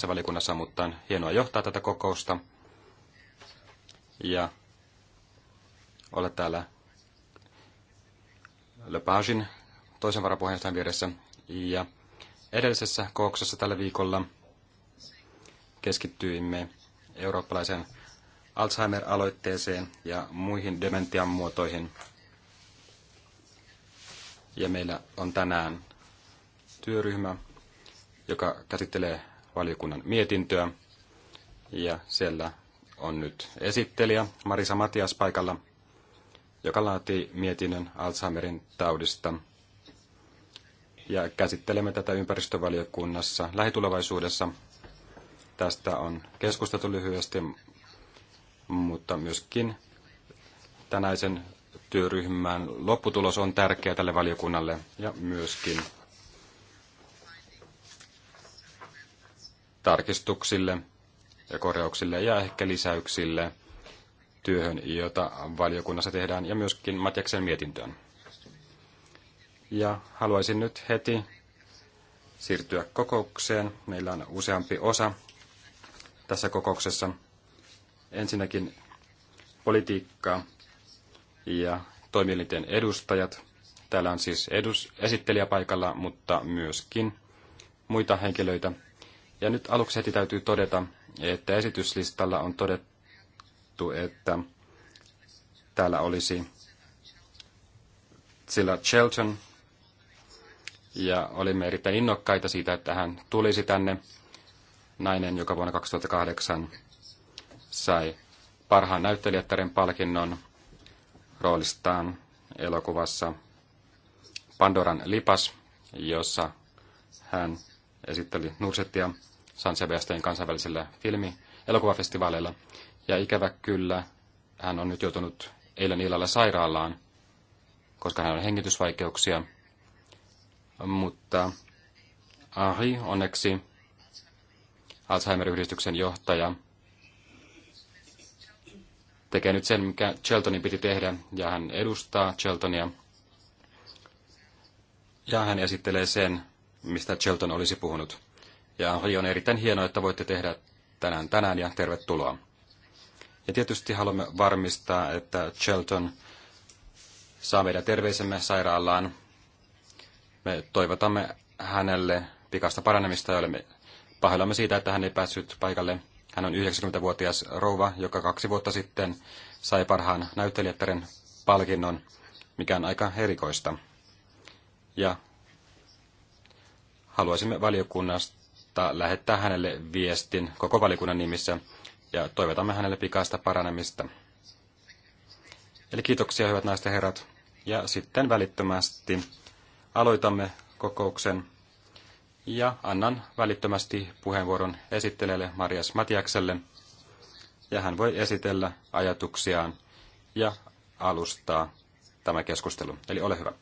tässä valikunnassa, mutta on hienoa johtaa tätä kokousta ja olla täällä Lepagin toisen varapuheenjohtajan vieressä. Ja edellisessä kokouksessa tällä viikolla keskittyimme eurooppalaisen Alzheimer-aloitteeseen ja muihin dementian muotoihin. Ja meillä on tänään työryhmä, joka käsittelee valiokunnan mietintöä. Ja siellä on nyt esittelijä Marisa Matias paikalla, joka laatii mietinnön Alzheimerin taudista. Ja käsittelemme tätä ympäristövaliokunnassa lähitulevaisuudessa. Tästä on keskusteltu lyhyesti, mutta myöskin tänäisen työryhmän lopputulos on tärkeä tälle valiokunnalle ja myöskin tarkistuksille ja korjauksille ja ehkä lisäyksille työhön, jota valiokunnassa tehdään, ja myöskin Matjaksen mietintöön. Ja haluaisin nyt heti siirtyä kokoukseen. Meillä on useampi osa tässä kokouksessa. Ensinnäkin politiikkaa ja toimielinten edustajat. Täällä on siis edus, esittelijä paikalla, mutta myöskin muita henkilöitä. Ja nyt aluksi heti täytyy todeta, että esityslistalla on todettu, että täällä olisi sillä Shelton, ja olimme erittäin innokkaita siitä, että hän tulisi tänne. Nainen, joka vuonna 2008 sai parhaan näyttelijättären palkinnon roolistaan elokuvassa Pandoran lipas, jossa hän esitteli Nursettia. San Sebastian kansainvälisellä filmi- elokuvafestivaaleilla. Ja ikävä kyllä, hän on nyt joutunut eilen illalla sairaalaan, koska hän on hengitysvaikeuksia. Mutta Ari onneksi Alzheimer-yhdistyksen johtaja tekee nyt sen, mikä Cheltonin piti tehdä, ja hän edustaa Cheltonia. Ja hän esittelee sen, mistä Chelton olisi puhunut. Ja Henri on erittäin hienoa, että voitte tehdä tänään tänään ja tervetuloa. Ja tietysti haluamme varmistaa, että Shelton saa meidän terveisemme sairaalaan. Me toivotamme hänelle pikasta paranemista ja olemme pahoillamme siitä, että hän ei päässyt paikalle. Hän on 90-vuotias rouva, joka kaksi vuotta sitten sai parhaan näyttelijättären palkinnon, mikä on aika erikoista. Ja haluaisimme valiokunnasta valiokunta lähettää hänelle viestin koko valikunnan nimissä ja toivotamme hänelle pikaista paranemista. Eli kiitoksia hyvät naiset ja herrat. Ja sitten välittömästi aloitamme kokouksen ja annan välittömästi puheenvuoron esittelijälle Marias Matiakselle. Ja hän voi esitellä ajatuksiaan ja alustaa tämä keskustelu. Eli ole hyvä.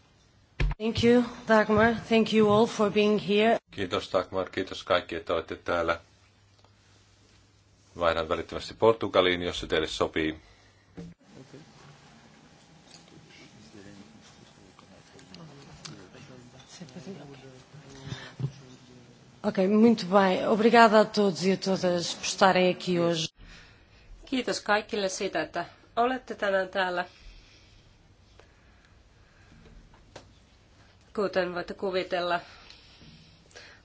Thank you, Dagmar. Thank you all for being here. Kiitos Dagmar, kiitos kaikki, että olette täällä. Vaihdan välittömästi Portugaliin, jos se teille sopii. Ok, muito bem. Obrigada a todos e a todas por estarem aqui hoje. Kiitos kaikille siitä, että olette tänään täällä. Kuten voitte kuvitella,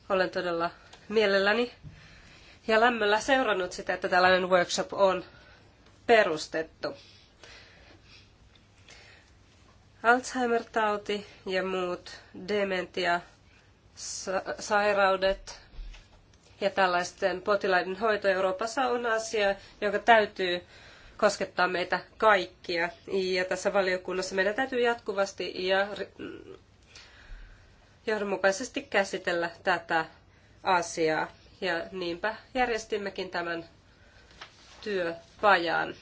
olen todella mielelläni ja lämmöllä seurannut sitä, että tällainen workshop on perustettu. Alzheimer-tauti ja muut dementia-sairaudet ja tällaisten potilaiden hoito Euroopassa on asia, joka täytyy koskettaa meitä kaikkia. Ja tässä valiokunnassa meidän täytyy jatkuvasti ja johdonmukaisesti käsitellä tätä asiaa. Ja niinpä järjestimmekin tämän työpajan.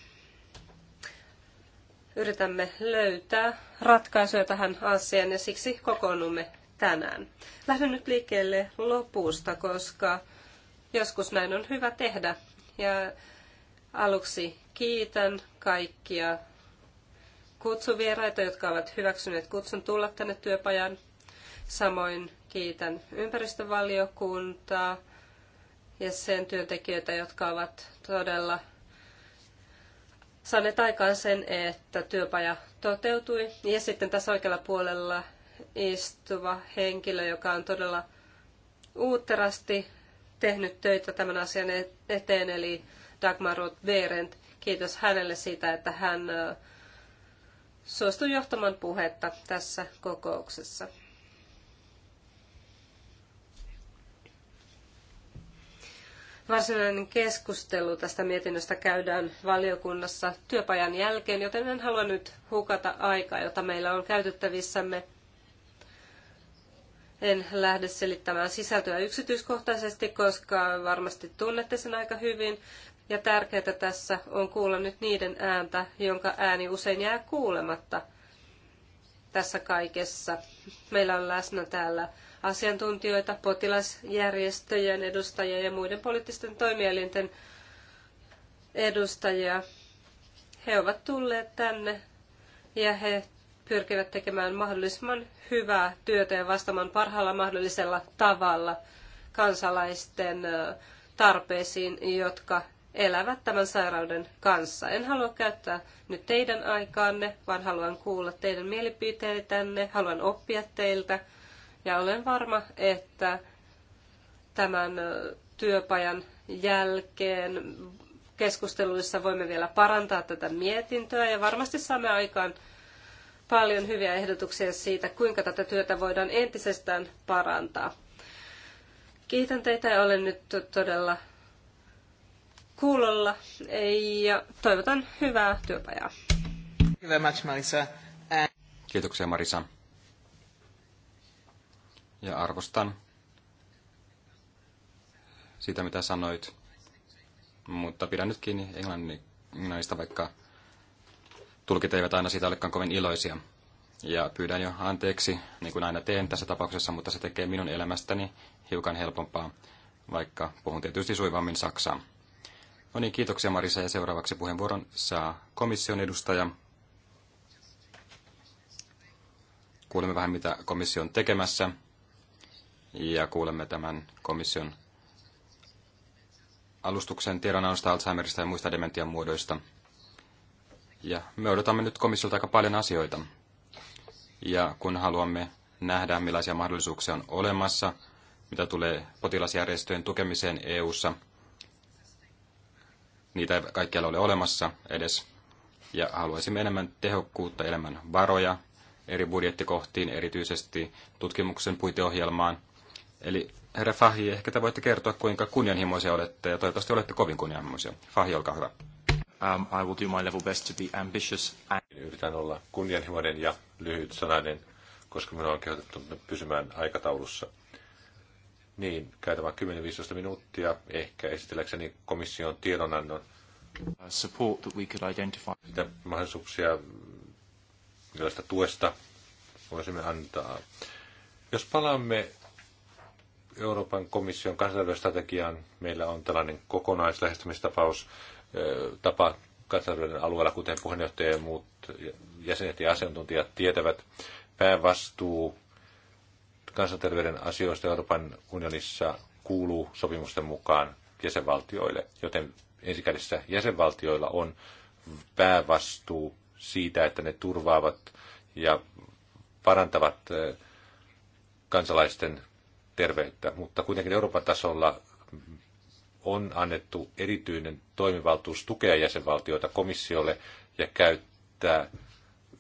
Yritämme löytää ratkaisuja tähän asiaan ja siksi kokoonnumme tänään. Lähden nyt liikkeelle lopusta, koska joskus näin on hyvä tehdä. Ja aluksi kiitän kaikkia kutsuvieraita, jotka ovat hyväksyneet kutsun tulla tänne työpajan Samoin kiitän ympäristövaliokuntaa ja sen työntekijöitä, jotka ovat todella saaneet aikaan sen, että työpaja toteutui. Ja sitten tässä oikealla puolella istuva henkilö, joka on todella uutterasti tehnyt töitä tämän asian eteen, eli Dagmar Roth Berendt. Kiitos hänelle siitä, että hän suostui johtamaan puhetta tässä kokouksessa. Varsinainen keskustelu tästä mietinnöstä käydään valiokunnassa työpajan jälkeen, joten en halua nyt hukata aikaa, jota meillä on käytettävissämme. En lähde selittämään sisältöä yksityiskohtaisesti, koska varmasti tunnette sen aika hyvin. Ja tärkeää tässä on kuulla nyt niiden ääntä, jonka ääni usein jää kuulematta tässä kaikessa. Meillä on läsnä täällä asiantuntijoita, potilasjärjestöjen edustajia ja muiden poliittisten toimielinten edustajia. He ovat tulleet tänne ja he pyrkivät tekemään mahdollisimman hyvää työtä ja vastaamaan parhaalla mahdollisella tavalla kansalaisten tarpeisiin, jotka elävät tämän sairauden kanssa. En halua käyttää nyt teidän aikaanne, vaan haluan kuulla teidän mielipiteitänne, haluan oppia teiltä ja olen varma, että tämän työpajan jälkeen keskusteluissa voimme vielä parantaa tätä mietintöä ja varmasti saamme aikaan paljon hyviä ehdotuksia siitä, kuinka tätä työtä voidaan entisestään parantaa. Kiitän teitä ja olen nyt todella kuulolla ja toivotan hyvää työpajaa. Kiitoksia Marisa. Kiitoksia Marisa ja arvostan sitä, mitä sanoit. Mutta pidän nyt kiinni englannista, vaikka tulkit eivät aina siitä olekaan kovin iloisia. Ja pyydän jo anteeksi, niin kuin aina teen tässä tapauksessa, mutta se tekee minun elämästäni hiukan helpompaa, vaikka puhun tietysti suivammin saksaa. No niin, kiitoksia Marisa ja seuraavaksi puheenvuoron saa komission edustaja. Kuulemme vähän, mitä komissio on tekemässä ja kuulemme tämän komission alustuksen tiedonannosta Alzheimerista ja muista dementian muodoista. Ja me odotamme nyt komissiolta aika paljon asioita. Ja kun haluamme nähdä, millaisia mahdollisuuksia on olemassa, mitä tulee potilasjärjestöjen tukemiseen EU:ssa, niitä ei kaikkialla ole olemassa edes. Ja haluaisimme enemmän tehokkuutta, enemmän varoja eri budjettikohtiin, erityisesti tutkimuksen puiteohjelmaan – Eli herra Fahi, ehkä te voitte kertoa, kuinka kunnianhimoisia olette, ja toivottavasti olette kovin kunnianhimoisia. Fahi, olkaa hyvä. Um, I will do my level best to be ambitious. And... Yritän olla kunnianhimoinen ja lyhyt sanainen, koska minua on kehotettu pysymään aikataulussa. Niin, käytän vain 10-15 minuuttia ehkä esitelläkseni komission tiedonannon. Uh, support that we could identify. Mitä mahdollisuuksia, millaista tuesta voisimme antaa. Jos palaamme Euroopan komission kansainvälisstrategiaan meillä on tällainen kokonaislähestymistapaus tapa kansainvälinen alueella, kuten puheenjohtaja ja muut jäsenet ja asiantuntijat tietävät. Päävastuu kansanterveyden asioista Euroopan unionissa kuuluu sopimusten mukaan jäsenvaltioille, joten ensikädessä jäsenvaltioilla on päävastuu siitä, että ne turvaavat ja parantavat kansalaisten terveyttä, mutta kuitenkin Euroopan tasolla on annettu erityinen toimivaltuus tukea jäsenvaltioita komissiolle ja käyttää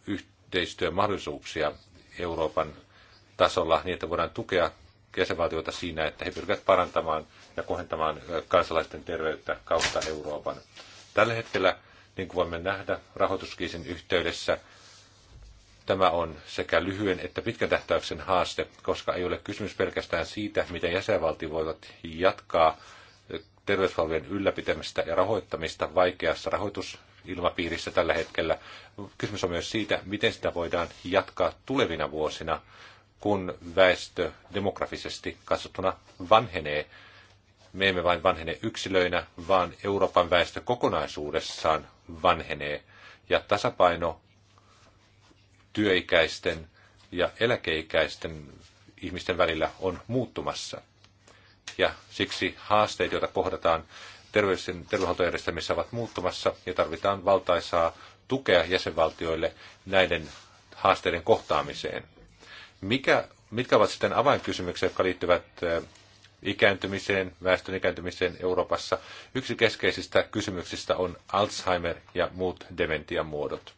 yhteistyön mahdollisuuksia Euroopan tasolla niin, että voidaan tukea jäsenvaltioita siinä, että he pyrkivät parantamaan ja kohentamaan kansalaisten terveyttä kautta Euroopan. Tällä hetkellä, niin kuin voimme nähdä rahoituskriisin yhteydessä, Tämä on sekä lyhyen että pitkän tähtäyksen haaste, koska ei ole kysymys pelkästään siitä, miten jäsenvaltiot voivat jatkaa terveyspalvelujen ylläpitämistä ja rahoittamista vaikeassa rahoitusilmapiirissä tällä hetkellä. Kysymys on myös siitä, miten sitä voidaan jatkaa tulevina vuosina, kun väestö demografisesti katsottuna vanhenee. Me emme vain vanhene yksilöinä, vaan Euroopan väestö kokonaisuudessaan vanhenee. Ja tasapaino työikäisten ja eläkeikäisten ihmisten välillä on muuttumassa. Ja siksi haasteet, joita kohdataan terveydenhuoltojärjestelmissä, ovat muuttumassa ja tarvitaan valtaisaa tukea jäsenvaltioille näiden haasteiden kohtaamiseen. Mikä, mitkä ovat sitten avainkysymyksiä, jotka liittyvät ikääntymiseen, väestön ikääntymiseen Euroopassa? Yksi keskeisistä kysymyksistä on Alzheimer ja muut dementiamuodot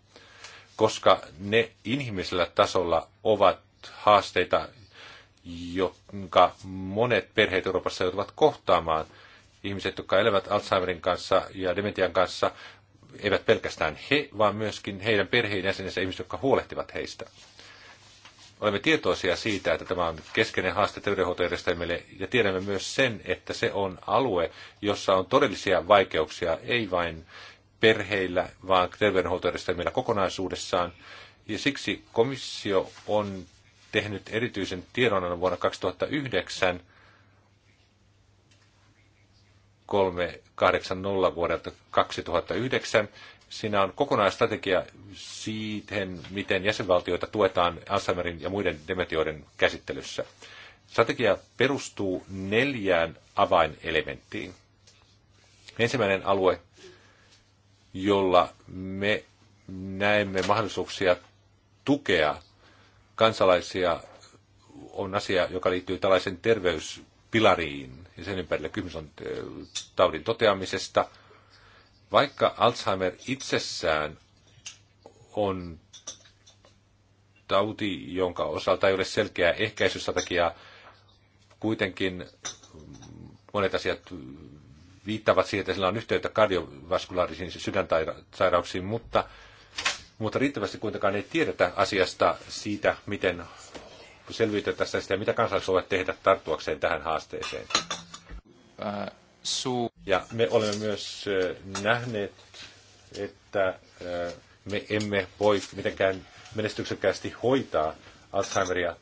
koska ne inhimillisellä tasolla ovat haasteita, jotka monet perheet Euroopassa joutuvat kohtaamaan. Ihmiset, jotka elävät Alzheimerin kanssa ja dementian kanssa, eivät pelkästään he, vaan myöskin heidän perheenjäsenensä ihmiset, jotka huolehtivat heistä. Olemme tietoisia siitä, että tämä on keskeinen haaste terveydenhuoltojärjestelmille ja tiedämme myös sen, että se on alue, jossa on todellisia vaikeuksia, ei vain perheillä, vaan terveydenhuoltojärjestelmillä kokonaisuudessaan. Ja siksi komissio on tehnyt erityisen tiedonannon vuonna 2009 380 vuodelta 2009. Siinä on kokonaisstrategia siihen, miten jäsenvaltioita tuetaan Alzheimerin ja muiden dementioiden käsittelyssä. Strategia perustuu neljään avainelementtiin. Ensimmäinen alue jolla me näemme mahdollisuuksia tukea kansalaisia, on asia, joka liittyy tällaisen terveyspilariin ja sen ympärillä kysymys on taudin toteamisesta. Vaikka Alzheimer itsessään on tauti, jonka osalta ei ole selkeää ehkäisystrategiaa, kuitenkin monet asiat viittaavat siihen, että sillä on yhteyttä kardiovaskulaarisiin sydäntairauksiin, mutta, mutta riittävästi kuitenkaan ei tiedetä asiasta siitä, miten selviytyä tästä sitä, mitä kansalaiset voivat tehdä tarttuakseen tähän haasteeseen. Ja me olemme myös nähneet, että me emme voi mitenkään menestyksekkäästi hoitaa Alzheimeria,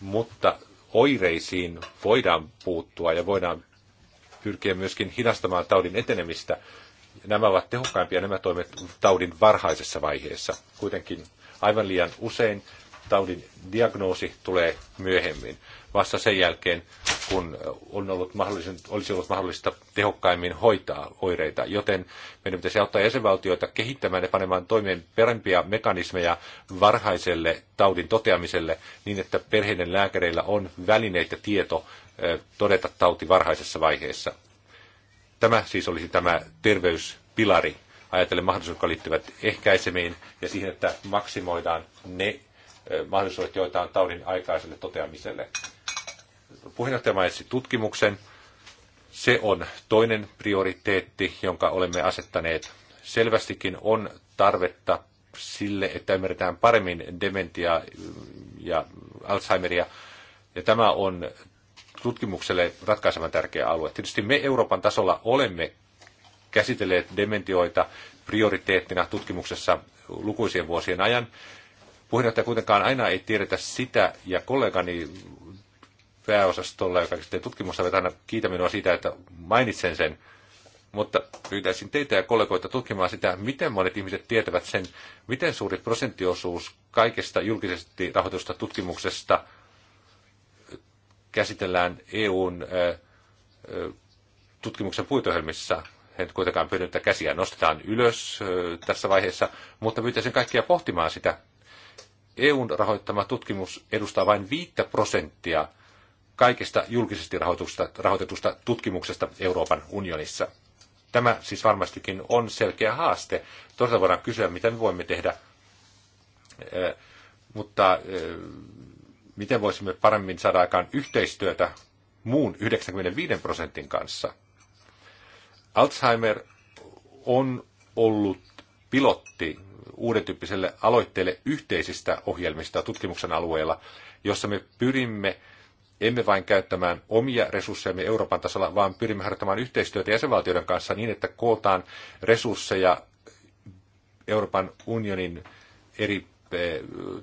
mutta oireisiin voidaan puuttua ja voidaan pyrkiä myöskin hidastamaan taudin etenemistä. Nämä ovat tehokkaimpia nämä toimet taudin varhaisessa vaiheessa. Kuitenkin aivan liian usein taudin diagnoosi tulee myöhemmin, vasta sen jälkeen, kun on ollut olisi ollut mahdollista tehokkaimmin hoitaa oireita. Joten meidän pitäisi auttaa jäsenvaltioita kehittämään ja panemaan toimeen parempia mekanismeja varhaiselle taudin toteamiselle niin, että perheiden lääkäreillä on välineitä tieto todeta tauti varhaisessa vaiheessa. Tämä siis olisi tämä terveyspilari, ajatellen mahdollisuudet, jotka liittyvät ehkäisemiin ja siihen, että maksimoidaan ne mahdollisuudet, joita on taudin aikaiselle toteamiselle. Puheenjohtaja mainitsi tutkimuksen. Se on toinen prioriteetti, jonka olemme asettaneet. Selvästikin on tarvetta sille, että ymmärretään paremmin dementiaa ja Alzheimeria. Ja tämä on tutkimukselle ratkaisevan tärkeä alue. Tietysti me Euroopan tasolla olemme käsitelleet dementioita prioriteettina tutkimuksessa lukuisien vuosien ajan. Puheenjohtaja kuitenkaan aina ei tiedetä sitä, ja kollegani pääosastolla, joka sitten tutkimusta aina kiitä minua siitä, että mainitsen sen. Mutta pyytäisin teitä ja kollegoita tutkimaan sitä, miten monet ihmiset tietävät sen, miten suuri prosenttiosuus kaikesta julkisesti rahoitusta tutkimuksesta – käsitellään EUn tutkimuksen puitohjelmissa. En kuitenkaan pyydä, että käsiä nostetaan ylös tässä vaiheessa, mutta pyytäisin kaikkia pohtimaan sitä. EUn rahoittama tutkimus edustaa vain 5 prosenttia kaikesta julkisesti rahoitetusta tutkimuksesta Euroopan unionissa. Tämä siis varmastikin on selkeä haaste. Toisaalta voidaan kysyä, mitä me voimme tehdä, mutta miten voisimme paremmin saada aikaan yhteistyötä muun 95 prosentin kanssa. Alzheimer on ollut pilotti uuden tyyppiselle aloitteelle yhteisistä ohjelmista tutkimuksen alueella, jossa me pyrimme emme vain käyttämään omia resurssejamme Euroopan tasolla, vaan pyrimme harjoittamaan yhteistyötä jäsenvaltioiden kanssa niin, että kootaan resursseja Euroopan unionin eri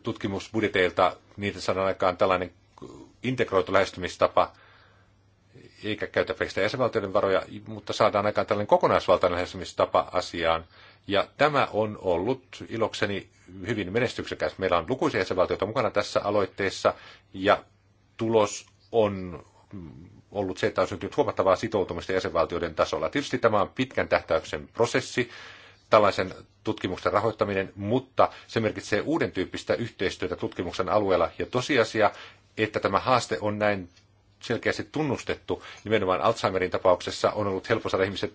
tutkimusbudjeteilta, niitä saadaan aikaan tällainen integroitu lähestymistapa, eikä käytä pelkästään jäsenvaltioiden varoja, mutta saadaan aikaan tällainen kokonaisvaltainen lähestymistapa asiaan. Ja tämä on ollut ilokseni hyvin menestyksekäs. Meillä on lukuisia jäsenvaltioita mukana tässä aloitteessa, ja tulos on ollut se, että on syntynyt huomattavaa sitoutumista jäsenvaltioiden tasolla. Tietysti tämä on pitkän tähtäyksen prosessi, tällaisen tutkimuksen rahoittaminen, mutta se merkitsee uuden tyyppistä yhteistyötä tutkimuksen alueella. Ja tosiasia, että tämä haaste on näin selkeästi tunnustettu, nimenomaan Alzheimerin tapauksessa on ollut helppo saada ihmiset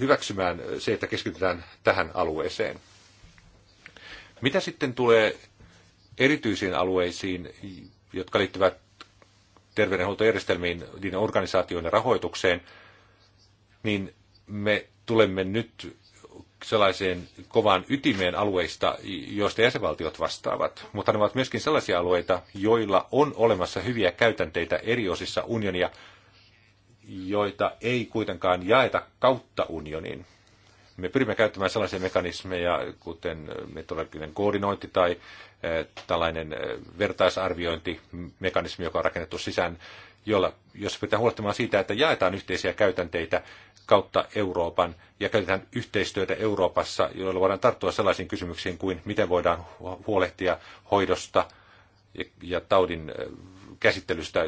hyväksymään se, että keskitytään tähän alueeseen. Mitä sitten tulee erityisiin alueisiin, jotka liittyvät terveydenhuoltojärjestelmiin, niiden organisaatioiden rahoitukseen, niin me tulemme nyt sellaiseen kovaan ytimeen alueista, joista jäsenvaltiot vastaavat, mutta ne ovat myöskin sellaisia alueita, joilla on olemassa hyviä käytänteitä eri osissa unionia, joita ei kuitenkaan jaeta kautta unionin. Me pyrimme käyttämään sellaisia mekanismeja, kuten metodologinen koordinointi tai eh, tällainen eh, vertaisarviointimekanismi, joka on rakennettu sisään jolla, jos pitää huolehtimaan siitä, että jaetaan yhteisiä käytänteitä kautta Euroopan ja käytetään yhteistyötä Euroopassa, joilla voidaan tarttua sellaisiin kysymyksiin kuin miten voidaan huolehtia hoidosta ja, ja taudin käsittelystä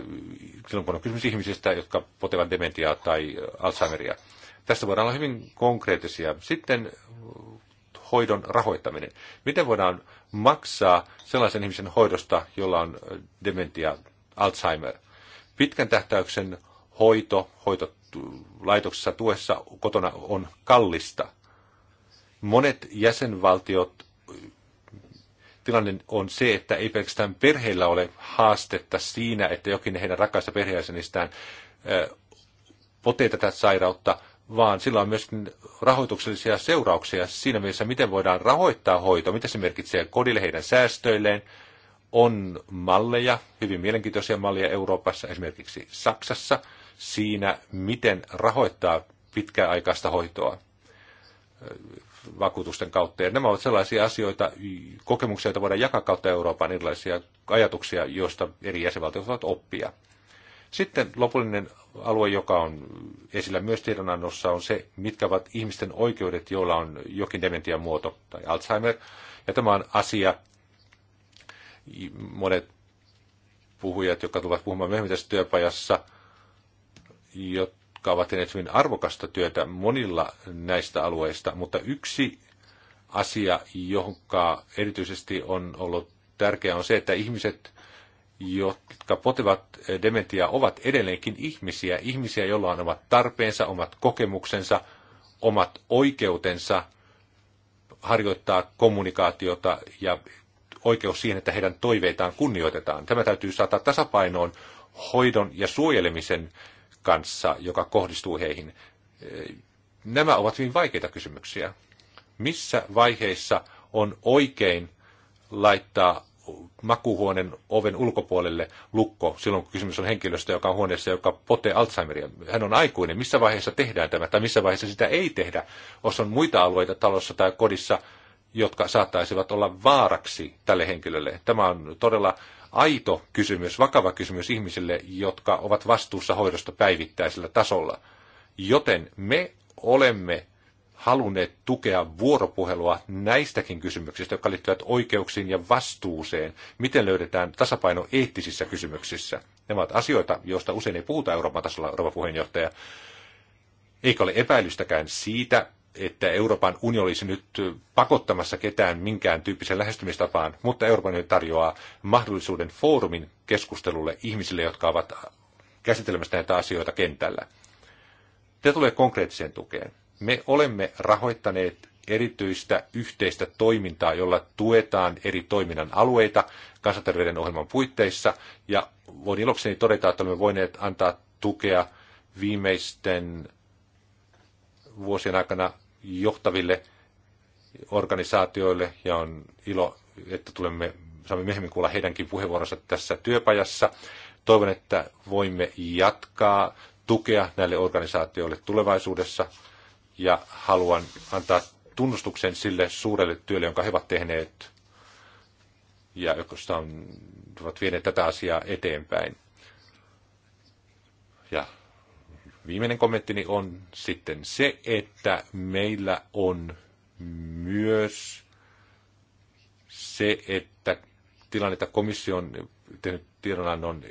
silloin, kun on kysymys ihmisistä, jotka potevat dementiaa tai Alzheimeria. Tässä voidaan olla hyvin konkreettisia. Sitten hoidon rahoittaminen. Miten voidaan maksaa sellaisen ihmisen hoidosta, jolla on dementia, Alzheimer – Pitkän tähtäyksen hoito, hoito laitoksessa tuessa kotona on kallista. Monet jäsenvaltiot, tilanne on se, että ei pelkästään perheillä ole haastetta siinä, että jokin heidän rakkaista perheenjäsenistään potee tätä sairautta, vaan sillä on myöskin rahoituksellisia seurauksia siinä mielessä, miten voidaan rahoittaa hoito, mitä se merkitsee kodille heidän säästöilleen, on malleja, hyvin mielenkiintoisia malleja Euroopassa, esimerkiksi Saksassa, siinä, miten rahoittaa pitkäaikaista hoitoa vakuutusten kautta. Ja nämä ovat sellaisia asioita, kokemuksia, joita voidaan jakaa kautta Euroopan erilaisia ajatuksia, joista eri jäsenvaltiot ovat oppia. Sitten lopullinen alue, joka on esillä myös tiedonannossa, on se, mitkä ovat ihmisten oikeudet, joilla on jokin dementian muoto tai Alzheimer. Ja tämä on asia, Monet puhujat, jotka tulevat puhumaan myöhemmin tässä työpajassa, jotka ovat tehneet hyvin arvokasta työtä monilla näistä alueista, mutta yksi asia, jonka erityisesti on ollut tärkeää, on se, että ihmiset, jotka potevat dementiaa, ovat edelleenkin ihmisiä, ihmisiä, joilla on omat tarpeensa, omat kokemuksensa, omat oikeutensa harjoittaa kommunikaatiota ja oikeus siihen, että heidän toiveitaan kunnioitetaan. Tämä täytyy saada tasapainoon hoidon ja suojelemisen kanssa, joka kohdistuu heihin. Nämä ovat hyvin vaikeita kysymyksiä. Missä vaiheissa on oikein laittaa makuhuoneen oven ulkopuolelle lukko silloin, kun kysymys on henkilöstä, joka on huoneessa, joka potee Alzheimeria. Hän on aikuinen. Missä vaiheessa tehdään tämä tai missä vaiheessa sitä ei tehdä? Jos on muita alueita talossa tai kodissa, jotka saattaisivat olla vaaraksi tälle henkilölle. Tämä on todella aito kysymys, vakava kysymys ihmisille, jotka ovat vastuussa hoidosta päivittäisellä tasolla. Joten me olemme halunneet tukea vuoropuhelua näistäkin kysymyksistä, jotka liittyvät oikeuksiin ja vastuuseen. Miten löydetään tasapaino eettisissä kysymyksissä? Nämä ovat asioita, joista usein ei puhuta Euroopan tasolla, Euroopan puheenjohtaja. Eikä ole epäilystäkään siitä, että Euroopan unioni olisi nyt pakottamassa ketään minkään tyyppisen lähestymistapaan, mutta Euroopan unioni tarjoaa mahdollisuuden foorumin keskustelulle ihmisille, jotka ovat käsittelemässä näitä asioita kentällä. Tämä tulee konkreettiseen tukeen. Me olemme rahoittaneet erityistä yhteistä toimintaa, jolla tuetaan eri toiminnan alueita kansanterveyden ohjelman puitteissa. Ja voin ilokseni todeta, että olemme voineet antaa tukea viimeisten vuosien aikana johtaville organisaatioille ja on ilo, että tulemme, saamme myöhemmin kuulla heidänkin puheenvuoronsa tässä työpajassa. Toivon, että voimme jatkaa tukea näille organisaatioille tulevaisuudessa ja haluan antaa tunnustuksen sille suurelle työlle, jonka he ovat tehneet ja jotka on, ovat vieneet tätä asiaa eteenpäin. viimeinen kommenttini on sitten se, että meillä on myös se, että tilanne, että komissio on tehnyt tiedonannon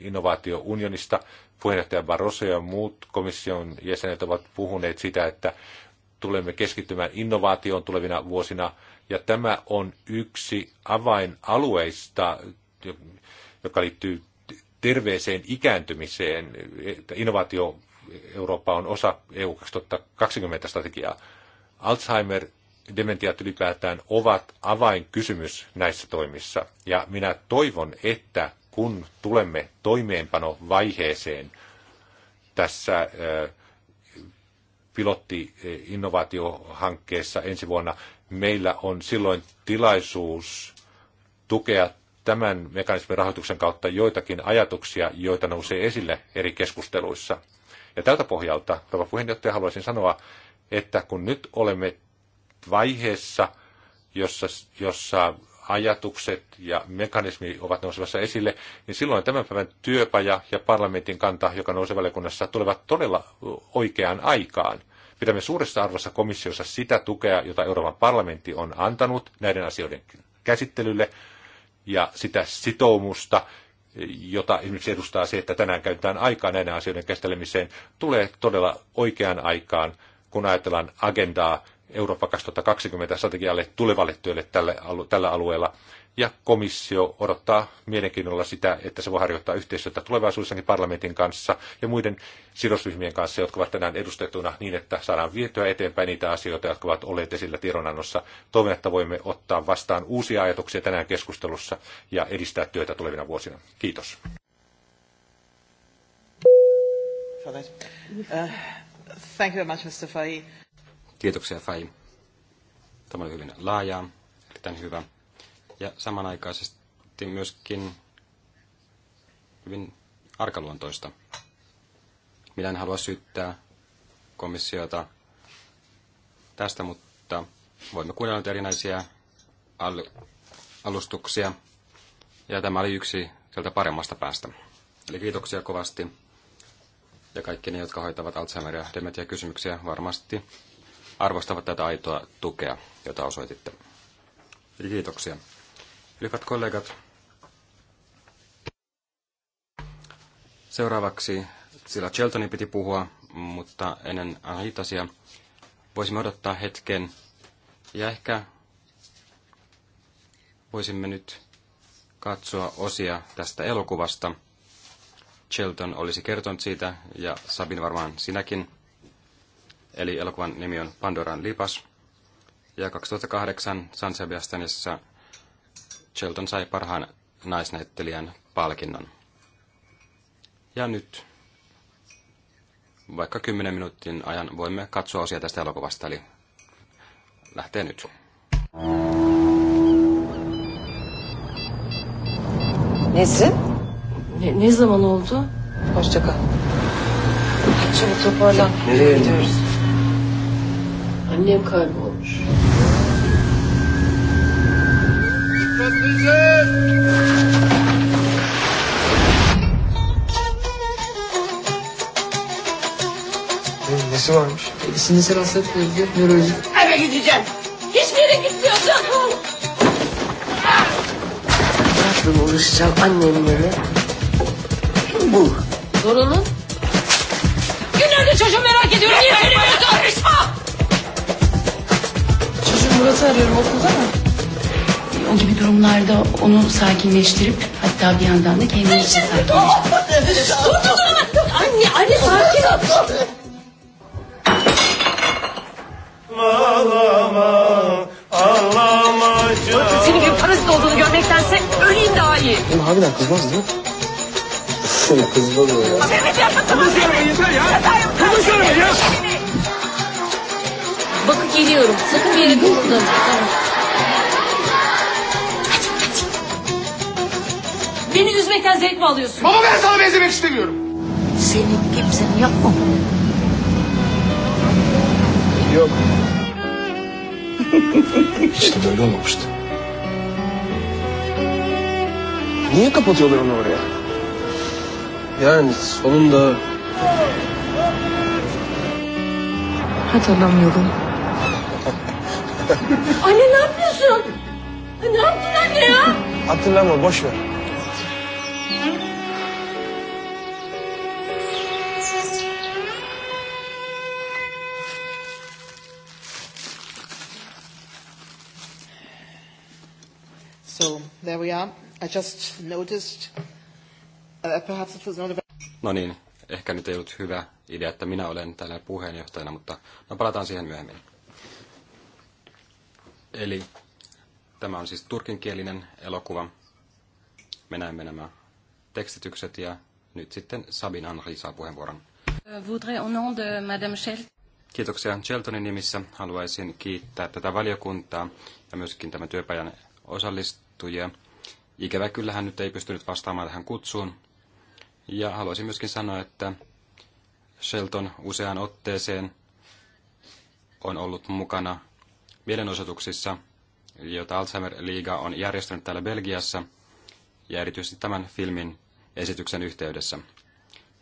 innovaatiounionista, puheenjohtaja Barroso ja muut komission jäsenet ovat puhuneet sitä, että tulemme keskittymään innovaatioon tulevina vuosina, ja tämä on yksi avainalueista, joka liittyy terveeseen ikääntymiseen. Innovaatio Eurooppa on osa EU 2020-strategiaa. Alzheimer dementiat ylipäätään ovat avainkysymys näissä toimissa. Ja minä toivon, että kun tulemme toimeenpanovaiheeseen tässä pilotti innovaatiohankkeessa ensi vuonna, meillä on silloin tilaisuus tukea tämän mekanismin rahoituksen kautta joitakin ajatuksia, joita nousee esille eri keskusteluissa. Ja tältä pohjalta, rouva puheenjohtaja, haluaisin sanoa, että kun nyt olemme vaiheessa, jossa, jossa ajatukset ja mekanismi ovat nousevassa esille, niin silloin tämän päivän työpaja ja parlamentin kanta, joka nousee valiokunnassa, tulevat todella oikeaan aikaan. Pidämme suuressa arvossa komissiossa sitä tukea, jota Euroopan parlamentti on antanut näiden asioiden käsittelylle, ja sitä sitoumusta, jota esimerkiksi edustaa se, että tänään käytetään aikaa näiden asioiden käsittelemiseen, tulee todella oikeaan aikaan, kun ajatellaan agendaa Eurooppa 2020 strategialle tulevalle työlle tälle, tällä alueella ja komissio odottaa mielenkiinnolla sitä, että se voi harjoittaa yhteistyötä tulevaisuudessakin parlamentin kanssa ja muiden sidosryhmien kanssa, jotka ovat tänään edustettuna niin, että saadaan vietyä eteenpäin niitä asioita, jotka ovat olleet esillä tiedonannossa. Toivon, että voimme ottaa vastaan uusia ajatuksia tänään keskustelussa ja edistää työtä tulevina vuosina. Kiitos. thank you very much, Mr. Fai. Kiitoksia, Fai. Tämä oli hyvin laaja, erittäin hyvä. Ja samanaikaisesti myöskin hyvin arkaluontoista. Minä en halua syyttää komissiota tästä, mutta voimme kuunnella erinäisiä al- alustuksia. Ja tämä oli yksi sieltä paremmasta päästä. Eli kiitoksia kovasti. Ja kaikki ne, jotka hoitavat Alzheimeria ja dementia-kysymyksiä, varmasti arvostavat tätä aitoa tukea, jota osoititte. Eli kiitoksia. Hyvät kollegat, seuraavaksi sillä Cheltonin piti puhua, mutta ennen Anhitasia voisimme odottaa hetken ja ehkä voisimme nyt katsoa osia tästä elokuvasta. Chelton olisi kertonut siitä ja Sabin varmaan sinäkin. Eli elokuvan nimi on Pandoran lipas. Ja 2008 San Sebastianissa Shelton sai parhaan naisnäyttelijän palkinnon. Ja nyt vaikka 10 minuutin ajan voimme katsoa osia tästä elokuvasta, eli lähtee nyt. Nesi? Ne, ne zaman oldu? Hoşça kal. Hadi çabuk toparlan. Nereye gidiyoruz? Annem kaybolmuş. Nesi varmış? E, sinirsel hastalık neydi? Nöroloji. Eve gideceğim. Hiçbir yere gitmiyorsun. Bırakın uğraşacağım annemlere. Bu. Zorunun? Günlerde çocuğu merak ediyorum. Niye söylemiyorsun? Konuşma! Çocuğum Murat'ı arıyorum okulda mı? O gibi durumlarda onu sakinleştirip hatta bir yandan da kendini için sakinleştirip. anne anne sakin ol. Ağlama, ağlama canım. Senin gibi parazit olduğunu görmektense öleyim daha iyi. Ama harbiden kızmaz değil mi? Kızmaz o ya. Mehmet yapma tamam. Bunu söyleme yeter ya. Bunu söyleme ya. Bakıp geliyorum. Sakın bir yere kıpırdamayın. Tamam. Beni üzmekten zevk mi alıyorsun? Baba ben sana benzemek istemiyorum. Senin kimsenin yok mu? Yok. Hiç de öyle olmamıştı. Niye kapatıyorlar onu oraya? Yani sonunda... Hatırlamıyorum. anne ne yapıyorsun? Ne yaptın anne ya? Hatırlama boş ver. So there we are. I just noticed, uh, perhaps it was not a... No niin, ehkä nyt ei ollut hyvä idea, että minä olen täällä puheenjohtajana, mutta no palataan siihen myöhemmin. Eli tämä on siis turkinkielinen elokuva. Me näemme nämä tekstitykset ja nyt sitten Sabin Anri saa puheenvuoron. Euh, Kiitoksia Cheltonin nimissä. Haluaisin kiittää tätä valiokuntaa ja myöskin tämän työpajan osallist- osallistujia. Ikävä kyllä hän nyt ei pystynyt vastaamaan tähän kutsuun. Ja haluaisin myöskin sanoa, että Shelton useaan otteeseen on ollut mukana mielenosoituksissa, joita Alzheimer-liiga on järjestänyt täällä Belgiassa ja erityisesti tämän filmin esityksen yhteydessä.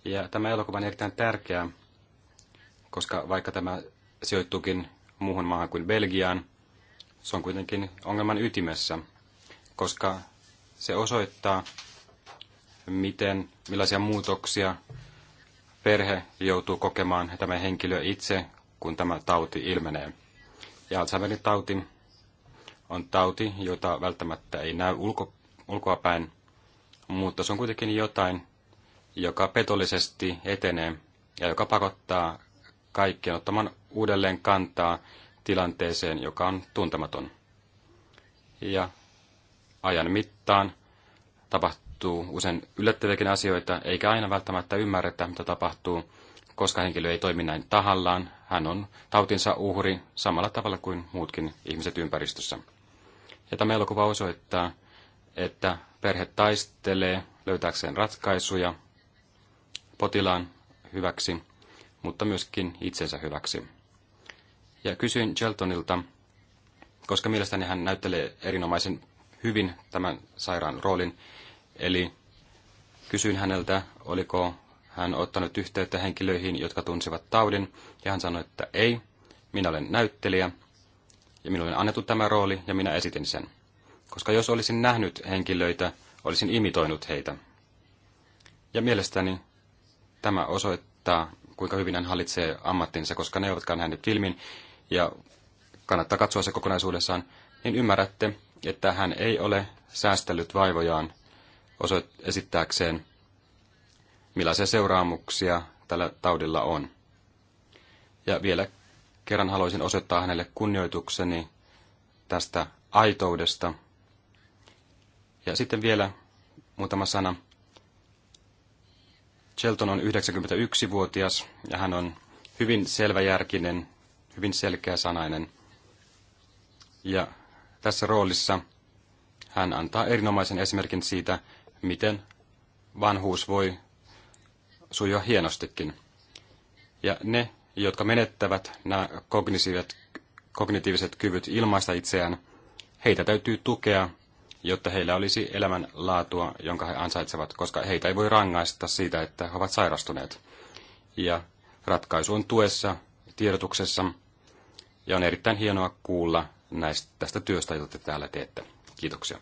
Ja tämä elokuva on erittäin tärkeä, koska vaikka tämä sijoittuukin muuhun maahan kuin Belgiaan, se on kuitenkin ongelman ytimessä koska se osoittaa, miten, millaisia muutoksia perhe joutuu kokemaan tämä henkilö itse, kun tämä tauti ilmenee. Ja Alzheimerin tauti on tauti, jota välttämättä ei näy ulko, ulkoapäin, mutta se on kuitenkin jotain, joka petollisesti etenee ja joka pakottaa kaikkien ottamaan uudelleen kantaa tilanteeseen, joka on tuntematon. Ja ajan mittaan tapahtuu usein yllättäviäkin asioita, eikä aina välttämättä ymmärretä, mitä tapahtuu, koska henkilö ei toimi näin tahallaan. Hän on tautinsa uhri samalla tavalla kuin muutkin ihmiset ympäristössä. Ja tämä elokuva osoittaa, että perhe taistelee löytääkseen ratkaisuja potilaan hyväksi, mutta myöskin itsensä hyväksi. Ja kysyin Sheltonilta, koska mielestäni hän näyttelee erinomaisen hyvin tämän sairaan roolin. Eli kysyin häneltä, oliko hän ottanut yhteyttä henkilöihin, jotka tunsivat taudin, ja hän sanoi, että ei, minä olen näyttelijä, ja minulle on annettu tämä rooli, ja minä esitin sen. Koska jos olisin nähnyt henkilöitä, olisin imitoinut heitä. Ja mielestäni tämä osoittaa, kuinka hyvin hän hallitsee ammattinsa, koska ne, ovatkaan on filmin, ja kannattaa katsoa se kokonaisuudessaan, niin ymmärrätte, että hän ei ole säästellyt vaivojaan osoit- esittääkseen, millaisia seuraamuksia tällä taudilla on. Ja vielä kerran haluaisin osoittaa hänelle kunnioitukseni tästä aitoudesta. Ja sitten vielä muutama sana. Shelton on 91-vuotias ja hän on hyvin selväjärkinen, hyvin selkeäsanainen. Ja tässä roolissa hän antaa erinomaisen esimerkin siitä, miten vanhuus voi sujua hienostikin. Ja ne, jotka menettävät nämä kognitiiviset, kognitiiviset kyvyt ilmaista itseään, heitä täytyy tukea, jotta heillä olisi elämänlaatua, jonka he ansaitsevat, koska heitä ei voi rangaista siitä, että he ovat sairastuneet. Ja ratkaisu on tuessa, tiedotuksessa, ja on erittäin hienoa kuulla näistä, tästä työstä, jota te täällä teette. Kiitoksia.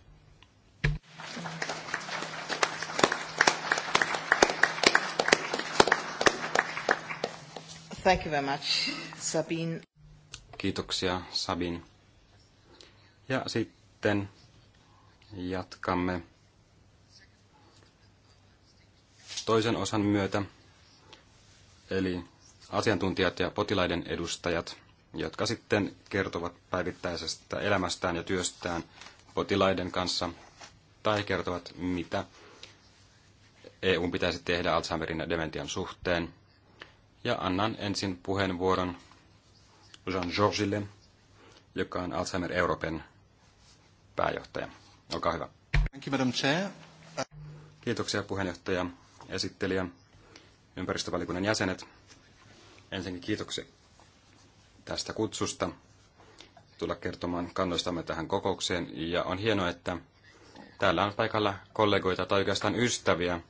Thank you very much, Sabine. Kiitoksia, Sabin. Ja sitten jatkamme toisen osan myötä, eli asiantuntijat ja potilaiden edustajat – jotka sitten kertovat päivittäisestä elämästään ja työstään potilaiden kanssa tai kertovat, mitä EU pitäisi tehdä Alzheimerin ja dementian suhteen. Ja annan ensin puheenvuoron Jean Georgille, joka on Alzheimer Euroopan pääjohtaja. Olkaa hyvä. Thank you, Madam Chair. Kiitoksia puheenjohtaja, esittelijä, ympäristövaliokunnan jäsenet. Ensinnäkin kiitoksia tästä kutsusta tulla kertomaan kannoistamme tähän kokoukseen. Ja on hienoa, että täällä on paikalla kollegoita tai oikeastaan ystäviä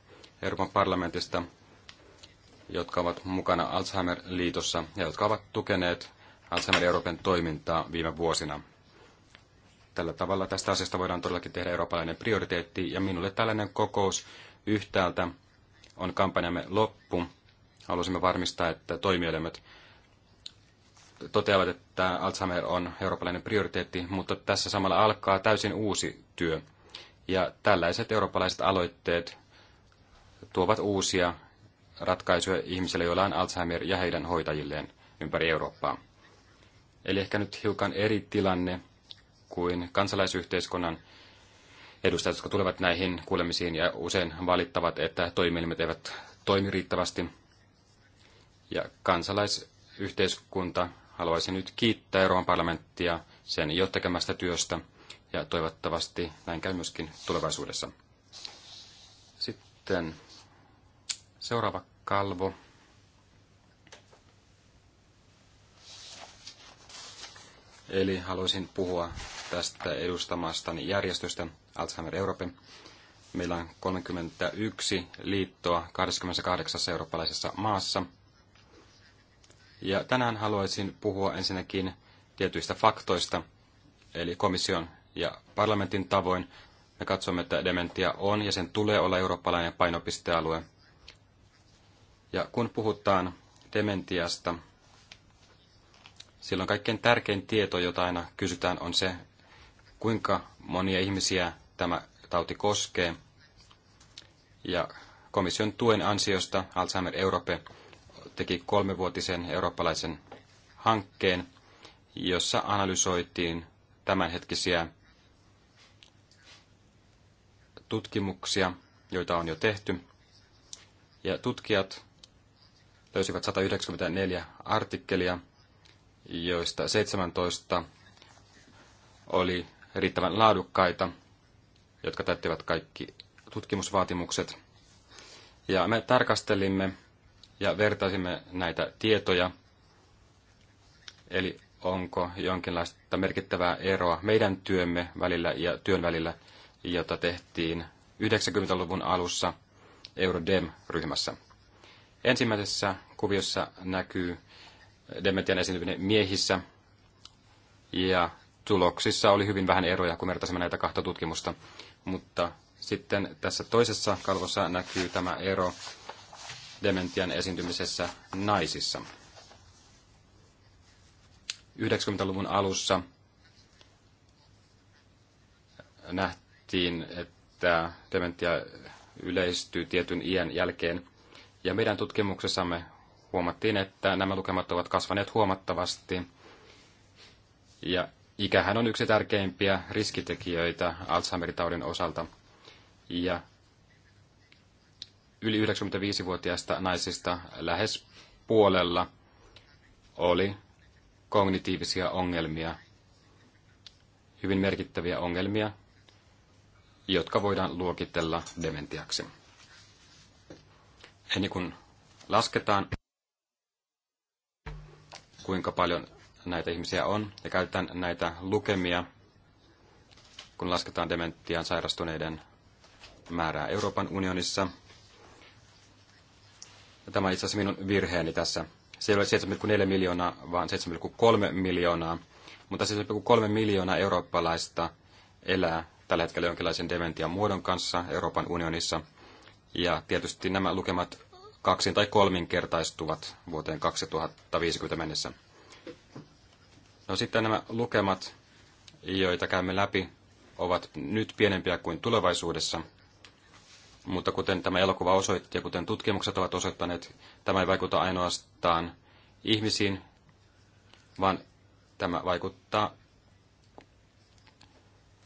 Euroopan parlamentista, jotka ovat mukana Alzheimer-liitossa ja jotka ovat tukeneet Alzheimer Euroopan toimintaa viime vuosina. Tällä tavalla tästä asiasta voidaan todellakin tehdä eurooppalainen prioriteetti, ja minulle tällainen kokous yhtäältä on kampanjamme loppu. Halusimme varmistaa, että toimielimet toteavat, että Alzheimer on eurooppalainen prioriteetti, mutta tässä samalla alkaa täysin uusi työ. Ja tällaiset eurooppalaiset aloitteet tuovat uusia ratkaisuja ihmisille, joilla on Alzheimer ja heidän hoitajilleen ympäri Eurooppaa. Eli ehkä nyt hiukan eri tilanne kuin kansalaisyhteiskunnan edustajat, jotka tulevat näihin kuulemisiin ja usein valittavat, että toimielimet eivät toimi riittävästi. Ja kansalaisyhteiskunta haluaisin nyt kiittää Euroopan parlamenttia sen jo tekemästä työstä ja toivottavasti näin käy myöskin tulevaisuudessa. Sitten seuraava kalvo. Eli haluaisin puhua tästä edustamastani järjestöstä Alzheimer Europe. Meillä on 31 liittoa 28 eurooppalaisessa maassa – ja tänään haluaisin puhua ensinnäkin tietyistä faktoista, eli komission ja parlamentin tavoin. Me katsomme, että dementia on ja sen tulee olla eurooppalainen painopistealue. Ja kun puhutaan dementiasta, silloin kaikkein tärkein tieto, jota aina kysytään, on se, kuinka monia ihmisiä tämä tauti koskee. Ja komission tuen ansiosta Alzheimer Europe teki kolmevuotisen eurooppalaisen hankkeen, jossa analysoitiin tämänhetkisiä tutkimuksia, joita on jo tehty. Ja tutkijat löysivät 194 artikkelia, joista 17 oli riittävän laadukkaita, jotka täyttivät kaikki tutkimusvaatimukset. Ja me tarkastelimme ja vertaisimme näitä tietoja, eli onko jonkinlaista merkittävää eroa meidän työmme välillä ja työn välillä, jota tehtiin 90-luvun alussa Eurodem-ryhmässä. Ensimmäisessä kuviossa näkyy dementian esiintyminen miehissä, ja tuloksissa oli hyvin vähän eroja, kun vertaisimme näitä kahta tutkimusta. Mutta sitten tässä toisessa kalvossa näkyy tämä ero dementian esiintymisessä naisissa. 90-luvun alussa nähtiin, että dementia yleistyy tietyn iän jälkeen. Ja meidän tutkimuksessamme huomattiin, että nämä lukemat ovat kasvaneet huomattavasti. Ja ikähän on yksi tärkeimpiä riskitekijöitä Alzheimer-taudin osalta. Ja yli 95-vuotiaista naisista lähes puolella oli kognitiivisia ongelmia, hyvin merkittäviä ongelmia, jotka voidaan luokitella dementiaksi. Eli kun lasketaan, kuinka paljon näitä ihmisiä on, ja käytetään näitä lukemia, kun lasketaan dementiaan sairastuneiden määrää Euroopan unionissa – tämä on itse asiassa minun virheeni tässä. Se ei ole 7,4 miljoonaa, vaan 7,3 miljoonaa. Mutta 7,3 miljoonaa eurooppalaista elää tällä hetkellä jonkinlaisen dementian muodon kanssa Euroopan unionissa. Ja tietysti nämä lukemat kaksin tai kolminkertaistuvat vuoteen 2050 mennessä. No sitten nämä lukemat, joita käymme läpi, ovat nyt pienempiä kuin tulevaisuudessa, mutta kuten tämä elokuva osoitti ja kuten tutkimukset ovat osoittaneet, tämä ei vaikuta ainoastaan ihmisiin, vaan tämä vaikuttaa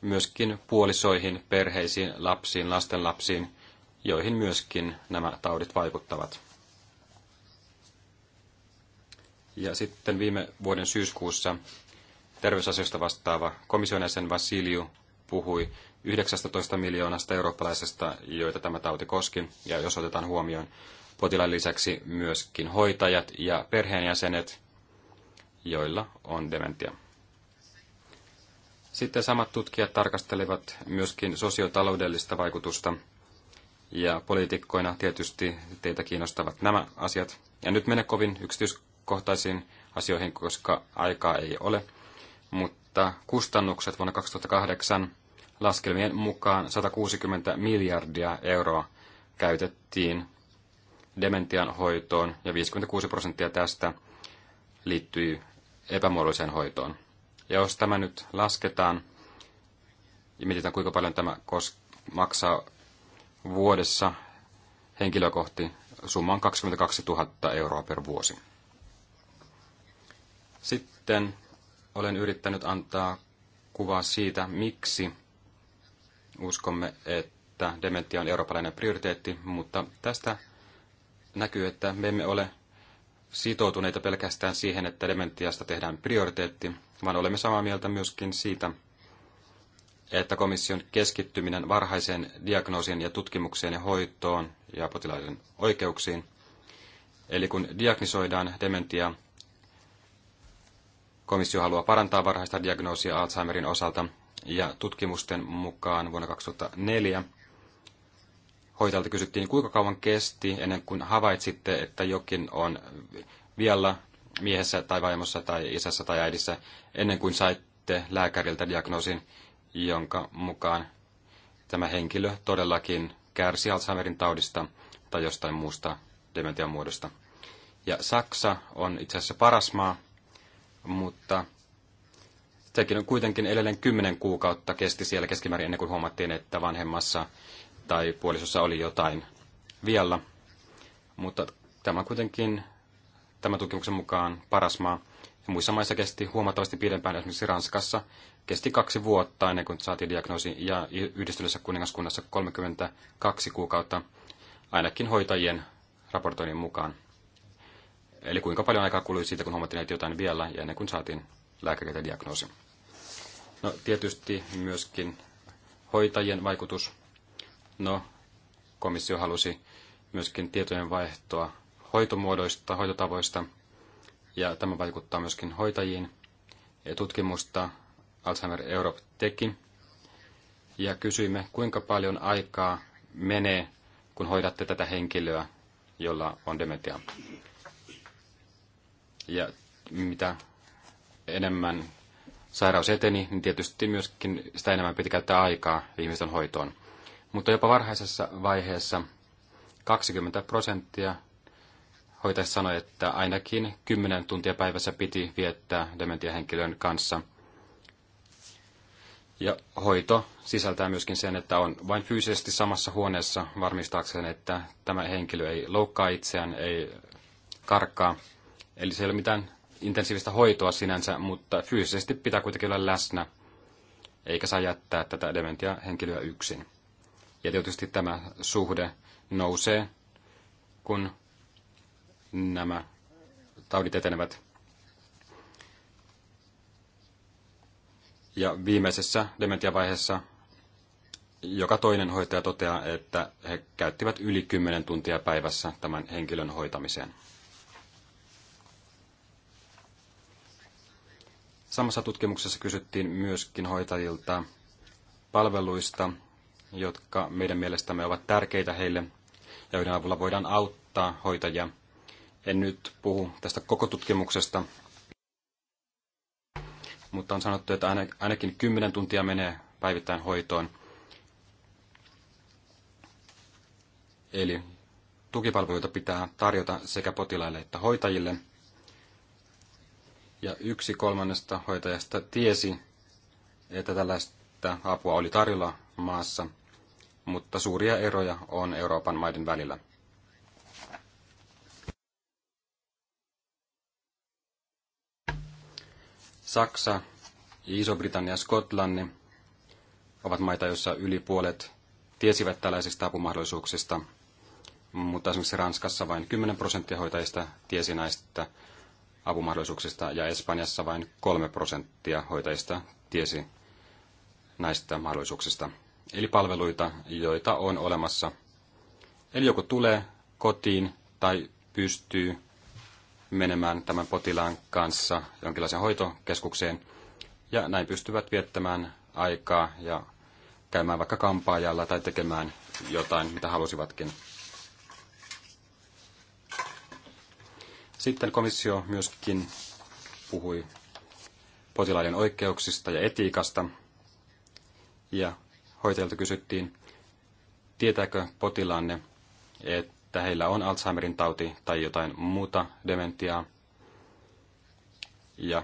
myöskin puolisoihin, perheisiin, lapsiin, lastenlapsiin, joihin myöskin nämä taudit vaikuttavat. Ja sitten viime vuoden syyskuussa terveysasioista vastaava komission jäsen Vasilju puhui 19 miljoonasta eurooppalaisesta, joita tämä tauti koski. Ja jos otetaan huomioon potilaan lisäksi myöskin hoitajat ja perheenjäsenet, joilla on dementia. Sitten samat tutkijat tarkastelivat myöskin sosiotaloudellista vaikutusta. Ja poliitikkoina tietysti teitä kiinnostavat nämä asiat. Ja nyt mene kovin yksityiskohtaisiin asioihin, koska aikaa ei ole. Mutta kustannukset vuonna 2008 laskelmien mukaan 160 miljardia euroa käytettiin dementian hoitoon ja 56 prosenttia tästä liittyy epämuodolliseen hoitoon. Ja jos tämä nyt lasketaan ja mietitään kuinka paljon tämä maksaa vuodessa henkilökohti, summa on 22 000 euroa per vuosi. Sitten olen yrittänyt antaa kuvaa siitä, miksi Uskomme, että dementia on eurooppalainen prioriteetti, mutta tästä näkyy, että me emme ole sitoutuneita pelkästään siihen, että dementiasta tehdään prioriteetti, vaan olemme samaa mieltä myöskin siitä, että komission keskittyminen varhaiseen diagnoosiin ja tutkimukseen ja hoitoon ja potilaiden oikeuksiin. Eli kun diagnisoidaan dementia, komissio haluaa parantaa varhaista diagnoosia Alzheimerin osalta ja tutkimusten mukaan vuonna 2004 hoitajalta kysyttiin, niin kuinka kauan kesti ennen kuin havaitsitte, että jokin on vielä miehessä tai vaimossa tai isässä tai äidissä, ennen kuin saitte lääkäriltä diagnoosin, jonka mukaan tämä henkilö todellakin kärsi Alzheimerin taudista tai jostain muusta dementian muodosta. Ja Saksa on itse asiassa paras maa, mutta sekin kuitenkin edelleen kymmenen kuukautta kesti siellä keskimäärin ennen kuin huomattiin, että vanhemmassa tai puolisossa oli jotain vielä. Mutta tämä kuitenkin tämän tutkimuksen mukaan paras maa. Ja muissa maissa kesti huomattavasti pidempään, esimerkiksi Ranskassa kesti kaksi vuotta ennen kuin saatiin diagnoosi, ja yhdistyneessä kuningaskunnassa 32 kuukautta, ainakin hoitajien raportoinnin mukaan. Eli kuinka paljon aikaa kului siitä, kun huomattiin, että jotain vielä, ja ennen kuin saatiin lääkäriltä diagnoosi. No tietysti myöskin hoitajien vaikutus. No, komissio halusi myöskin tietojen vaihtoa hoitomuodoista, hoitotavoista, ja tämä vaikuttaa myöskin hoitajiin. Ja tutkimusta Alzheimer Europe teki, ja kysyimme, kuinka paljon aikaa menee, kun hoidatte tätä henkilöä, jolla on dementia. Ja mitä enemmän sairaus eteni, niin tietysti myöskin sitä enemmän piti käyttää aikaa ihmisten hoitoon. Mutta jopa varhaisessa vaiheessa 20 prosenttia hoitaja sanoi, että ainakin 10 tuntia päivässä piti viettää dementiahenkilön kanssa. Ja hoito sisältää myöskin sen, että on vain fyysisesti samassa huoneessa varmistaakseen, että tämä henkilö ei loukkaa itseään, ei karkaa. Eli se ei ole mitään intensiivistä hoitoa sinänsä, mutta fyysisesti pitää kuitenkin olla läsnä, eikä saa jättää tätä dementia henkilöä yksin. Ja tietysti tämä suhde nousee, kun nämä taudit etenevät. Ja viimeisessä dementiavaiheessa joka toinen hoitaja toteaa, että he käyttivät yli 10 tuntia päivässä tämän henkilön hoitamiseen. Samassa tutkimuksessa kysyttiin myöskin hoitajilta palveluista, jotka meidän mielestämme ovat tärkeitä heille ja joiden avulla voidaan auttaa hoitajia. En nyt puhu tästä koko tutkimuksesta, mutta on sanottu, että ainakin 10 tuntia menee päivittäin hoitoon. Eli tukipalveluita pitää tarjota sekä potilaille että hoitajille – ja yksi kolmannesta hoitajasta tiesi, että tällaista apua oli tarjolla maassa, mutta suuria eroja on Euroopan maiden välillä. Saksa, Iso-Britannia ja Skotlanti ovat maita, joissa yli puolet tiesivät tällaisista apumahdollisuuksista, mutta esimerkiksi Ranskassa vain 10 prosenttia hoitajista tiesi näistä avumahdollisuuksista ja Espanjassa vain 3 prosenttia hoitajista tiesi näistä mahdollisuuksista. Eli palveluita, joita on olemassa. Eli joku tulee kotiin tai pystyy menemään tämän potilaan kanssa jonkinlaiseen hoitokeskukseen ja näin pystyvät viettämään aikaa ja käymään vaikka kampaajalla tai tekemään jotain, mitä halusivatkin. Sitten komissio myöskin puhui potilaiden oikeuksista ja etiikasta. Ja hoitajalta kysyttiin, tietääkö potilaanne, että heillä on Alzheimerin tauti tai jotain muuta dementiaa. Ja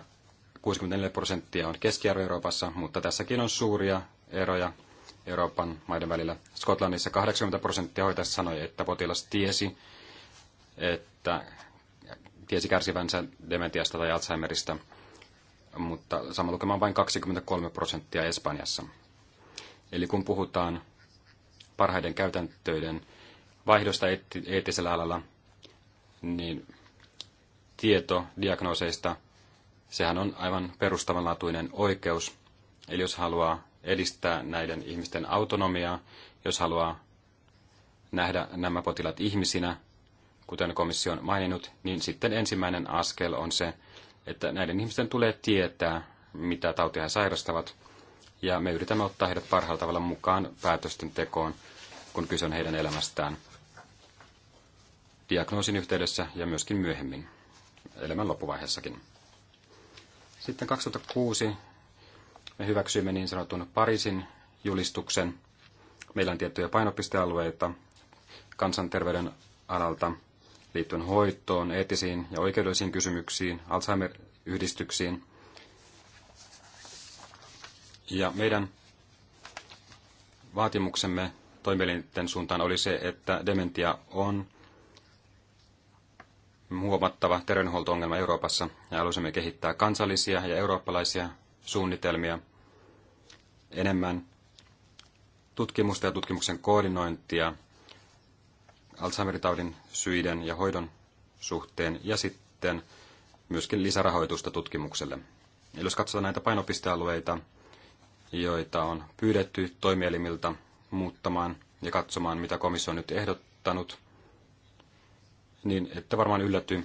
64 prosenttia on keskiarvo Euroopassa, mutta tässäkin on suuria eroja Euroopan maiden välillä. Skotlannissa 80 prosenttia hoitajista sanoi, että potilas tiesi, että tiesi kärsivänsä dementiasta tai Alzheimerista, mutta sama lukema on vain 23 prosenttia Espanjassa. Eli kun puhutaan parhaiden käytäntöiden vaihdosta eettisellä alalla, niin tieto diagnooseista, sehän on aivan perustavanlaatuinen oikeus. Eli jos haluaa edistää näiden ihmisten autonomiaa, jos haluaa nähdä nämä potilaat ihmisinä, kuten komissio on maininnut, niin sitten ensimmäinen askel on se, että näiden ihmisten tulee tietää, mitä tautia he sairastavat, ja me yritämme ottaa heidät parhaalla tavalla mukaan päätösten tekoon, kun kyse on heidän elämästään diagnoosin yhteydessä ja myöskin myöhemmin, elämän loppuvaiheessakin. Sitten 2006 me hyväksyimme niin sanotun Pariisin julistuksen. Meillä on tiettyjä painopistealueita kansanterveyden alalta – liittyen hoitoon, eettisiin ja oikeudellisiin kysymyksiin, Alzheimer-yhdistyksiin. Ja meidän vaatimuksemme toimielinten suuntaan oli se, että dementia on huomattava terveydenhuolto-ongelma Euroopassa ja haluaisimme kehittää kansallisia ja eurooppalaisia suunnitelmia enemmän tutkimusta ja tutkimuksen koordinointia alzheimer taudin syiden ja hoidon suhteen ja sitten myöskin lisärahoitusta tutkimukselle. Eli jos katsotaan näitä painopistealueita, joita on pyydetty toimielimiltä muuttamaan ja katsomaan, mitä komissio on nyt ehdottanut, niin ette varmaan ylläty,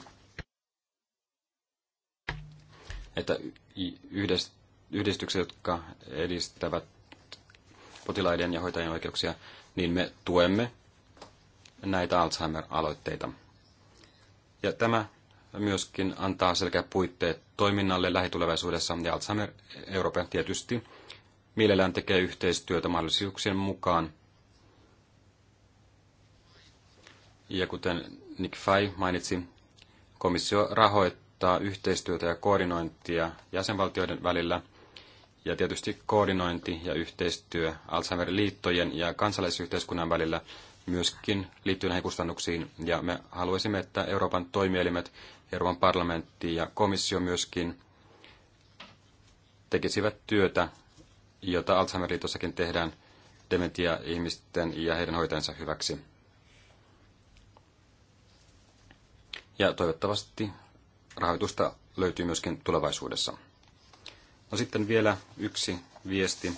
että yhdistykset, jotka edistävät potilaiden ja hoitajien oikeuksia, niin me tuemme näitä Alzheimer-aloitteita. Ja tämä myöskin antaa selkeä puitteet toiminnalle lähitulevaisuudessa ja Alzheimer Eurooppa tietysti mielellään tekee yhteistyötä mahdollisuuksien mukaan. Ja kuten Nick Fai mainitsi, komissio rahoittaa yhteistyötä ja koordinointia jäsenvaltioiden välillä ja tietysti koordinointi ja yhteistyö Alzheimer-liittojen ja kansalaisyhteiskunnan välillä myöskin liittyy näihin kustannuksiin. Ja me haluaisimme, että Euroopan toimielimet, Euroopan parlamentti ja komissio myöskin tekisivät työtä, jota Alzheimer-liitossakin tehdään dementia ihmisten ja heidän hoitajansa hyväksi. Ja toivottavasti rahoitusta löytyy myöskin tulevaisuudessa. No sitten vielä yksi viesti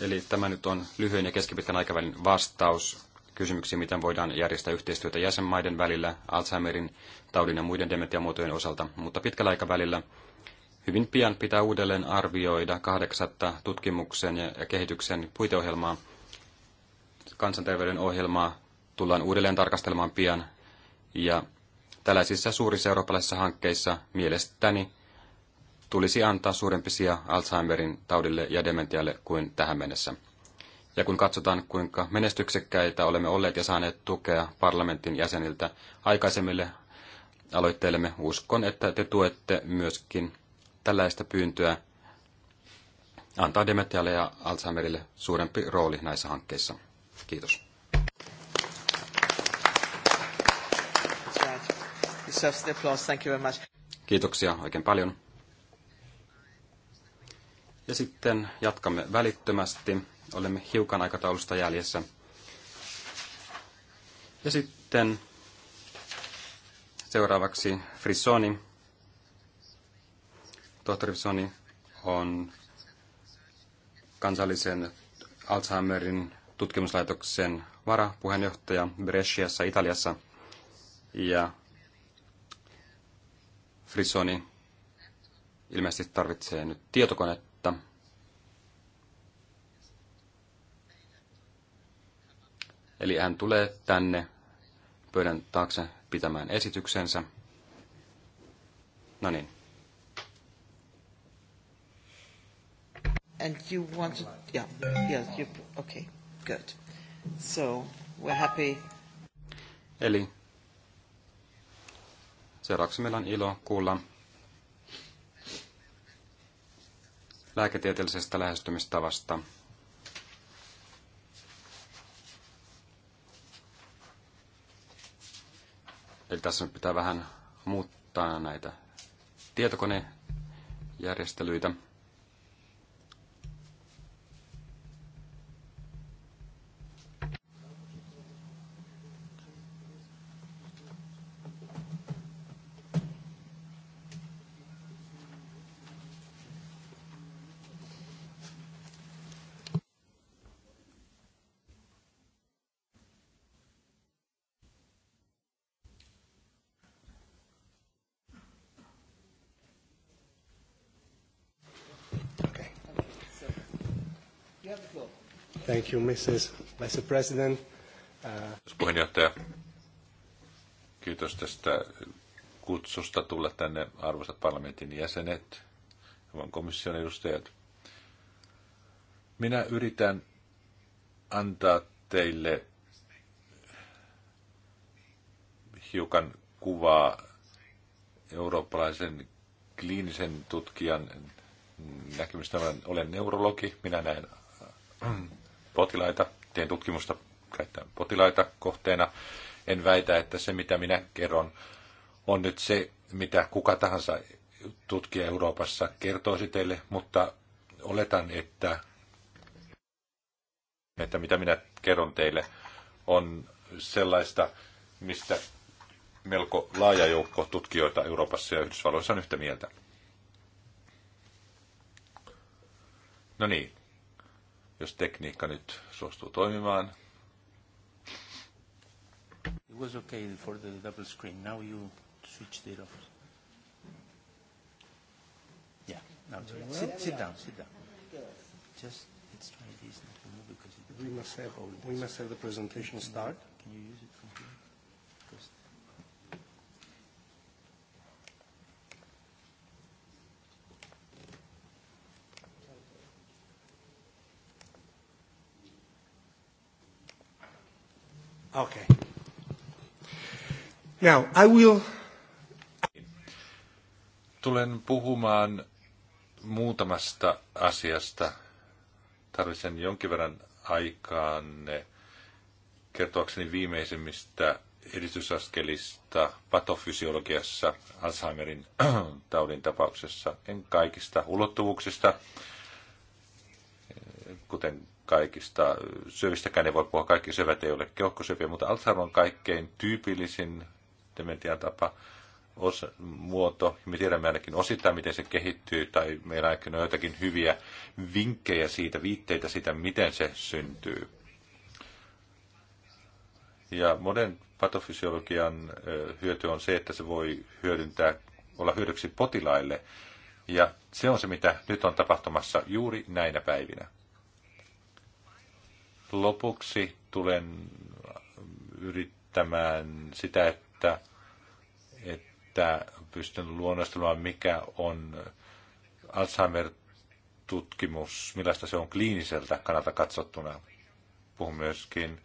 Eli tämä nyt on lyhyen ja keskipitkän aikavälin vastaus kysymyksiin, miten voidaan järjestää yhteistyötä jäsenmaiden välillä Alzheimerin taudin ja muiden dementiamuotojen osalta, mutta pitkällä aikavälillä hyvin pian pitää uudelleen arvioida kahdeksatta tutkimuksen ja kehityksen puiteohjelmaa. Kansanterveyden ohjelmaa tullaan uudelleen tarkastelemaan pian ja tällaisissa suurissa eurooppalaisissa hankkeissa mielestäni tulisi antaa suurempi sija Alzheimerin taudille ja dementialle kuin tähän mennessä. Ja kun katsotaan, kuinka menestyksekkäitä olemme olleet ja saaneet tukea parlamentin jäseniltä aikaisemmille aloitteillemme, uskon, että te tuette myöskin tällaista pyyntöä antaa dementialle ja Alzheimerille suurempi rooli näissä hankkeissa. Kiitos. Kiitoksia oikein paljon. Ja sitten jatkamme välittömästi. Olemme hiukan aikataulusta jäljessä. Ja sitten seuraavaksi Frissoni. Tohtori Frissoni on kansallisen Alzheimerin tutkimuslaitoksen varapuheenjohtaja Bresciassa Italiassa. Ja Frissoni ilmeisesti tarvitsee nyt tietokonetta mutta Eli hän tulee tänne pöydän taakse pitämään esityksensä. No niin. And you wanted, yeah, yeah, you, okay, good. So, we're happy. Eli seuraavaksi meillä on ilo kuulla lääketieteellisestä lähestymistavasta. Eli tässä nyt pitää vähän muuttaa näitä tietokonejärjestelyitä. Thank you, Mrs. Vice President. Puheenjohtaja, kiitos tästä kutsusta tulla tänne arvoisat parlamentin jäsenet, Euroopan komission edustajat. Minä yritän antaa teille hiukan kuvaa eurooppalaisen kliinisen tutkijan näkemystä. Olen neurologi, minä näen potilaita, teen tutkimusta käyttäen potilaita kohteena. En väitä, että se mitä minä kerron on nyt se, mitä kuka tahansa tutkija Euroopassa kertoisi teille, mutta oletan, että, että mitä minä kerron teille on sellaista, mistä melko laaja joukko tutkijoita Euroopassa ja Yhdysvalloissa on yhtä mieltä. No niin, jos tekniikka nyt suostuu toimimaan. It was okay for the double screen. Now you switched it off. Yeah, now well, sit, sit down, sit down. Just let's try this. Because it we must have we must have the presentation start. Can you use it? Okay. Now, I will... Tulen puhumaan muutamasta asiasta. Tarvitsen jonkin verran aikaanne kertoakseni viimeisimmistä edistysaskelista patofysiologiassa Alzheimerin taudin tapauksessa. En kaikista ulottuvuuksista, kuten kaikista syövistäkään ei voi puhua, kaikki syövät ei ole keuhkosyöpiä, mutta Alzheimer on kaikkein tyypillisin dementian tapa, osa, muoto. Me tiedämme ainakin osittain, miten se kehittyy, tai meillä ainakin on joitakin hyviä vinkkejä siitä, viitteitä siitä, miten se syntyy. Ja monen patofysiologian hyöty on se, että se voi hyödyntää, olla hyödyksi potilaille. Ja se on se, mitä nyt on tapahtumassa juuri näinä päivinä. Lopuksi tulen yrittämään sitä, että, että pystyn luonnostelemaan, mikä on Alzheimer-tutkimus, millaista se on kliiniseltä kannalta katsottuna. Puhun myöskin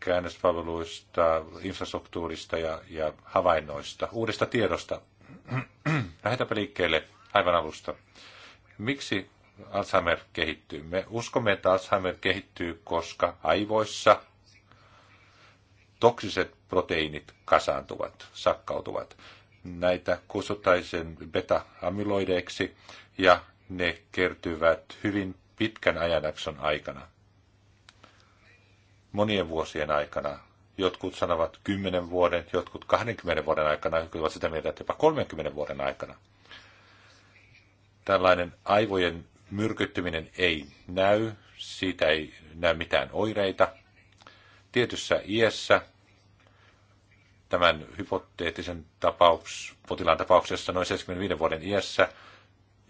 käännöspalveluista, infrastruktuurista ja, ja havainnoista, uudesta tiedosta. Lähetäpä liikkeelle aivan alusta. Miksi Alzheimer kehittyy. Me uskomme, että Alzheimer kehittyy, koska aivoissa toksiset proteiinit kasaantuvat, sakkautuvat. Näitä kutsutaan beta-amyloideiksi ja ne kertyvät hyvin pitkän ajanjakson aikana. Monien vuosien aikana jotkut sanovat 10 vuoden, jotkut 20 vuoden aikana, jotkut ovat sitä mieltä, että jopa 30 vuoden aikana. Tällainen aivojen myrkyttyminen ei näy, siitä ei näy mitään oireita. Tietyssä iässä tämän hypoteettisen tapauks, potilaan tapauksessa noin 75 vuoden iässä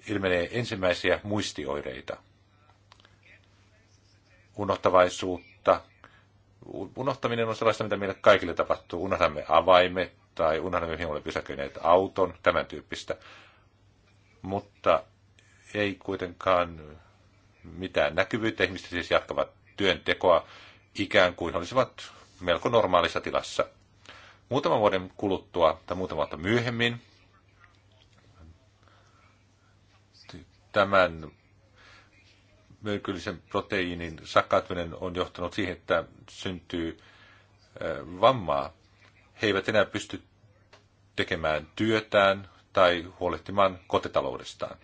ilmenee ensimmäisiä muistioireita. Unohtavaisuutta. Unohtaminen on sellaista, mitä meille kaikille tapahtuu. Unohdamme avaimet tai unohdamme, mihin olemme pysäköineet auton, tämän tyyppistä. Mutta ei kuitenkaan mitään näkyvyyttä. Ihmiset siis jatkavat työntekoa ikään kuin olisivat melko normaalissa tilassa. Muutaman vuoden kuluttua tai muutama vuotta myöhemmin tämän myrkyllisen proteiinin sakkautuminen on johtanut siihen, että syntyy vammaa. He eivät enää pysty tekemään työtään tai huolehtimaan kotitaloudestaan.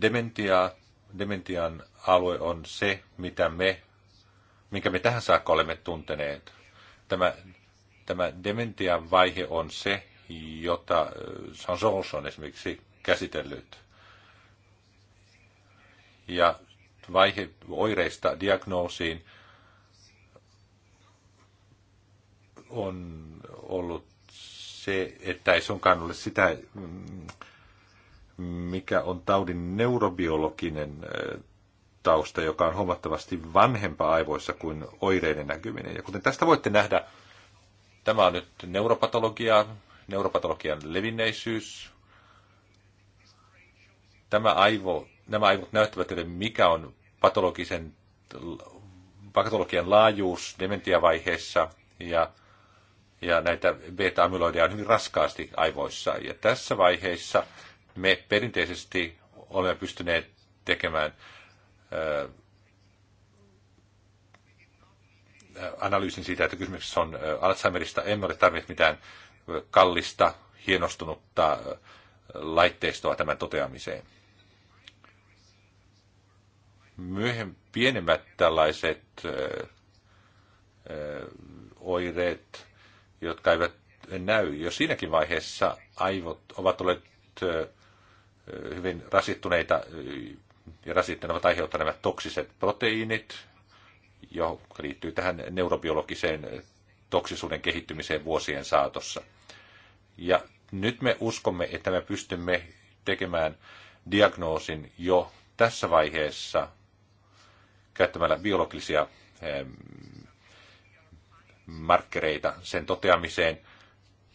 Dementia, dementian alue on se, mitä me, minkä me tähän saakka olemme tunteneet. Tämä, tämä dementian vaihe on se, jota äh, Sansons on esimerkiksi käsitellyt. Ja vaihe oireista diagnoosiin on ollut se, että ei sunkaan ole sitä mm, mikä on taudin neurobiologinen tausta, joka on huomattavasti vanhempa aivoissa kuin oireiden näkyminen. Ja kuten tästä voitte nähdä, tämä on nyt neuropatologia, neuropatologian levinneisyys. Tämä aivo, nämä aivot näyttävät teille, mikä on patologisen patologian laajuus dementiavaiheessa ja, ja näitä beta-amyloideja on hyvin raskaasti aivoissa. Ja tässä vaiheessa me perinteisesti olemme pystyneet tekemään analyysin siitä, että kysymyksessä on Alzheimerista. Emme ole tarvinneet mitään kallista, hienostunutta laitteistoa tämän toteamiseen. Myöhemmin pienemmät tällaiset oireet, jotka eivät näy. Jo siinäkin vaiheessa aivot ovat olleet hyvin rasittuneita ja rasittuneita ovat aiheuttaneet toksiset proteiinit, jotka liittyy tähän neurobiologiseen toksisuuden kehittymiseen vuosien saatossa. Ja nyt me uskomme, että me pystymme tekemään diagnoosin jo tässä vaiheessa käyttämällä biologisia markkereita sen toteamiseen.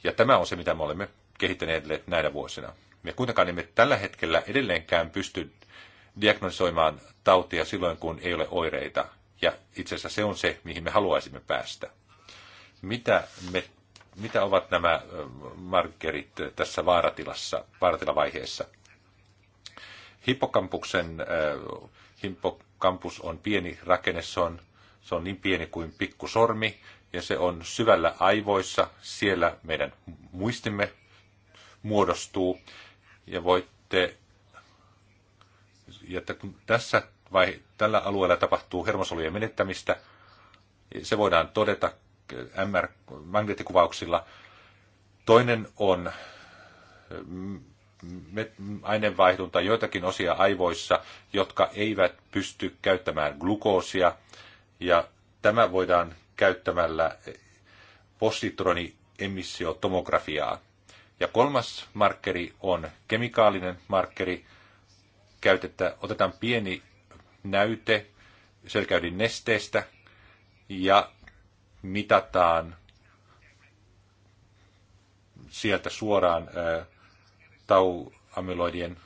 Ja tämä on se, mitä me olemme kehittäneet näinä vuosina. Me kuitenkaan emme tällä hetkellä edelleenkään pysty diagnosoimaan tautia silloin, kun ei ole oireita. Ja itse asiassa se on se, mihin me haluaisimme päästä. Mitä, me, mitä ovat nämä markerit tässä vaaratilassa, vaaratilavaiheessa? Hippokampuksen äh, hippokampus on pieni rakenne, se on, se on niin pieni kuin pikkusormi, ja se on syvällä aivoissa, siellä meidän muistimme muodostuu, ja voitte, ja että kun tässä vai tällä alueella tapahtuu hermosolujen menettämistä, niin se voidaan todeta MR-magneettikuvauksilla. Toinen on mm, aineenvaihdunta joitakin osia aivoissa, jotka eivät pysty käyttämään glukoosia, ja tämä voidaan käyttämällä positroniemissiotomografiaa. Ja kolmas markkeri on kemikaalinen markkeri. Käytettä, otetaan pieni näyte selkäydin nesteestä ja mitataan sieltä suoraan tauamyloidien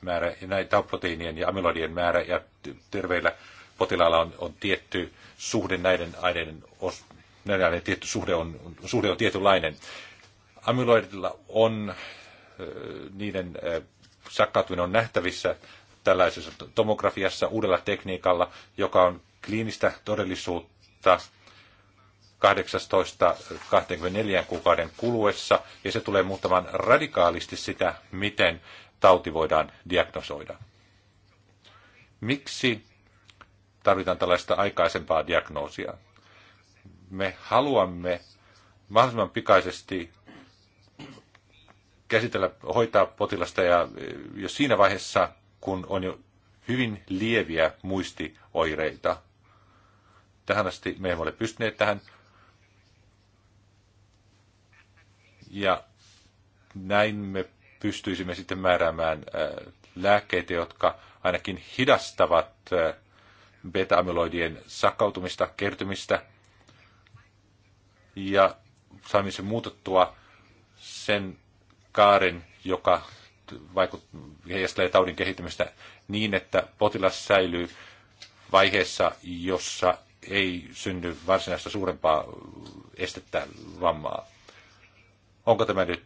määrä, näin, tauproteiinien ja amyloidien määrä ja terveillä potilailla on, on tietty suhde näiden aineiden, näiden aineiden tietty suhde on, suhde on tietynlainen amyloidilla on, niiden sakkautuminen on nähtävissä tällaisessa tomografiassa uudella tekniikalla, joka on kliinistä todellisuutta 18-24 kuukauden kuluessa, ja se tulee muuttamaan radikaalisti sitä, miten tauti voidaan diagnosoida. Miksi tarvitaan tällaista aikaisempaa diagnoosia? Me haluamme mahdollisimman pikaisesti käsitellä, hoitaa potilasta ja jos siinä vaiheessa, kun on jo hyvin lieviä muistioireita, tähän asti me emme ole pystyneet tähän. Ja näin me pystyisimme sitten määräämään äh, lääkkeitä, jotka ainakin hidastavat äh, beta-amyloidien sakkautumista, kertymistä ja saamme sen muutettua sen kaaren, joka vaikut, heijastelee taudin kehittymistä niin, että potilas säilyy vaiheessa, jossa ei synny varsinaista suurempaa estettä vammaa. Onko tämä nyt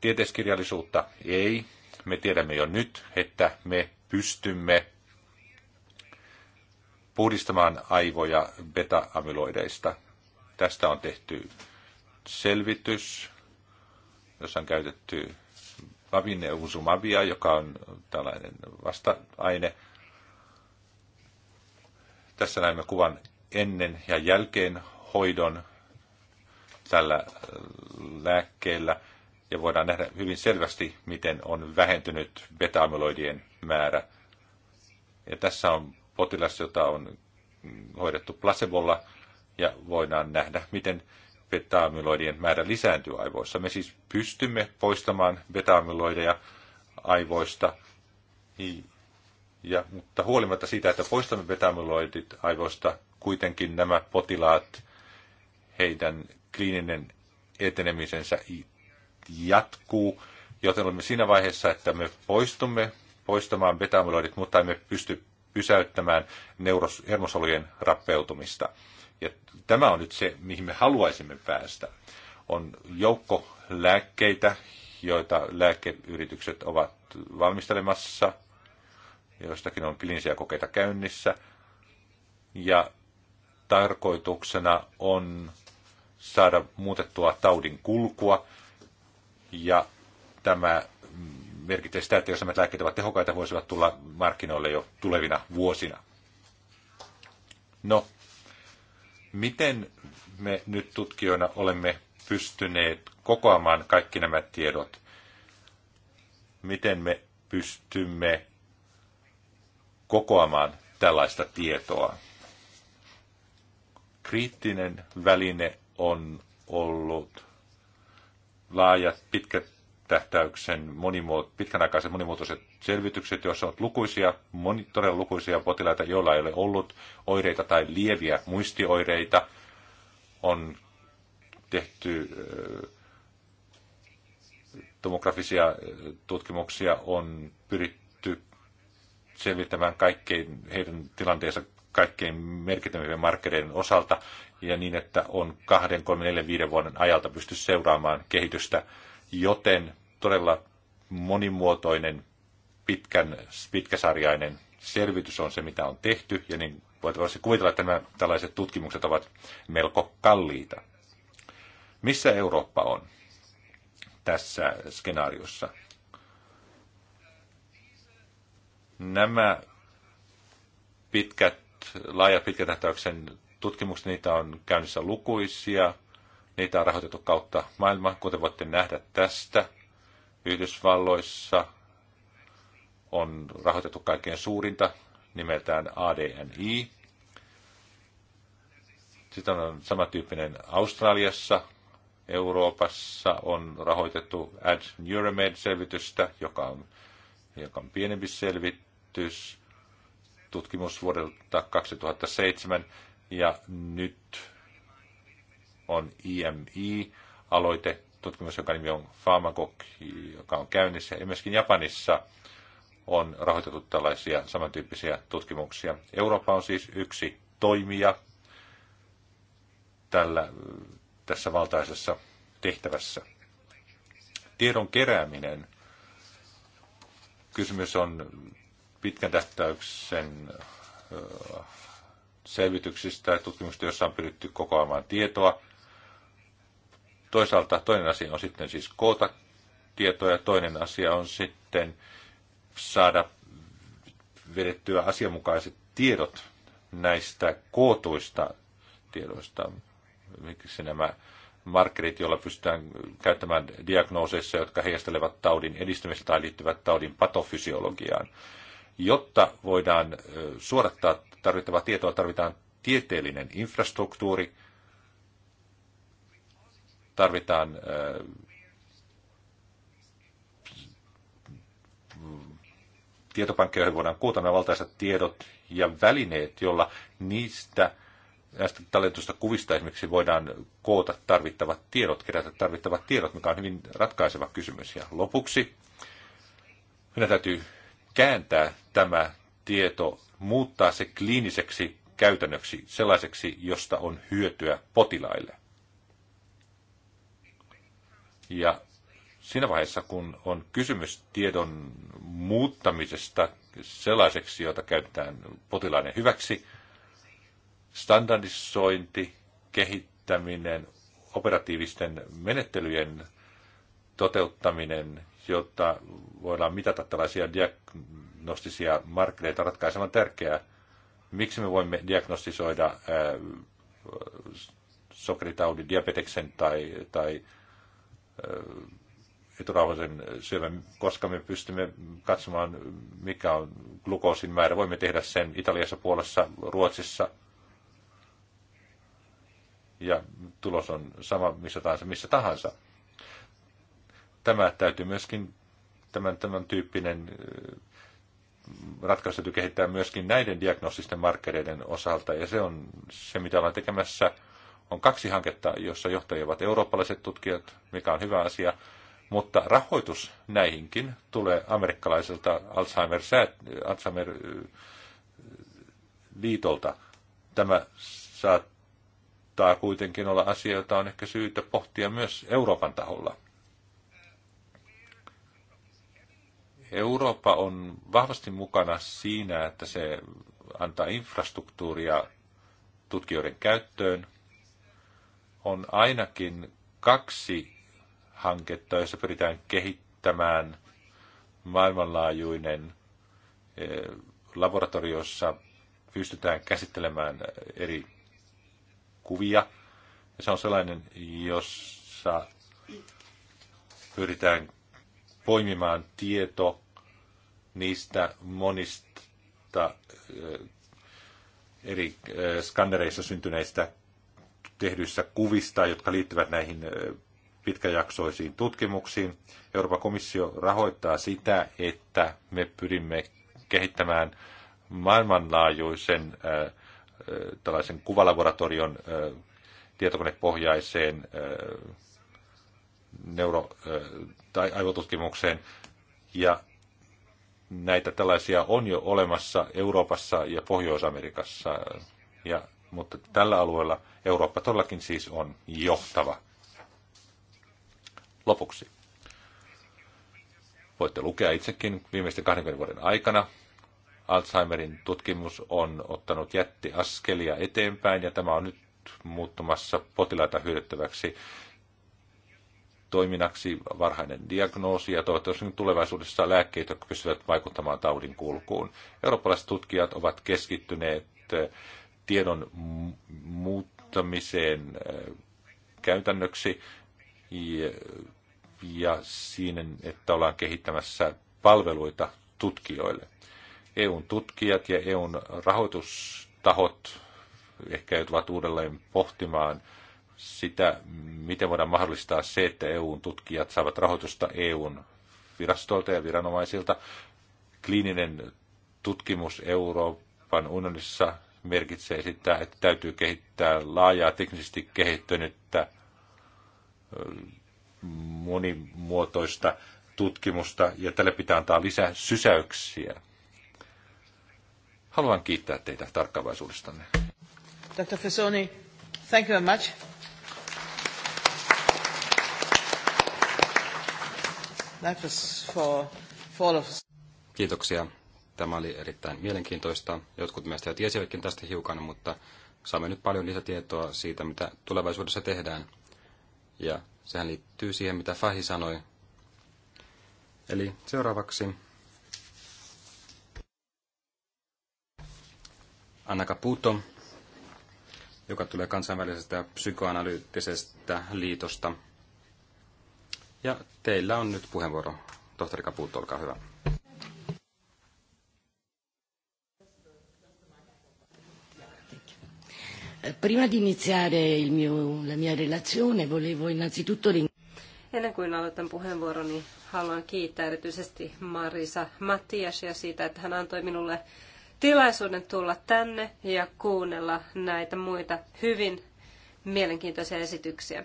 tieteiskirjallisuutta? Ei. Me tiedämme jo nyt, että me pystymme puhdistamaan aivoja beta-amyloideista. Tästä on tehty selvitys jossa on käytetty vavineuzumavia, joka on tällainen vasta-aine. Tässä näemme kuvan ennen ja jälkeen hoidon tällä äh, lääkkeellä ja voidaan nähdä hyvin selvästi, miten on vähentynyt beta määrä. Ja tässä on potilas, jota on hoidettu placebolla ja voidaan nähdä, miten beta-amyloidien määrä lisääntyy aivoissa. Me siis pystymme poistamaan beta-amyloideja aivoista, ja, mutta huolimatta siitä, että poistamme beta-amyloidit aivoista, kuitenkin nämä potilaat, heidän kliininen etenemisensä jatkuu, joten olemme siinä vaiheessa, että me poistumme poistamaan beta-amyloidit, mutta emme pysty pysäyttämään neuros, hermosolujen rappeutumista. Ja tämä on nyt se, mihin me haluaisimme päästä. On joukko lääkkeitä, joita lääkeyritykset ovat valmistelemassa, joistakin on klinisiä kokeita käynnissä, ja tarkoituksena on saada muutettua taudin kulkua, ja tämä merkitsee sitä, että jos nämä lääkkeet ovat tehokkaita, voisivat tulla markkinoille jo tulevina vuosina. No, Miten me nyt tutkijoina olemme pystyneet kokoamaan kaikki nämä tiedot? Miten me pystymme kokoamaan tällaista tietoa? Kriittinen väline on ollut laajat, pitkät tähtäyksen monimuot pitkän aikaisen monimuotoiset selvitykset, joissa on lukuisia, moni, todella lukuisia potilaita, joilla ei ole ollut oireita tai lieviä muistioireita. On tehty tomografisia tutkimuksia, on pyritty selvittämään kaikkein heidän tilanteensa kaikkein merkittävimpien markkereiden osalta ja niin, että on kahden, kolmen, neljän, viiden vuoden ajalta pysty seuraamaan kehitystä, joten todella monimuotoinen, pitkän, pitkäsarjainen selvitys on se, mitä on tehty, ja niin voitaisiin kuvitella, että nämä tällaiset tutkimukset ovat melko kalliita. Missä Eurooppa on tässä skenaariossa? Nämä pitkät, laajat pitkätähtäyksen tutkimukset, niitä on käynnissä lukuisia, niitä on rahoitettu kautta maailmaa, kuten voitte nähdä tästä – Yhdysvalloissa on rahoitettu kaikkein suurinta nimeltään ADNI. Sitten on samantyyppinen Australiassa. Euroopassa on rahoitettu Ad Neuromed-selvitystä, joka on, joka on pienempi selvitys, tutkimus vuodelta 2007. Ja nyt on IMI-aloite, tutkimus, jonka nimi on Pharmagog, joka on käynnissä. Ja myöskin Japanissa on rahoitettu tällaisia samantyyppisiä tutkimuksia. Eurooppa on siis yksi toimija tällä, tässä valtaisessa tehtävässä. Tiedon kerääminen. Kysymys on pitkän tähtäyksen selvityksistä ja tutkimuksista, joissa on pyritty kokoamaan tietoa Toisaalta toinen asia on sitten siis koota tietoja, toinen asia on sitten saada vedettyä asianmukaiset tiedot näistä kootuista tiedoista. Miksi nämä markerit, joilla pystytään käyttämään diagnooseissa, jotka heijastelevat taudin edistymistä tai liittyvät taudin patofysiologiaan. Jotta voidaan suorattaa tarvittavaa tietoa, tarvitaan tieteellinen infrastruktuuri, tarvitaan tietopankkeja, joihin voidaan koota nämä valtaiset tiedot ja välineet, joilla niistä näistä talletusta kuvista esimerkiksi voidaan koota tarvittavat tiedot, kerätä tarvittavat tiedot, mikä on hyvin ratkaiseva kysymys. Ja lopuksi minä täytyy kääntää tämä tieto, muuttaa se kliiniseksi käytännöksi, sellaiseksi, josta on hyötyä potilaille. Ja siinä vaiheessa, kun on kysymys tiedon muuttamisesta sellaiseksi, jota käytetään potilaiden hyväksi, standardisointi, kehittäminen, operatiivisten menettelyjen toteuttaminen, jotta voidaan mitata tällaisia diagnostisia markkereita, ratkaisemaan ratkaisevan tärkeää. Miksi me voimme diagnostisoida sokeritaudin, diabeteksen tai, tai eturauhasen syövän, koska me pystymme katsomaan, mikä on glukoosin määrä. Voimme tehdä sen Italiassa, Puolassa, Ruotsissa. Ja tulos on sama missä tahansa, missä tahansa. Tämä täytyy myöskin, tämän, tämän tyyppinen ratkaisu täytyy kehittää myöskin näiden diagnostisten markkereiden osalta, ja se on se, mitä ollaan tekemässä – on kaksi hanketta, jossa johtajia ovat eurooppalaiset tutkijat, mikä on hyvä asia, mutta rahoitus näihinkin tulee amerikkalaiselta Alzheimer-liitolta. Tämä saattaa kuitenkin olla asia, jota on ehkä syytä pohtia myös Euroopan taholla. Eurooppa on vahvasti mukana siinä, että se antaa infrastruktuuria tutkijoiden käyttöön – on ainakin kaksi hanketta, joissa pyritään kehittämään maailmanlaajuinen jossa eh, pystytään käsittelemään eri kuvia. Ja se on sellainen, jossa pyritään poimimaan tieto niistä monista eh, eri eh, skannereissa syntyneistä tehdyissä kuvista, jotka liittyvät näihin pitkäjaksoisiin tutkimuksiin. Euroopan komissio rahoittaa sitä, että me pyrimme kehittämään maailmanlaajuisen tällaisen kuvalaboratorion tietokonepohjaiseen neuro- tai aivotutkimukseen. Ja näitä tällaisia on jo olemassa Euroopassa ja Pohjois-Amerikassa. Ja mutta tällä alueella Eurooppa todellakin siis on johtava. Lopuksi. Voitte lukea itsekin viimeisten 20 vuoden aikana. Alzheimerin tutkimus on ottanut jättiaskelia eteenpäin ja tämä on nyt muuttumassa potilaita hyödyttäväksi toiminnaksi varhainen diagnoosi ja toivottavasti tulevaisuudessa lääkkeet, jotka pystyvät vaikuttamaan taudin kulkuun. Eurooppalaiset tutkijat ovat keskittyneet tiedon muuttamiseen äh, käytännöksi ja, ja siinä, että ollaan kehittämässä palveluita tutkijoille. EUn tutkijat ja EUn rahoitustahot ehkä joutuvat uudelleen pohtimaan sitä, miten voidaan mahdollistaa se, että EUn tutkijat saavat rahoitusta EUn virastoilta ja viranomaisilta. Kliininen tutkimus Euroopan unionissa merkitsee sitä, että täytyy kehittää laajaa teknisesti kehittynyttä monimuotoista tutkimusta ja tälle pitää antaa lisää sysäyksiä. Haluan kiittää teitä tarkkaavaisuudestanne. Dr. Fasoni, thank you very much. That was for, for all of us. Kiitoksia Tämä oli erittäin mielenkiintoista. Jotkut meistä jo tiesivätkin tästä hiukan, mutta saamme nyt paljon lisätietoa siitä, mitä tulevaisuudessa tehdään. Ja sehän liittyy siihen, mitä Fahi sanoi. Eli seuraavaksi Anna Caputo, joka tulee kansainvälisestä psykoanalyyttisestä liitosta. Ja teillä on nyt puheenvuoro. Tohtori Caputo, olkaa hyvä. Prima di iniziare il mio, la mia relazione, volevo innanzitutto ringraziare. Ennen kuin aloitan puheenvuoroni, haluan kiittää erityisesti Marisa Mattiasia siitä, että hän antoi minulle tilaisuuden tulla tänne ja kuunnella näitä muita hyvin mielenkiintoisia esityksiä.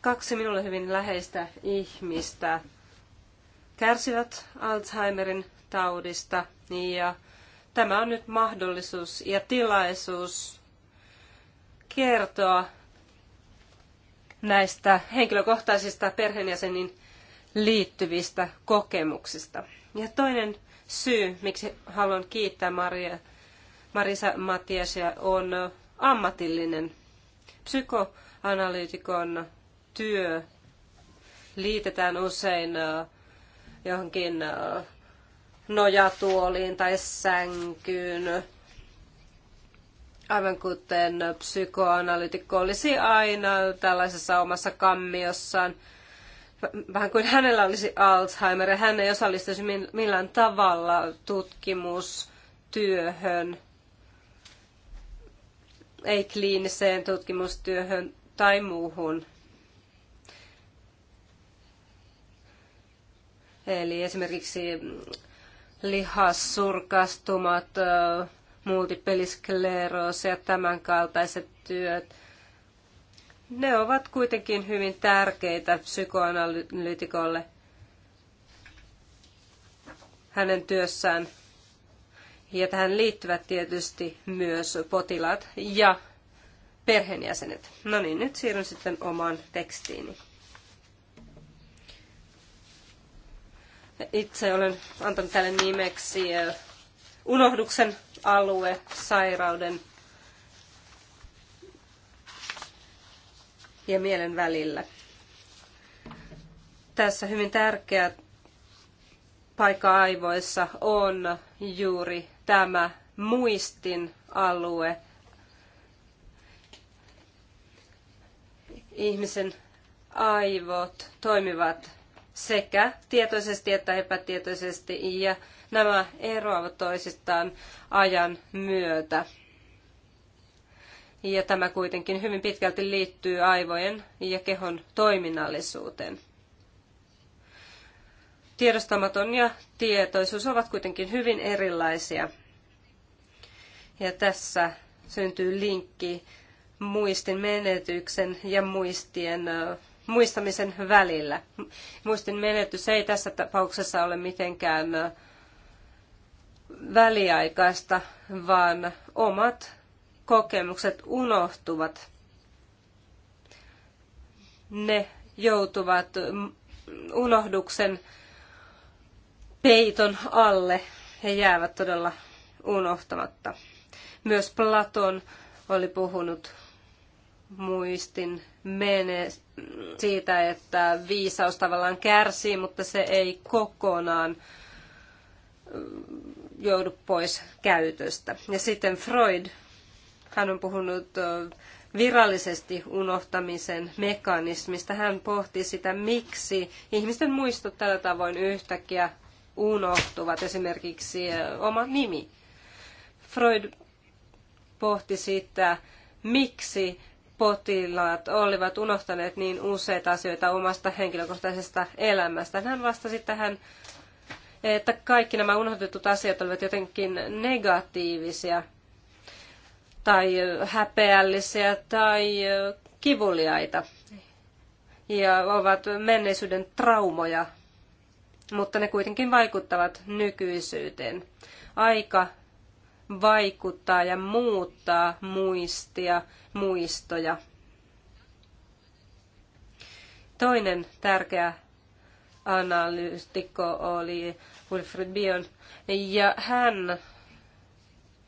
Kaksi minulle hyvin läheistä ihmistä kärsivät Alzheimerin taudista ja Tämä on nyt mahdollisuus ja tilaisuus kertoa näistä henkilökohtaisista perheenjäsenin liittyvistä kokemuksista. Ja toinen syy, miksi haluan kiittää Maria, Marisa Matiasia, on ammatillinen psykoanalyytikon työ liitetään usein äh, johonkin äh, nojatuoliin tai sänkyyn, aivan kuten psykoanalytikko olisi aina tällaisessa omassa kammiossaan. Vähän kuin hänellä olisi Alzheimer ja hän ei osallistuisi millään tavalla tutkimustyöhön, ei kliiniseen tutkimustyöhön tai muuhun. Eli esimerkiksi lihassurkastumat, muutipeliskleroosi ja tämän kaltaiset työt. Ne ovat kuitenkin hyvin tärkeitä psykoanalytikolle hänen työssään. Ja tähän liittyvät tietysti myös potilaat ja perheenjäsenet. No niin, nyt siirryn sitten omaan tekstiini. Itse olen antanut tälle nimeksi eh, unohduksen alue sairauden ja mielen välillä. Tässä hyvin tärkeä paikka aivoissa on juuri tämä muistin alue. Ihmisen aivot toimivat sekä tietoisesti että epätietoisesti, ja nämä eroavat toisistaan ajan myötä. Ja tämä kuitenkin hyvin pitkälti liittyy aivojen ja kehon toiminnallisuuteen. Tiedostamaton ja tietoisuus ovat kuitenkin hyvin erilaisia. Ja tässä syntyy linkki muistin menetyksen ja muistien muistamisen välillä. Muistin menetys ei tässä tapauksessa ole mitenkään väliaikaista, vaan omat kokemukset unohtuvat. Ne joutuvat unohduksen peiton alle. He jäävät todella unohtamatta. Myös Platon oli puhunut muistin siitä, että viisaus tavallaan kärsii, mutta se ei kokonaan joudu pois käytöstä. Ja sitten Freud, hän on puhunut virallisesti unohtamisen mekanismista. Hän pohti sitä, miksi ihmisten muistot tällä tavoin yhtäkkiä unohtuvat, esimerkiksi oma nimi. Freud pohti sitä, miksi potilaat olivat unohtaneet niin useita asioita omasta henkilökohtaisesta elämästään. Hän vastasi tähän, että kaikki nämä unohdetut asiat olivat jotenkin negatiivisia tai häpeällisiä tai kivuliaita ja ovat menneisyyden traumoja, mutta ne kuitenkin vaikuttavat nykyisyyteen. Aika vaikuttaa ja muuttaa muistia, muistoja. Toinen tärkeä analyytikko oli Wilfred Bion, ja hän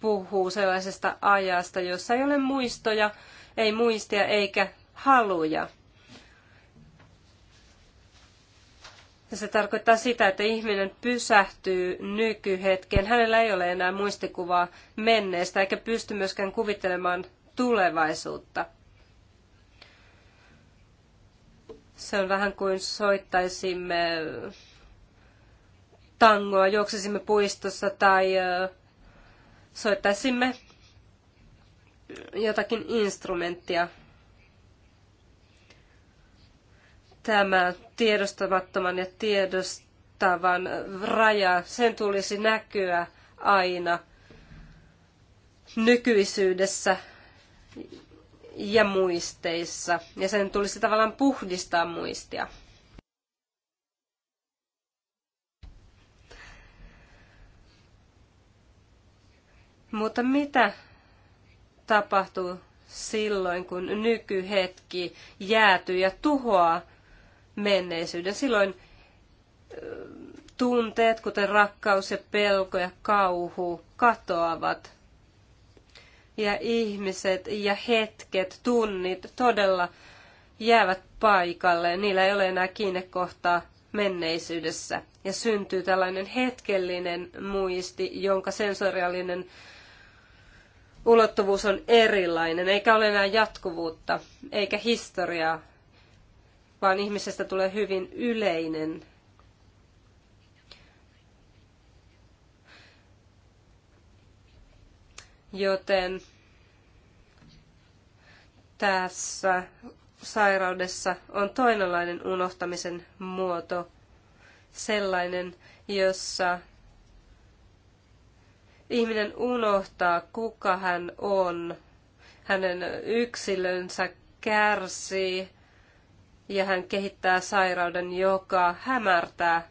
puhuu sellaisesta ajasta, jossa ei ole muistoja, ei muistia eikä haluja. Ja se tarkoittaa sitä, että ihminen pysähtyy nykyhetkeen. Hänellä ei ole enää muistikuvaa menneestä eikä pysty myöskään kuvittelemaan tulevaisuutta. Se on vähän kuin soittaisimme tangoa, juoksisimme puistossa tai soittaisimme jotakin instrumenttia Tämä tiedostamattoman ja tiedostavan raja, sen tulisi näkyä aina nykyisyydessä ja muisteissa. Ja sen tulisi tavallaan puhdistaa muistia. Mutta mitä tapahtuu silloin, kun nykyhetki jäätyy ja tuhoaa menneisyyden. Silloin tunteet, kuten rakkaus ja pelko ja kauhu, katoavat. Ja ihmiset ja hetket, tunnit todella jäävät paikalle. Niillä ei ole enää kiinnekohtaa menneisyydessä. Ja syntyy tällainen hetkellinen muisti, jonka sensoriaalinen ulottuvuus on erilainen, eikä ole enää jatkuvuutta, eikä historiaa vaan ihmisestä tulee hyvin yleinen. Joten tässä sairaudessa on toinenlainen unohtamisen muoto, sellainen, jossa ihminen unohtaa, kuka hän on, hänen yksilönsä kärsii, ja hän kehittää sairauden, joka hämärtää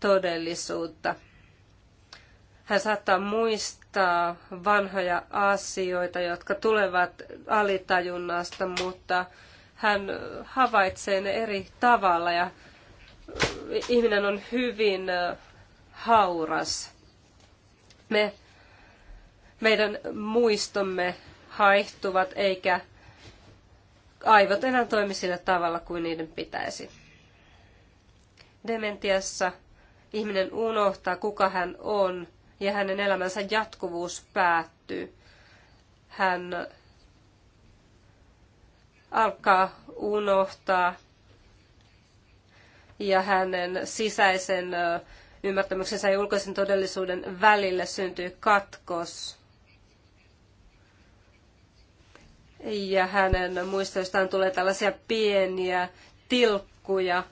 todellisuutta. Hän saattaa muistaa vanhoja asioita, jotka tulevat alitajunnasta, mutta hän havaitsee ne eri tavalla ja ihminen on hyvin hauras. Me, meidän muistomme haihtuvat eikä aivot enää toimi sillä tavalla kuin niiden pitäisi. Dementiassa ihminen unohtaa, kuka hän on, ja hänen elämänsä jatkuvuus päättyy. Hän alkaa unohtaa ja hänen sisäisen ymmärtämyksensä ja ulkoisen todellisuuden välille syntyy katkos. ja hänen muistoistaan tulee tällaisia pieniä tilkkuja.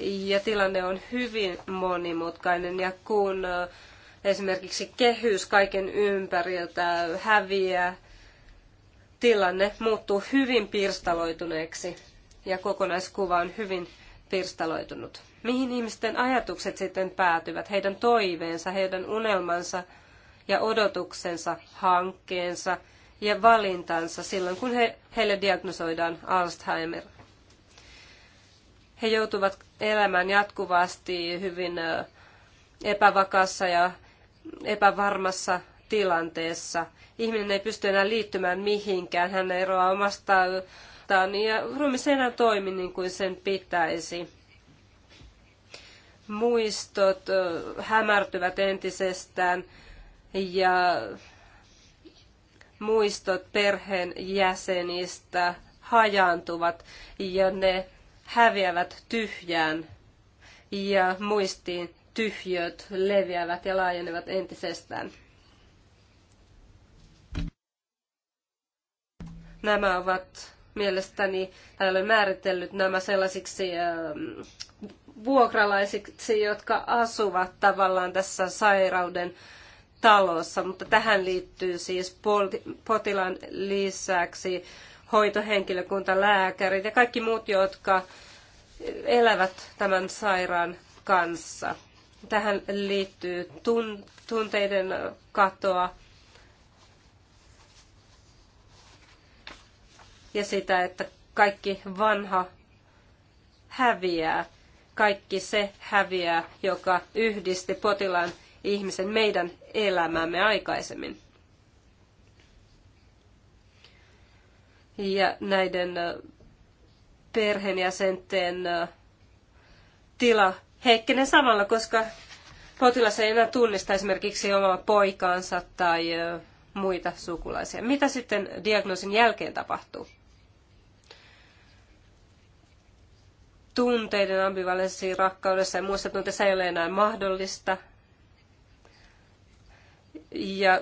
Ja tilanne on hyvin monimutkainen ja kun esimerkiksi kehys kaiken ympäriltä häviää, tilanne muuttuu hyvin pirstaloituneeksi ja kokonaiskuva on hyvin pirstaloitunut. Mihin ihmisten ajatukset sitten päätyvät, heidän toiveensa, heidän unelmansa ja odotuksensa, hankkeensa – ja valintansa silloin, kun he, heille diagnosoidaan Alzheimer. He joutuvat elämään jatkuvasti hyvin epävakassa ja epävarmassa tilanteessa. Ihminen ei pysty enää liittymään mihinkään, hän eroaa omastaan ja ruumi ei enää toimi niin kuin sen pitäisi. Muistot hämärtyvät entisestään ja muistot perheen jäsenistä hajaantuvat ja ne häviävät tyhjään ja muistiin tyhjöt leviävät ja laajenevat entisestään. Nämä ovat mielestäni, tai olen määritellyt nämä sellaisiksi ähm, vuokralaisiksi, jotka asuvat tavallaan tässä sairauden talossa, mutta tähän liittyy siis potilaan lisäksi hoitohenkilökunta, lääkärit ja kaikki muut, jotka elävät tämän sairaan kanssa. Tähän liittyy tunteiden katoa ja sitä, että kaikki vanha häviää. Kaikki se häviää, joka yhdisti potilaan ihmisen meidän elämäämme aikaisemmin. Ja näiden perheenjäsenten tila heikkenee samalla, koska potilas ei enää tunnista esimerkiksi omaa poikaansa tai muita sukulaisia. Mitä sitten diagnoosin jälkeen tapahtuu? Tunteiden ambivalenssi rakkaudessa ja muissa tunteissa ei ole enää mahdollista ja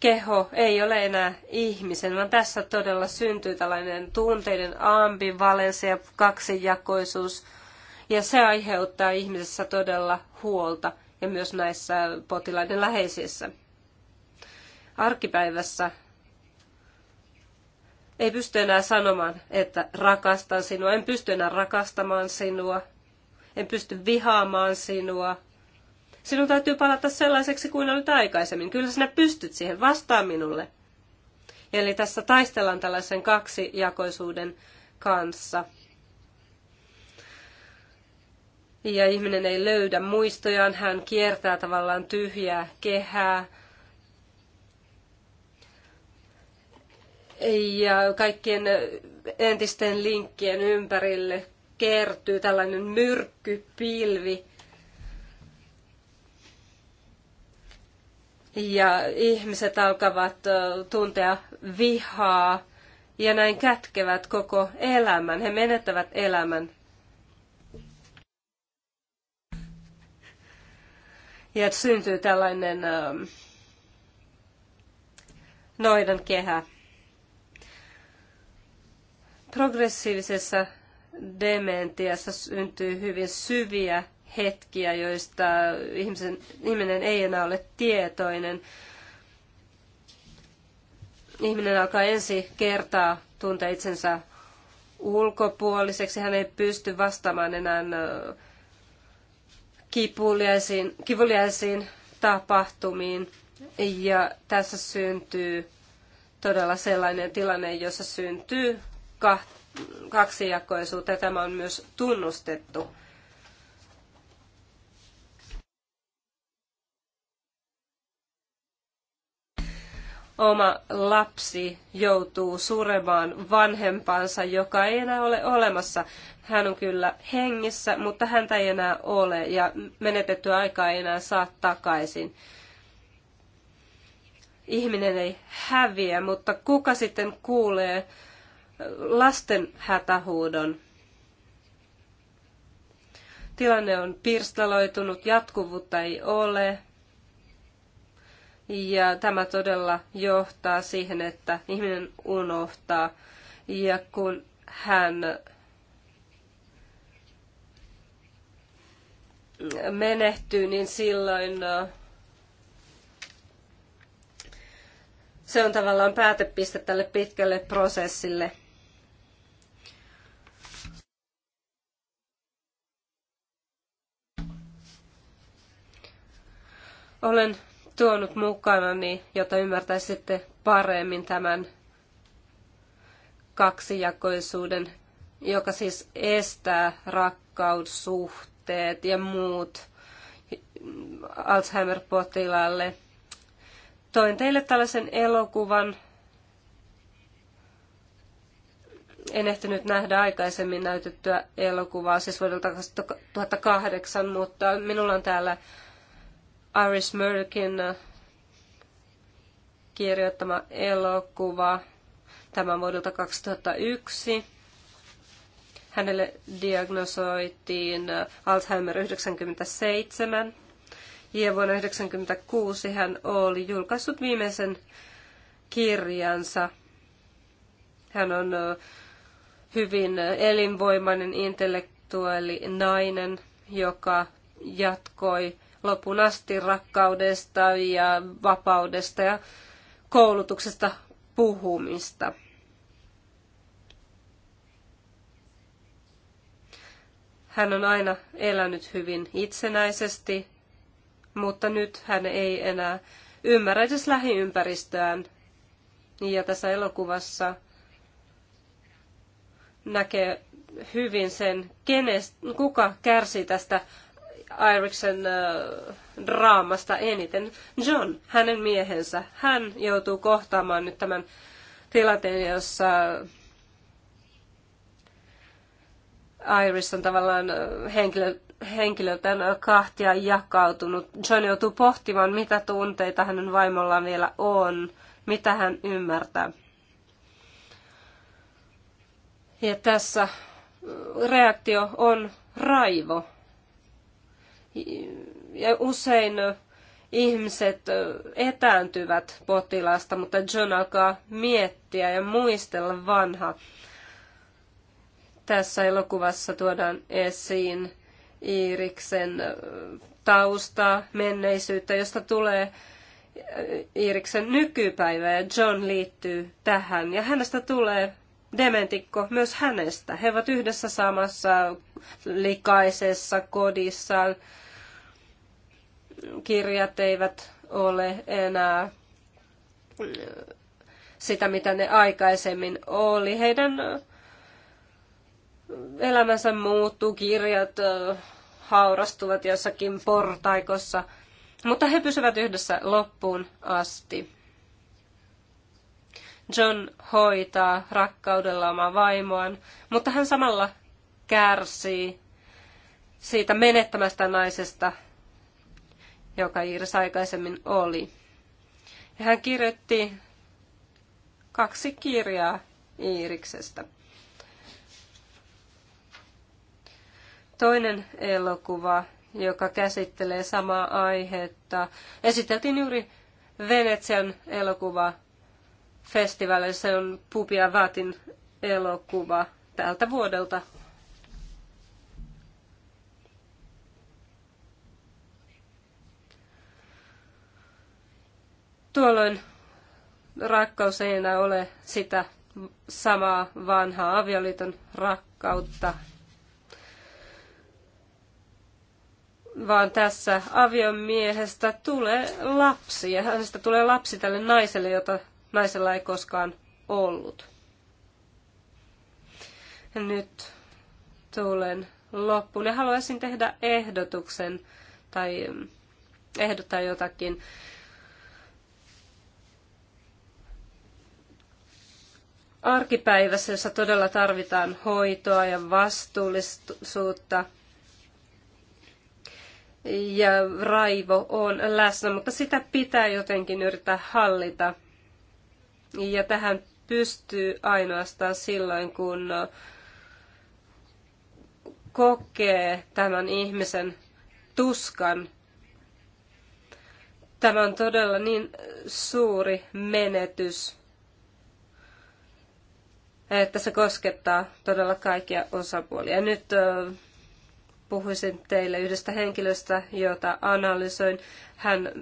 keho ei ole enää ihmisen, vaan tässä todella syntyy tällainen tunteiden ambivalenssi ja kaksijakoisuus, ja se aiheuttaa ihmisessä todella huolta ja myös näissä potilaiden läheisissä. Arkipäivässä ei pysty enää sanomaan, että rakastan sinua, en pysty enää rakastamaan sinua, en pysty vihaamaan sinua, Sinun täytyy palata sellaiseksi kuin olit aikaisemmin. Kyllä sinä pystyt siihen, vastaan minulle. Eli tässä taistellaan tällaisen kaksijakoisuuden kanssa. Ja ihminen ei löydä muistojaan, hän kiertää tavallaan tyhjää kehää. Ja kaikkien entisten linkkien ympärille kertyy tällainen myrkkypilvi, ja ihmiset alkavat tuntea vihaa ja näin kätkevät koko elämän. He menettävät elämän. Ja syntyy tällainen noidan kehä. Progressiivisessa dementiassa syntyy hyvin syviä hetkiä, joista ihmisen, ihminen ei enää ole tietoinen. Ihminen alkaa ensi kertaa tuntea itsensä ulkopuoliseksi. Hän ei pysty vastaamaan enää kipuliaisiin, kivuliaisiin tapahtumiin. Ja tässä syntyy todella sellainen tilanne, jossa syntyy kaksijakoisuutta. Tämä on myös tunnustettu. oma lapsi joutuu suremaan vanhempansa, joka ei enää ole olemassa. Hän on kyllä hengissä, mutta häntä ei enää ole ja menetettyä aikaa ei enää saa takaisin. Ihminen ei häviä, mutta kuka sitten kuulee lasten hätähuudon? Tilanne on pirstaloitunut, jatkuvuutta ei ole, ja tämä todella johtaa siihen, että ihminen unohtaa. Ja kun hän menehtyy, niin silloin se on tavallaan päätepiste tälle pitkälle prosessille. Olen tuonut mukanani, jotta ymmärtäisitte paremmin tämän kaksijakoisuuden, joka siis estää rakkaussuhteet ja muut Alzheimer-potilaalle. Toin teille tällaisen elokuvan. En ehtinyt nähdä aikaisemmin näytettyä elokuvaa, siis vuodelta 2008, mutta minulla on täällä Iris Murkin äh, kirjoittama elokuva. Tämä on vuodelta 2001. Hänelle diagnosoitiin äh, Alzheimer 97 ja vuonna 1996 hän oli julkaissut viimeisen kirjansa. Hän on äh, hyvin elinvoimainen intellektuaali nainen, joka jatkoi lopun asti rakkaudesta ja vapaudesta ja koulutuksesta puhumista. Hän on aina elänyt hyvin itsenäisesti, mutta nyt hän ei enää ymmärrä edes lähiympäristöään. Ja tässä elokuvassa näkee hyvin sen, kenest, kuka kärsii tästä Iriksen äh, draamasta eniten. John, hänen miehensä, hän joutuu kohtaamaan nyt tämän tilanteen, jossa Iris on tavallaan äh, henkilö, henkilöltään kahtia jakautunut. John joutuu pohtimaan, mitä tunteita hänen vaimollaan vielä on, mitä hän ymmärtää. Ja tässä äh, reaktio on raivo. Ja usein ihmiset etääntyvät potilaasta, mutta John alkaa miettiä ja muistella vanha. Tässä elokuvassa tuodaan esiin Iiriksen tausta, menneisyyttä, josta tulee Iiriksen nykypäivä ja John liittyy tähän. Ja hänestä tulee dementikko myös hänestä. He ovat yhdessä samassa likaisessa kodissa. Kirjat eivät ole enää sitä, mitä ne aikaisemmin oli. Heidän elämänsä muuttuu, kirjat haurastuvat jossakin portaikossa, mutta he pysyvät yhdessä loppuun asti. John hoitaa rakkaudella omaa vaimoaan, mutta hän samalla kärsii siitä menettämästä naisesta, joka Iiris aikaisemmin oli. Ja hän kirjoitti kaksi kirjaa Iiriksestä. Toinen elokuva, joka käsittelee samaa aihetta, esiteltiin juuri Venetsian elokuva festivaaleissa Se on Pupia Vatin elokuva tältä vuodelta Tuolloin rakkaus ei enää ole sitä samaa vanhaa avioliiton rakkautta, vaan tässä aviomiehestä tulee lapsi ja hänestä tulee lapsi tälle naiselle, jota naisella ei koskaan ollut. Ja nyt tulen loppuun ja haluaisin tehdä ehdotuksen tai ehdottaa jotakin. arkipäivässä, jossa todella tarvitaan hoitoa ja vastuullisuutta. Ja raivo on läsnä, mutta sitä pitää jotenkin yrittää hallita. Ja tähän pystyy ainoastaan silloin, kun kokee tämän ihmisen tuskan. Tämä on todella niin suuri menetys että se koskettaa todella kaikkia osapuolia. Nyt puhuisin teille yhdestä henkilöstä, jota analysoin. Hän,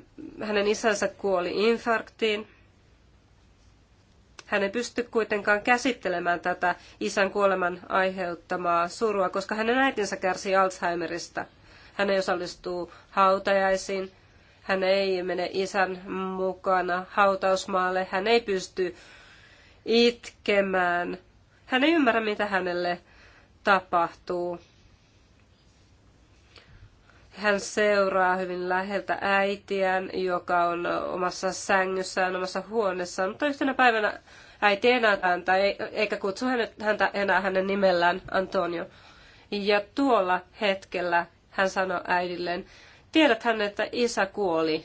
hänen isänsä kuoli infarktiin. Hän ei pysty kuitenkaan käsittelemään tätä isän kuoleman aiheuttamaa surua, koska hänen äitinsä kärsii Alzheimerista. Hän ei osallistuu hautajaisiin, hän ei mene isän mukana hautausmaalle, hän ei pysty itkemään. Hän ei ymmärrä, mitä hänelle tapahtuu. Hän seuraa hyvin läheltä äitiään, joka on omassa sängyssään, omassa huoneessaan, mutta yhtenä päivänä äiti ei enää häntä, eikä kutsu häntä enää hänen nimellään Antonio. Ja tuolla hetkellä hän sanoi äidilleen, hän, että isä kuoli.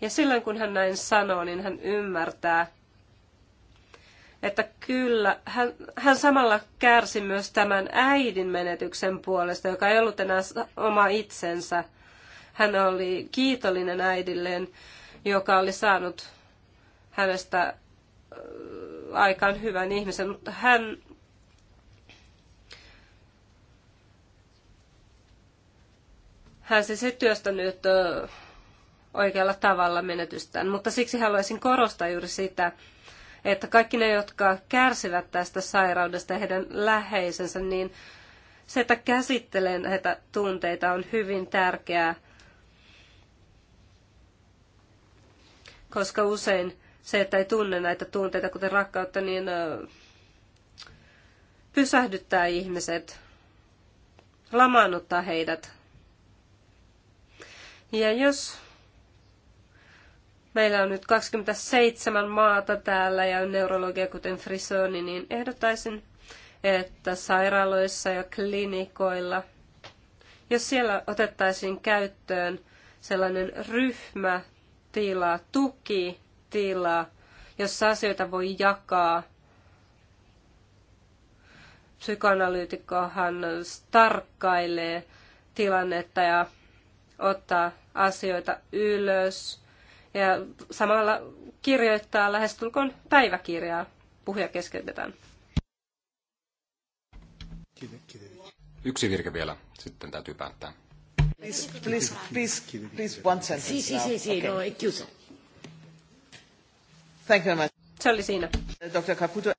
Ja silloin kun hän näin sanoo, niin hän ymmärtää, että kyllä, hän, hän samalla kärsi myös tämän äidin menetyksen puolesta, joka ei ollut enää oma itsensä. Hän oli kiitollinen äidilleen, joka oli saanut hänestä aikaan hyvän ihmisen, mutta hän hän siis ei työstänyt oikealla tavalla menetystään, mutta siksi haluaisin korostaa juuri sitä, että kaikki ne, jotka kärsivät tästä sairaudesta ja heidän läheisensä, niin se, että käsittelee näitä tunteita on hyvin tärkeää, koska usein se, että ei tunne näitä tunteita, kuten rakkautta, niin pysähdyttää ihmiset, lamaannuttaa heidät. Ja jos Meillä on nyt 27 maata täällä ja on neurologia, kuten Frisoni, niin ehdottaisin, että sairaaloissa ja klinikoilla, jos siellä otettaisiin käyttöön sellainen ryhmätila, tila, jossa asioita voi jakaa. Psykoanalyytikkohan tarkkailee tilannetta ja ottaa asioita ylös ja samalla kirjoittaa lähestulkoon päiväkirjaa. Puhuja keskeytetään. Yksi virke vielä, sitten täytyy päättää. Please, please, please, please one sentence Si, si, si, no, chiuso. Thank you very much. Se oli siinä. Dr. Caputo.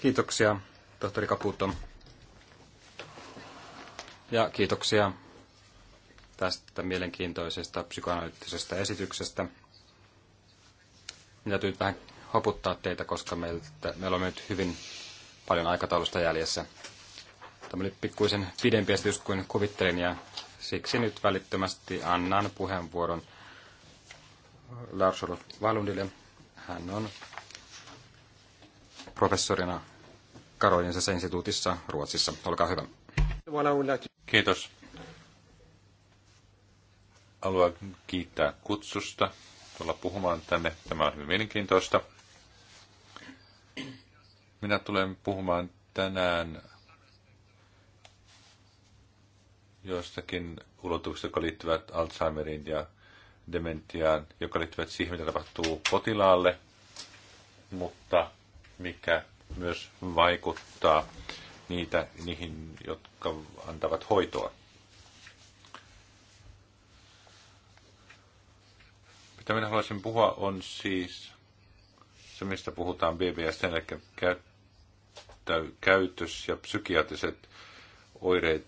Kiitoksia, tohtori Caputo. Ja kiitoksia tästä mielenkiintoisesta psykoanalyyttisestä esityksestä. Minä täytyy nyt vähän hoputtaa teitä, koska meiltä, meillä on nyt hyvin paljon aikataulusta jäljessä. Tämä oli pikkuisen pidempi esitys kuin kuvittelin ja siksi nyt välittömästi annan puheenvuoron Lars Valundille. Hän on professorina Karolinsa instituutissa Ruotsissa. Olkaa hyvä. Kiitos. Haluan kiittää kutsusta tulla puhumaan tänne. Tämä on hyvin mielenkiintoista. Minä tulen puhumaan tänään joistakin ulottuvuuksista, jotka liittyvät Alzheimerin ja dementiaan, joka liittyvät siihen, mitä tapahtuu potilaalle, mutta mikä myös vaikuttaa niitä, niihin, jotka antavat hoitoa. Mitä minä haluaisin puhua on siis se, mistä puhutaan BBS, eli käytös ja psykiatriset oireet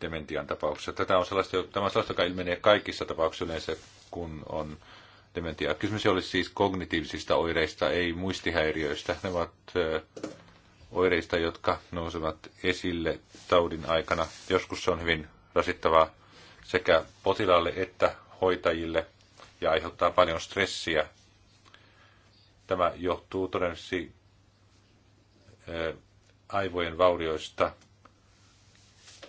dementian tapauksessa. Tätä on sellaista, tämä on sellaista, joka ilmenee kaikissa tapauksissa yleensä, kun on dementia. Kysymys olisi siis kognitiivisista oireista, ei muistihäiriöistä. Ne ovat oireista, jotka nousevat esille taudin aikana. Joskus se on hyvin rasittavaa sekä potilaalle että hoitajille ja aiheuttaa paljon stressiä. Tämä johtuu todennäköisesti eh, aivojen vaurioista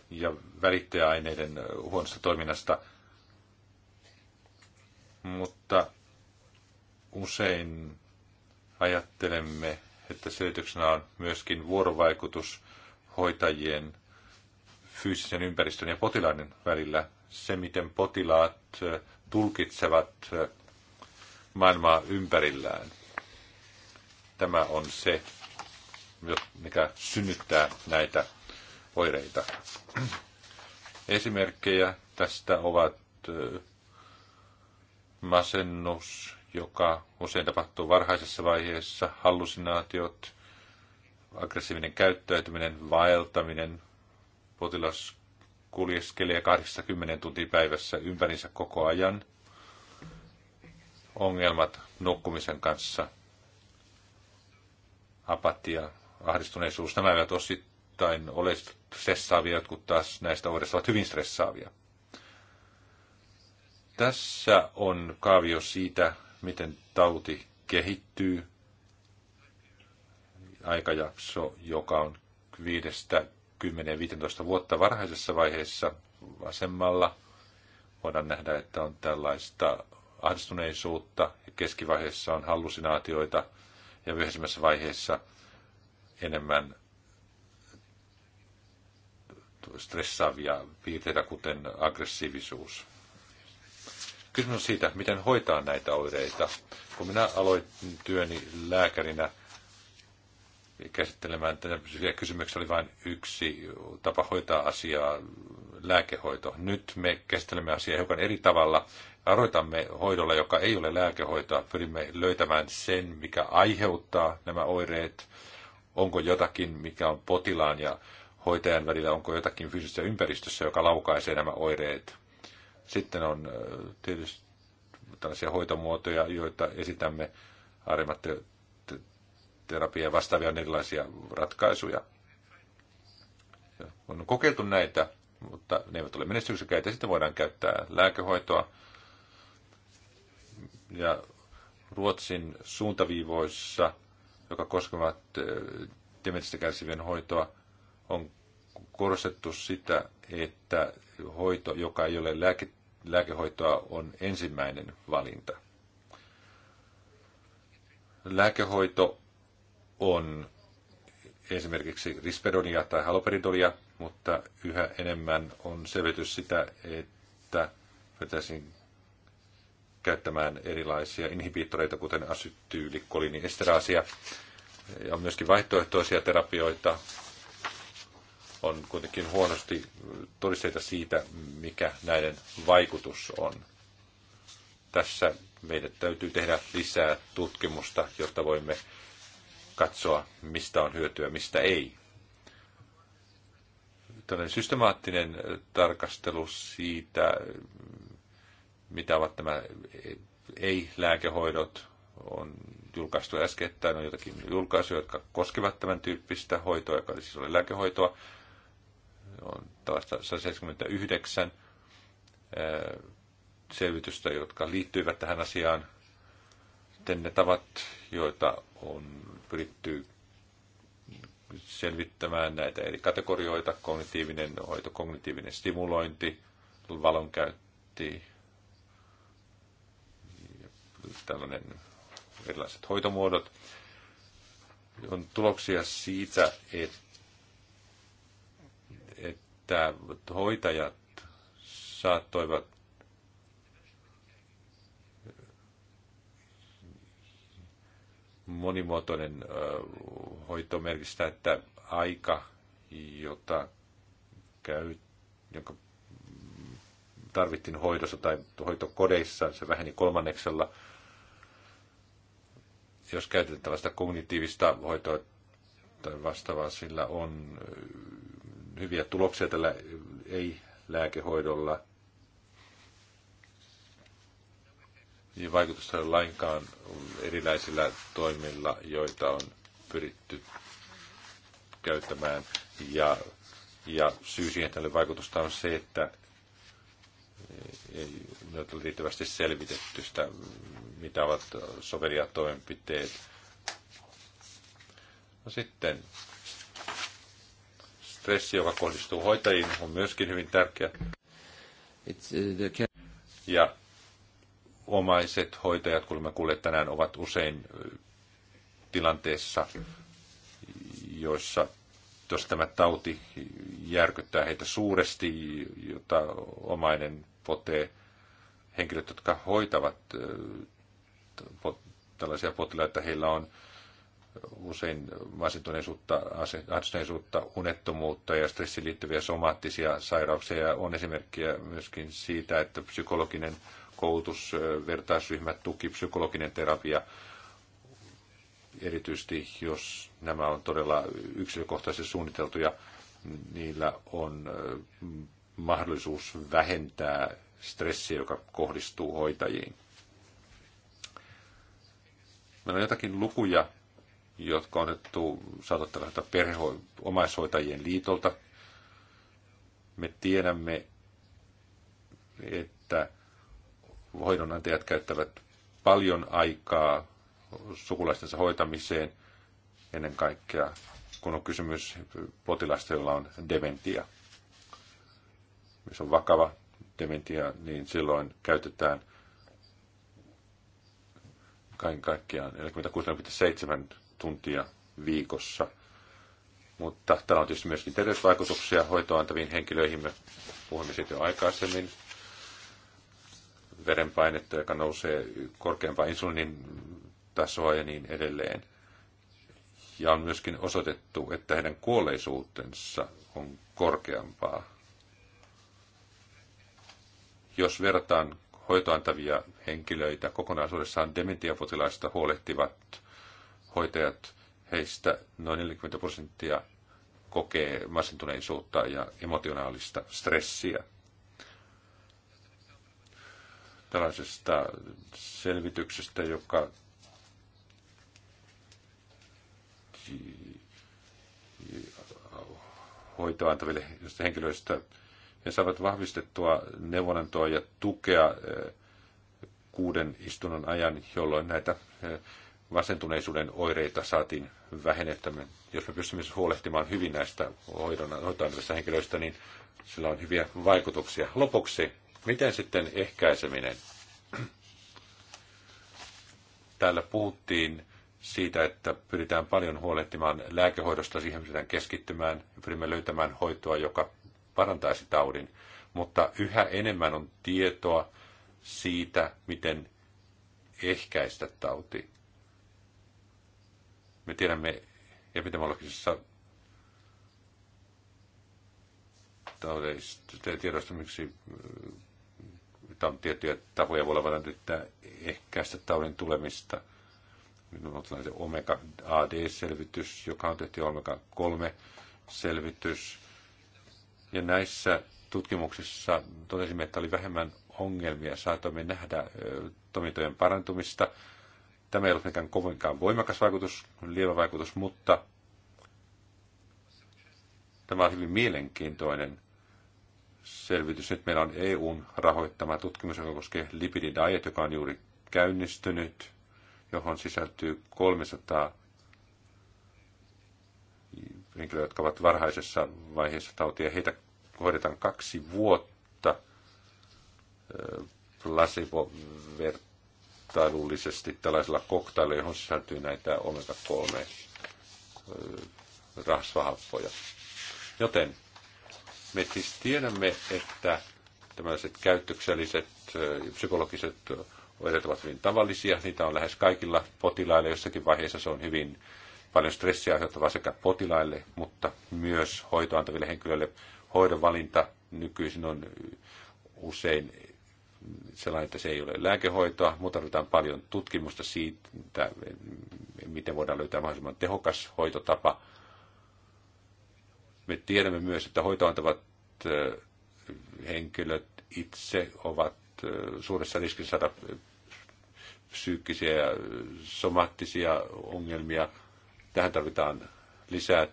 ja välittäjäaineiden eh, huonosta toiminnasta. Mutta usein ajattelemme, että selityksenä on myöskin vuorovaikutus hoitajien fyysisen ympäristön ja potilaiden välillä. Se, miten potilaat eh, tulkitsevat maailmaa ympärillään. Tämä on se, mikä synnyttää näitä oireita. Esimerkkejä tästä ovat masennus, joka usein tapahtuu varhaisessa vaiheessa, hallusinaatiot, aggressiivinen käyttäytyminen, vaeltaminen, potilas kuljeskelee 80 tuntia päivässä ympärinsä koko ajan. Ongelmat nukkumisen kanssa, apatia, ahdistuneisuus, nämä eivät osittain ole stressaavia, jotkut taas näistä oireista ovat hyvin stressaavia. Tässä on kaavio siitä, miten tauti kehittyy. Aikajakso, joka on viidestä 10-15 vuotta varhaisessa vaiheessa vasemmalla voidaan nähdä, että on tällaista ahdistuneisuutta ja keskivaiheessa on hallusinaatioita ja myöhemmässä vaiheessa enemmän stressaavia piirteitä, kuten aggressiivisuus. Kysymys on siitä, miten hoitaa näitä oireita. Kun minä aloitin työni lääkärinä, käsittelemään tätä kysymyksiä oli vain yksi tapa hoitaa asiaa, lääkehoito. Nyt me käsittelemme asiaa hiukan eri tavalla. Aloitamme hoidolla, joka ei ole lääkehoitoa. Pyrimme löytämään sen, mikä aiheuttaa nämä oireet. Onko jotakin, mikä on potilaan ja hoitajan välillä, onko jotakin fyysisessä ympäristössä, joka laukaisee nämä oireet. Sitten on äh, tietysti tällaisia hoitomuotoja, joita esitämme Arimatte terapia vastaavia on erilaisia ratkaisuja. On kokeiltu näitä, mutta ne eivät ole menestyksekäitä. Sitten voidaan käyttää lääkehoitoa. Ja Ruotsin suuntaviivoissa, joka koskevat eh, dementsistä kärsivien hoitoa, on korostettu sitä, että hoito, joka ei ole lääke, lääkehoitoa, on ensimmäinen valinta. Lääkehoito on esimerkiksi risperidonia tai haloperidolia, mutta yhä enemmän on selvitys sitä, että voitaisiin käyttämään erilaisia inhibiittoreita, kuten asyttyylikoliniesteraasia. Ja on myöskin vaihtoehtoisia terapioita. On kuitenkin huonosti todisteita siitä, mikä näiden vaikutus on. Tässä meidän täytyy tehdä lisää tutkimusta, jotta voimme katsoa, mistä on hyötyä, mistä ei. Tällainen systemaattinen tarkastelu siitä, mitä ovat nämä ei-lääkehoidot, on julkaistu äskettäin, on jotakin julkaisuja, jotka koskevat tämän tyyppistä hoitoa, joka siis oli lääkehoitoa. On tällaista 179 selvitystä, jotka liittyivät tähän asiaan sitten ne tavat, joita on pyritty selvittämään näitä eri kategorioita, kognitiivinen hoito, kognitiivinen stimulointi, valonkäytti, tällainen erilaiset hoitomuodot. On tuloksia siitä, että hoitajat saattoivat monimuotoinen hoito merkistä, että aika, jota käy, jonka tarvittiin hoidossa tai hoitokodeissa, se väheni kolmanneksella. Jos käytetään tällaista kognitiivista hoitoa tai vastaavaa, sillä on hyviä tuloksia tällä ei-lääkehoidolla – niin vaikutusta ei ole lainkaan erilaisilla toimilla, joita on pyritty käyttämään. Ja, ja syy siihen tälle vaikutusta on se, että ei ole riittävästi selvitetty sitä, mitä ovat soveliat toimenpiteet. No sitten stressi, joka kohdistuu hoitajiin, on myöskin hyvin tärkeä. Uh, ja omaiset hoitajat, kun me kuulleet tänään, ovat usein tilanteessa, joissa jos tämä tauti järkyttää heitä suuresti, jota omainen potee, henkilöt, jotka hoitavat tällaisia potilaita, heillä on usein masentuneisuutta, ahdistuneisuutta, unettomuutta ja stressiin liittyviä somaattisia sairauksia. Ja on esimerkkiä myöskin siitä, että psykologinen koulutus, vertaisryhmät, tuki, psykologinen terapia, erityisesti jos nämä on todella yksilökohtaisesti suunniteltuja, niillä on mahdollisuus vähentää stressiä, joka kohdistuu hoitajiin. Meillä on jotakin lukuja, jotka on otettu saatettavalta perheho- omaishoitajien liitolta. Me tiedämme, että hoidonantajat käyttävät paljon aikaa sukulaistensa hoitamiseen, ennen kaikkea kun on kysymys potilasta, jolla on dementia. Jos on vakava dementia, niin silloin käytetään kaiken kaikkiaan 46-47 tuntia viikossa. Mutta täällä on tietysti myöskin terveysvaikutuksia antaviin henkilöihin. Me puhuimme siitä jo aikaisemmin verenpainetta, joka nousee korkeampaa insulinin tasoa ja niin edelleen. Ja on myöskin osoitettu, että heidän kuolleisuutensa on korkeampaa. Jos verrataan hoitoantavia henkilöitä, kokonaisuudessaan dementiapotilaista huolehtivat hoitajat, heistä noin 40 prosenttia kokee masentuneisuutta ja emotionaalista stressiä tällaisesta selvityksestä, joka hoitoa antaville henkilöistä. He saavat vahvistettua neuvonantoa ja tukea eh, kuuden istunnon ajan, jolloin näitä eh, vasentuneisuuden oireita saatiin vähennettämään. Jos me pystymme siis huolehtimaan hyvin näistä hoitoa hoitoantavista henkilöistä, niin sillä on hyviä vaikutuksia. Lopuksi Miten sitten ehkäiseminen? Täällä puhuttiin siitä, että pyritään paljon huolehtimaan lääkehoidosta, siihen pyritään keskittymään ja pyrimme löytämään hoitoa, joka parantaisi taudin. Mutta yhä enemmän on tietoa siitä, miten ehkäistä tauti. Me tiedämme epidemiologisessa tiedosta, miksi tiettyjä tapoja voi olla yrittää ehkäistä taudin tulemista. Minun on se omega-AD-selvitys, joka on tehty omega-3-selvitys. Ja näissä tutkimuksissa totesimme, että oli vähemmän ongelmia, saatoimme nähdä toimintojen parantumista. Tämä ei ollut mikään kovinkaan voimakas vaikutus, lievä vaikutus, mutta tämä on hyvin mielenkiintoinen selvitys. Nyt meillä on EUn rahoittama tutkimus, joka koskee lipididiet, joka on juuri käynnistynyt, johon sisältyy 300 henkilöä, jotka ovat varhaisessa vaiheessa tautia. Heitä hoidetaan kaksi vuotta placebo-vertailullisesti tällaisella koktailla, johon sisältyy näitä omega-3 rasvahappoja. Joten me siis tiedämme, että tämmöiset käyttökselliset psykologiset oireet ovat hyvin tavallisia. Niitä on lähes kaikilla potilailla. Jossakin vaiheessa se on hyvin paljon stressiä aiheuttavaa sekä potilaille, mutta myös hoitoantaville henkilöille. Hoidon valinta nykyisin on usein sellainen, että se ei ole lääkehoitoa, mutta tarvitaan paljon tutkimusta siitä, miten voidaan löytää mahdollisimman tehokas hoitotapa – me tiedämme myös, että hoitoantavat henkilöt itse ovat suuressa riskissä saada psyykkisiä ja somaattisia ongelmia. Tähän tarvitaan lisää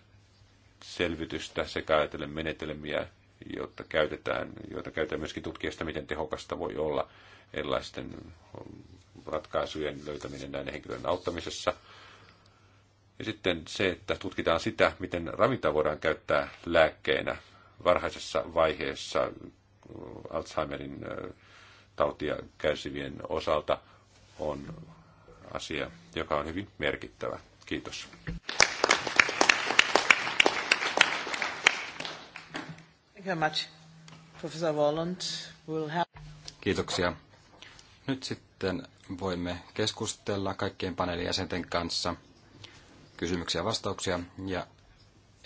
selvitystä sekä ajatellen menetelmiä, joita käytetään, joita käytetään myöskin tutkijasta, miten tehokasta voi olla erilaisten ratkaisujen löytäminen näiden henkilöiden auttamisessa. Ja sitten se, että tutkitaan sitä, miten ravinta voidaan käyttää lääkkeenä varhaisessa vaiheessa äh, Alzheimerin äh, tautia kärsivien osalta on asia, joka on hyvin merkittävä. Kiitos. Kiitoksia. Nyt sitten voimme keskustella kaikkien paneelin jäsenten kanssa kysymyksiä ja vastauksia. Ja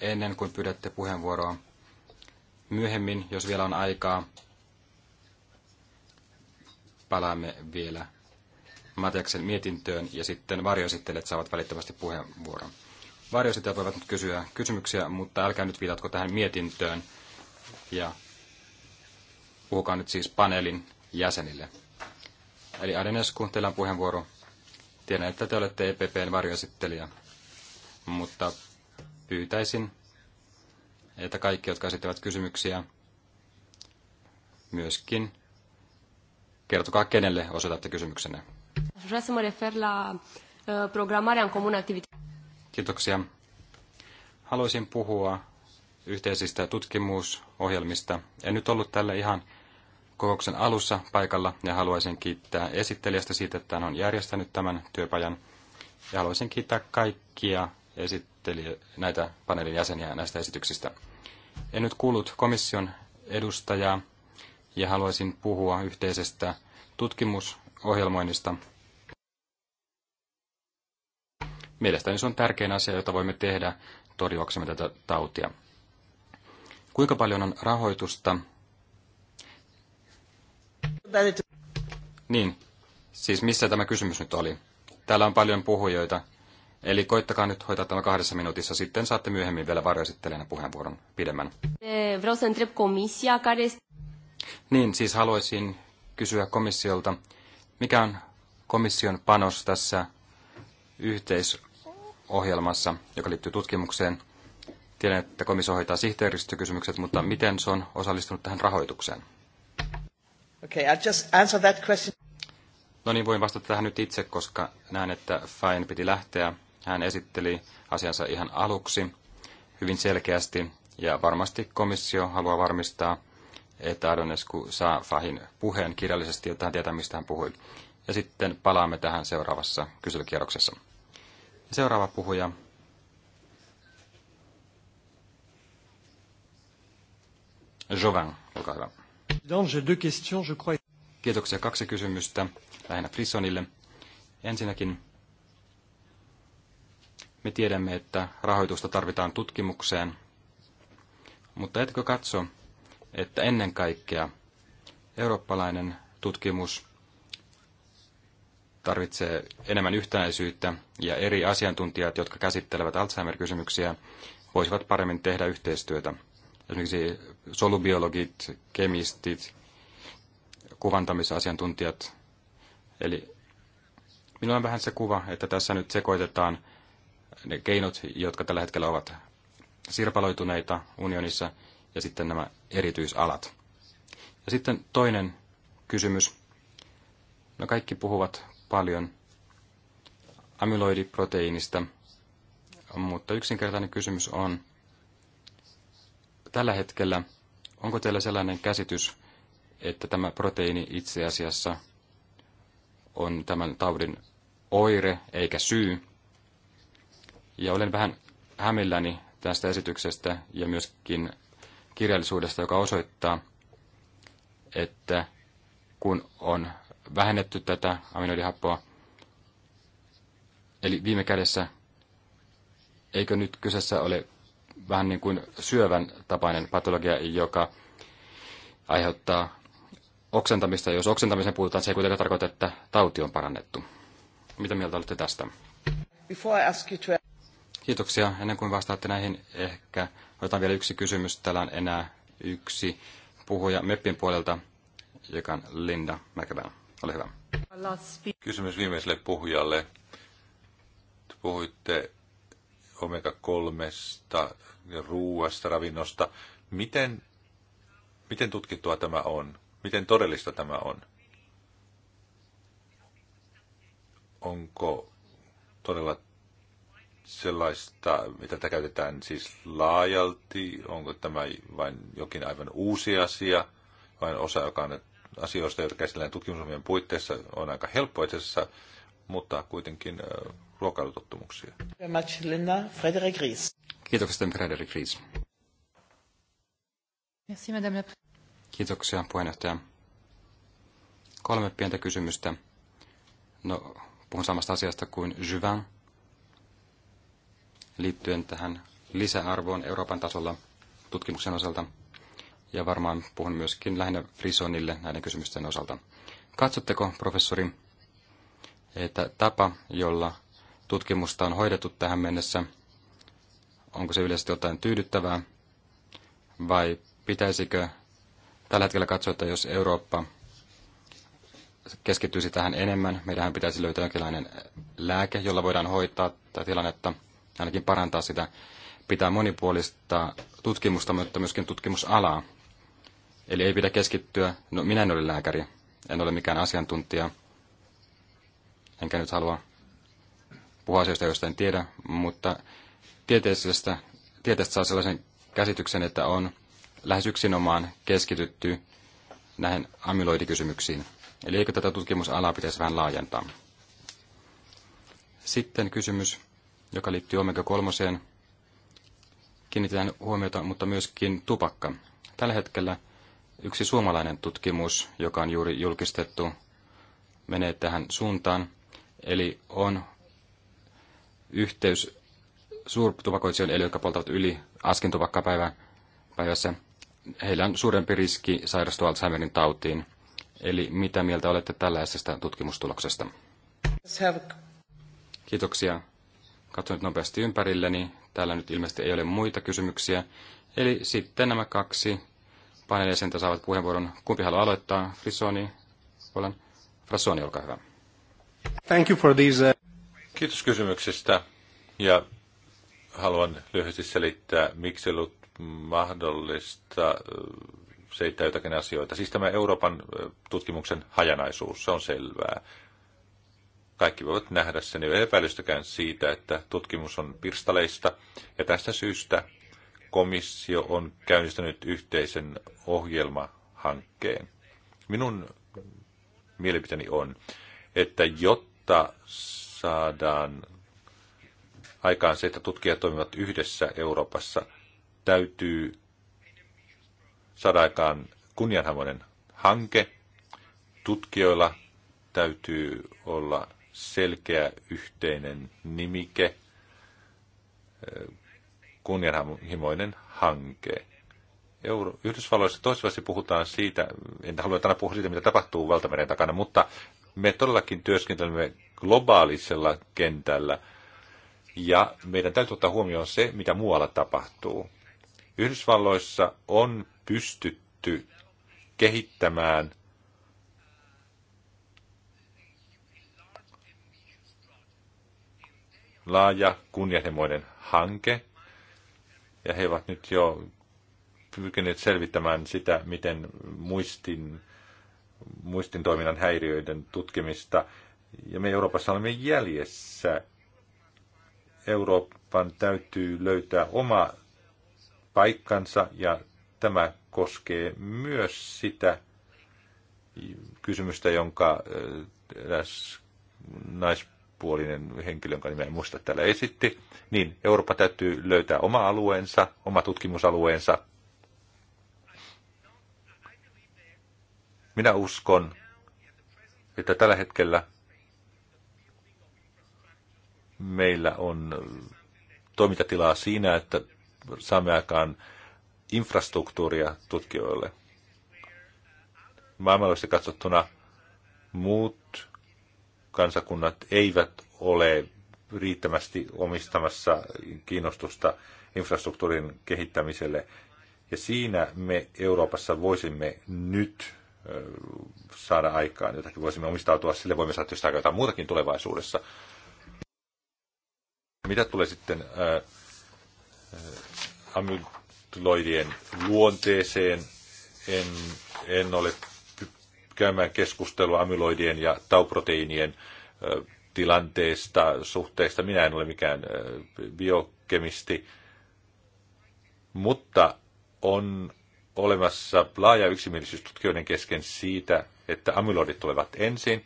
ennen kuin pyydätte puheenvuoroa, myöhemmin, jos vielä on aikaa, palaamme vielä Mateksen mietintöön ja sitten varjoesittelijät saavat välittömästi puheenvuoron. Varjoesittelijät voivat nyt kysyä kysymyksiä, mutta älkää nyt viitatko tähän mietintöön ja puhukaa nyt siis paneelin jäsenille. Eli Adenesku, teillä on puheenvuoro. Tiedän, että te olette EPPn varjoesittelijä mutta pyytäisin, että kaikki, jotka esittävät kysymyksiä, myöskin kertokaa, kenelle osoitatte kysymyksenne. Kiitoksia. Haluaisin puhua yhteisistä tutkimusohjelmista. En nyt ollut tällä ihan kokouksen alussa paikalla ja haluaisin kiittää esittelijästä siitä, että hän on järjestänyt tämän työpajan. Ja haluaisin kiittää kaikkia esitteli näitä paneelin jäseniä näistä esityksistä. En nyt kuullut komission edustajaa ja haluaisin puhua yhteisestä tutkimusohjelmoinnista. Mielestäni se on tärkein asia, jota voimme tehdä torjuaksemme tätä tautia. Kuinka paljon on rahoitusta? Niin, siis missä tämä kysymys nyt oli? Täällä on paljon puhujoita. Eli koittakaa nyt hoitaa tämä kahdessa minuutissa, sitten saatte myöhemmin vielä varjoesittelijänä puheenvuoron pidemmän. Eh, niin, siis haluaisin kysyä komissiolta, mikä on komission panos tässä yhteisohjelmassa, joka liittyy tutkimukseen. Tiedän, että komissio hoitaa sihteeristökysymykset, mutta miten se on osallistunut tähän rahoitukseen? Okay, I'll just answer that question. No niin, voin vastata tähän nyt itse, koska näen, että Fine piti lähteä. Hän esitteli asiansa ihan aluksi hyvin selkeästi ja varmasti komissio haluaa varmistaa, että Adonescu saa Fahin puheen kirjallisesti, jotta hän tietää, mistä hän puhui. Ja sitten palaamme tähän seuraavassa kyselykierroksessa. Seuraava puhuja. Jovan. olkaa hyvä. Kiitoksia kaksi kysymystä lähinnä Frissonille. Ensinnäkin me tiedämme, että rahoitusta tarvitaan tutkimukseen, mutta etkö katso, että ennen kaikkea eurooppalainen tutkimus tarvitsee enemmän yhtenäisyyttä ja eri asiantuntijat, jotka käsittelevät Alzheimer-kysymyksiä, voisivat paremmin tehdä yhteistyötä. Esimerkiksi solubiologit, kemistit, kuvantamisasiantuntijat. Eli minulla on vähän se kuva, että tässä nyt sekoitetaan ne keinot, jotka tällä hetkellä ovat sirpaloituneita unionissa, ja sitten nämä erityisalat. Ja sitten toinen kysymys. No kaikki puhuvat paljon amyloidiproteiinista, mutta yksinkertainen kysymys on, tällä hetkellä, onko teillä sellainen käsitys, että tämä proteiini itse asiassa on tämän taudin oire eikä syy, ja olen vähän hämilläni tästä esityksestä ja myöskin kirjallisuudesta, joka osoittaa, että kun on vähennetty tätä aminoidihappoa, eli viime kädessä, eikö nyt kyseessä ole vähän niin kuin syövän tapainen patologia, joka aiheuttaa oksentamista. Jos oksentamisen puhutaan, se ei kuitenkaan tarkoita, että tauti on parannettu. Mitä mieltä olette tästä? Kiitoksia. Ennen kuin vastaatte näihin, ehkä otetaan vielä yksi kysymys. Täällä on enää yksi puhuja MEPPin puolelta, joka on Linda Mäkelä. Ole hyvä. Kysymys viimeiselle puhujalle. puhuitte omega-3 ruuasta, ravinnosta. Miten, miten tutkittua tämä on? Miten todellista tämä on? Onko todella sellaista, mitä tätä käytetään siis laajalti? Onko tämä vain jokin aivan uusi asia, vain osa, joka on asioista, joita käsitellään tutkimusomien puitteissa, on aika helppo itse asiassa mutta kuitenkin ruokailutottumuksia. Kiitoksia, Frederik Ries. Kiitoksia, puheenjohtaja. Kolme pientä kysymystä. No, puhun samasta asiasta kuin Jyvän liittyen tähän lisäarvoon Euroopan tasolla tutkimuksen osalta. Ja varmaan puhun myöskin lähinnä Frisonille näiden kysymysten osalta. Katsotteko, professori, että tapa, jolla tutkimusta on hoidettu tähän mennessä, onko se yleisesti ottaen tyydyttävää, vai pitäisikö tällä hetkellä katsoa, että jos Eurooppa keskittyisi tähän enemmän, meidän pitäisi löytää jonkinlainen lääke, jolla voidaan hoitaa tätä tilannetta ainakin parantaa sitä. Pitää monipuolista tutkimusta, mutta myöskin tutkimusalaa. Eli ei pidä keskittyä, no minä en ole lääkäri, en ole mikään asiantuntija, enkä nyt halua puhua asioista, joista en tiedä, mutta tieteestä tieteestä saa sellaisen käsityksen, että on lähes yksinomaan keskitytty näihin amyloidikysymyksiin. Eli eikö tätä tutkimusalaa pitäisi vähän laajentaa? Sitten kysymys joka liittyy omega kolmoseen, kiinnitetään huomiota, mutta myöskin tupakka. Tällä hetkellä yksi suomalainen tutkimus, joka on juuri julkistettu, menee tähän suuntaan. Eli on yhteys suurtupakoitsijoiden, eli jotka poltavat yli askin päivä, päivässä, heillä on suurempi riski sairastua Alzheimerin tautiin. Eli mitä mieltä olette tällaisesta tutkimustuloksesta? Kiitoksia. Katson nyt nopeasti ympärilleni. Täällä nyt ilmeisesti ei ole muita kysymyksiä. Eli sitten nämä kaksi paneelisentä saavat puheenvuoron. Kumpi haluaa aloittaa? Frisoni, olen. Frassoni, olkaa hyvä. Thank you for these, uh, Kiitos kysymyksistä. Ja haluan lyhyesti selittää, miksi ollut mahdollista uh, selittää jotakin asioita. Siis tämä Euroopan uh, tutkimuksen hajanaisuus, se on selvää. Kaikki voivat nähdä sen jo epäilystäkään siitä, että tutkimus on pirstaleista, ja tästä syystä komissio on käynnistänyt yhteisen ohjelmahankkeen. Minun mielipiteeni on, että jotta saadaan aikaan se, että tutkijat toimivat yhdessä Euroopassa, täytyy saada aikaan kunnianhimoinen hanke. Tutkijoilla täytyy olla selkeä yhteinen nimike, eh, kunnianhimoinen hanke. Euro- Yhdysvalloissa toisivasti puhutaan siitä, en halua tänään puhua siitä, mitä tapahtuu valtameren takana, mutta me todellakin työskentelemme globaalisella kentällä ja meidän täytyy ottaa huomioon se, mitä muualla tapahtuu. Yhdysvalloissa on pystytty kehittämään laaja kunnianhimoinen hanke, ja he ovat nyt jo pyrkineet selvittämään sitä, miten muistin, muistin toiminnan häiriöiden tutkimista. Ja me Euroopassa olemme jäljessä. Euroopan täytyy löytää oma paikkansa ja tämä koskee myös sitä kysymystä, jonka äh, eräs nais, puolinen henkilö, jonka nimeä en muista täällä esitti, niin Eurooppa täytyy löytää oma alueensa, oma tutkimusalueensa. Minä uskon, että tällä hetkellä meillä on toimintatilaa siinä, että saamme aikaan infrastruktuuria tutkijoille. Maailmanlaajuisesti katsottuna muut kansakunnat eivät ole riittävästi omistamassa kiinnostusta infrastruktuurin kehittämiselle. Ja siinä me Euroopassa voisimme nyt saada aikaan jotakin, voisimme omistautua sille, voimme saada jostain jotain muutakin tulevaisuudessa. Mitä tulee sitten ää, amyloidien luonteeseen, en, en ole käymään keskustelua amyloidien ja tauproteiinien tilanteesta, suhteesta. Minä en ole mikään biokemisti, mutta on olemassa laaja yksimielisyys tutkijoiden kesken siitä, että amyloidit tulevat ensin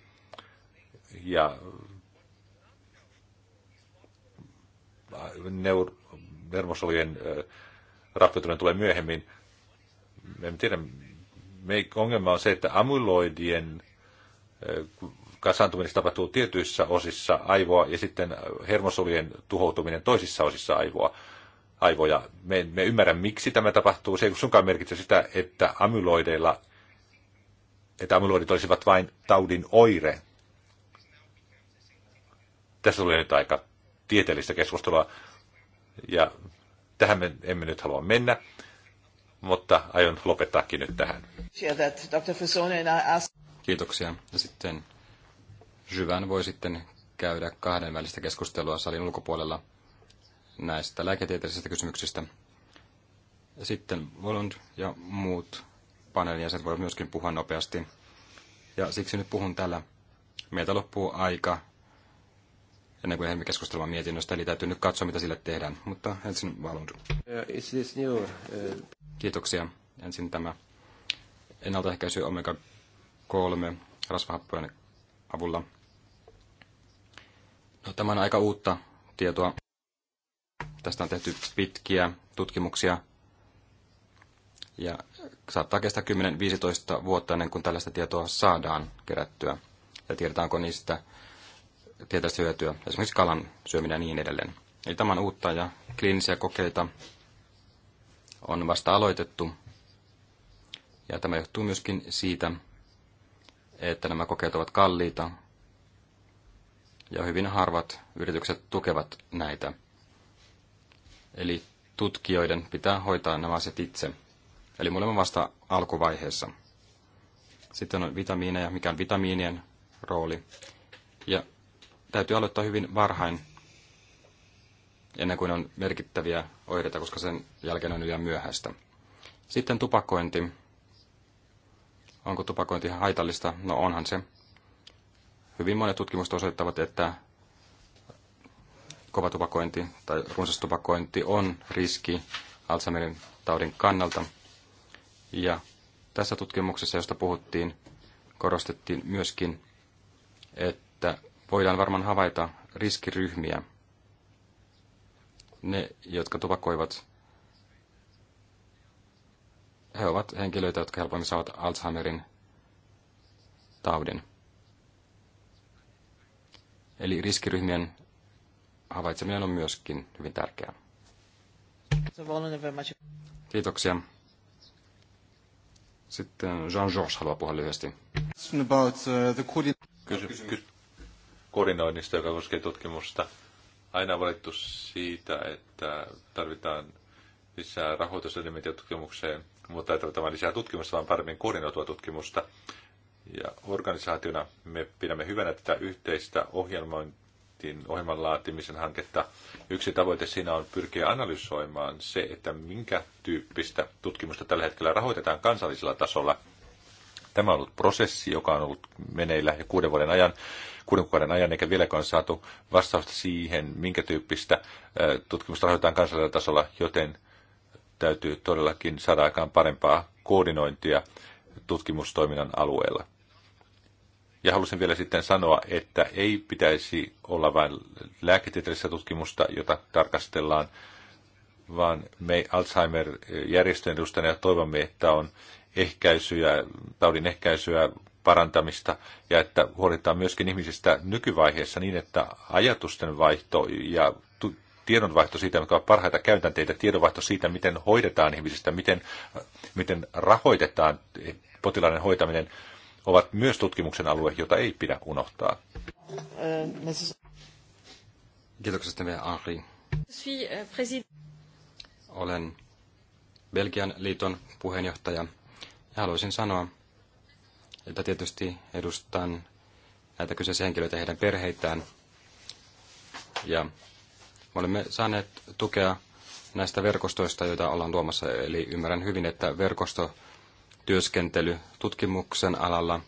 ja neur- rappeutuminen tulee myöhemmin. En tiedä, ongelma on se, että amyloidien kasantuminen tapahtuu tietyissä osissa aivoa ja sitten hermosolujen tuhoutuminen toisissa osissa aivoa. aivoja. Me, me ymmärrä, miksi tämä tapahtuu. Se ei sunkaan merkitse sitä, että amyloideilla että amyloidit olisivat vain taudin oire. Tässä tulee nyt aika tieteellistä keskustelua, ja tähän me emme nyt halua mennä mutta aion lopettaakin nyt tähän. Kiitoksia. Ja sitten Jyvän voi sitten käydä kahdenvälistä keskustelua salin ulkopuolella näistä lääketieteellisistä kysymyksistä. Ja sitten Volund ja muut paneelin jäsenet voivat myöskin puhua nopeasti. Ja siksi nyt puhun täällä. Meiltä loppuu aika ennen kuin ehdimme keskustelua mietinnöstä, eli täytyy nyt katsoa, mitä sille tehdään. Mutta ensin Valund. Uh, Kiitoksia. Ensin tämä ennaltaehkäisy omega-3 rasvahappojen avulla. No, tämä on aika uutta tietoa. Tästä on tehty pitkiä tutkimuksia ja saattaa kestää 10-15 vuotta ennen kuin tällaista tietoa saadaan kerättyä ja tiedetäänkö niistä tietäistä hyötyä, esimerkiksi kalan syöminen ja niin edelleen. Eli tämä on uutta ja kliinisiä kokeita on vasta aloitettu. Ja tämä johtuu myöskin siitä, että nämä kokeet ovat kalliita ja hyvin harvat yritykset tukevat näitä. Eli tutkijoiden pitää hoitaa nämä asiat itse. Eli me olemme vasta alkuvaiheessa. Sitten on vitamiineja, mikä on vitamiinien rooli. Ja täytyy aloittaa hyvin varhain, ennen kuin on merkittäviä oireita, koska sen jälkeen on liian myöhäistä. Sitten tupakointi. Onko tupakointi haitallista? No onhan se. Hyvin monet tutkimukset osoittavat, että kova tupakointi tai runsas tupakointi on riski Alzheimerin taudin kannalta. Ja tässä tutkimuksessa, josta puhuttiin, korostettiin myöskin, että voidaan varmaan havaita riskiryhmiä ne, jotka tupakoivat, he ovat henkilöitä, jotka helpommin saavat Alzheimerin taudin. Eli riskiryhmien havaitseminen on myöskin hyvin tärkeää. Kiitoksia. Sitten Jean-Georges haluaa puhua lyhyesti. About, uh, the koordinoinnista, joka koskee tutkimusta aina valittu siitä, että tarvitaan lisää rahoituselementtiä tutkimukseen, mutta ei tarvita lisää tutkimusta, vaan paremmin koordinoitua tutkimusta. Ja organisaationa me pidämme hyvänä tätä yhteistä ohjelmointin, ohjelman laatimisen hanketta. Yksi tavoite siinä on pyrkiä analysoimaan se, että minkä tyyppistä tutkimusta tällä hetkellä rahoitetaan kansallisella tasolla – Tämä on ollut prosessi, joka on ollut meneillä jo kuuden vuoden ajan, kuuden kuukauden ajan, eikä vieläkään saatu vastausta siihen, minkä tyyppistä tutkimusta rahoitetaan kansallisella tasolla, joten täytyy todellakin saada aikaan parempaa koordinointia tutkimustoiminnan alueella. Ja halusin vielä sitten sanoa, että ei pitäisi olla vain lääketieteellistä tutkimusta, jota tarkastellaan, vaan me Alzheimer-järjestön edustajana toivomme, että on ehkäisyä, taudin ehkäisyä, parantamista ja että huolitaan myöskin ihmisistä nykyvaiheessa niin, että ajatusten vaihto ja tiedonvaihto siitä, mikä on parhaita käytänteitä, tiedonvaihto siitä, miten hoidetaan ihmisistä, miten, miten rahoitetaan potilaiden hoitaminen, ovat myös tutkimuksen alue, jota ei pidä unohtaa. Kiitoksia, Teve Henri. Euh, Olen Belgian liiton puheenjohtaja haluaisin sanoa, että tietysti edustan näitä kyseisiä henkilöitä ja heidän perheitään. Ja me olemme saaneet tukea näistä verkostoista, joita ollaan luomassa. Eli ymmärrän hyvin, että verkostotyöskentely tutkimuksen alalla,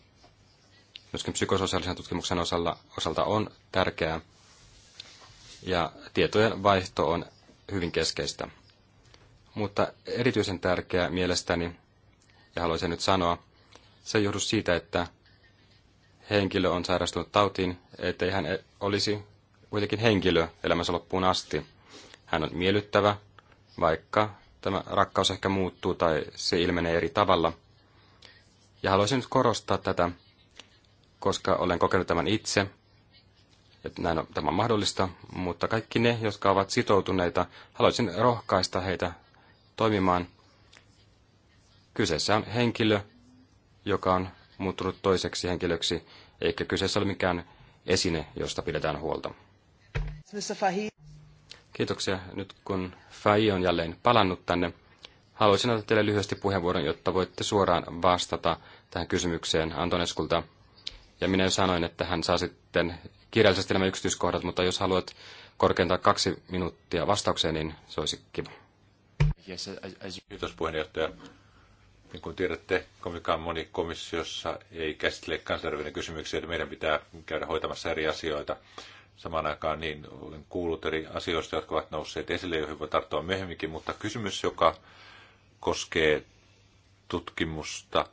myöskin psykososiaalisen tutkimuksen osalla, osalta on tärkeää. Ja tietojen vaihto on hyvin keskeistä. Mutta erityisen tärkeää mielestäni ja haluan sen nyt sanoa, se ei johdu siitä, että henkilö on sairastunut tautiin, ettei hän e- olisi kuitenkin henkilö elämänsä loppuun asti. Hän on miellyttävä, vaikka tämä rakkaus ehkä muuttuu tai se ilmenee eri tavalla. Ja haluaisin nyt korostaa tätä, koska olen kokenut tämän itse, että näin on, tämä on mahdollista, mutta kaikki ne, jotka ovat sitoutuneita, haluaisin rohkaista heitä toimimaan Kyseessä on henkilö, joka on muuttunut toiseksi henkilöksi, eikä kyseessä ole mikään esine, josta pidetään huolta. Kiitoksia. Nyt kun Fai on jälleen palannut tänne, haluaisin antaa teille lyhyesti puheenvuoron, jotta voitte suoraan vastata tähän kysymykseen Antoneskulta. Ja minä jo sanoin, että hän saa sitten kirjallisesti nämä yksityiskohdat, mutta jos haluat korkeintaan kaksi minuuttia vastaukseen, niin se olisi kiva. Kiitos puheenjohtaja. Niin kuin tiedätte, komikaan moni komissiossa ei käsittele kansainvälinen kysymyksiä, että meidän pitää käydä hoitamassa eri asioita. Samaan aikaan niin olen kuullut eri asioista, jotka ovat nousseet esille, joihin voi tarttua myöhemminkin, mutta kysymys, joka koskee tutkimusta,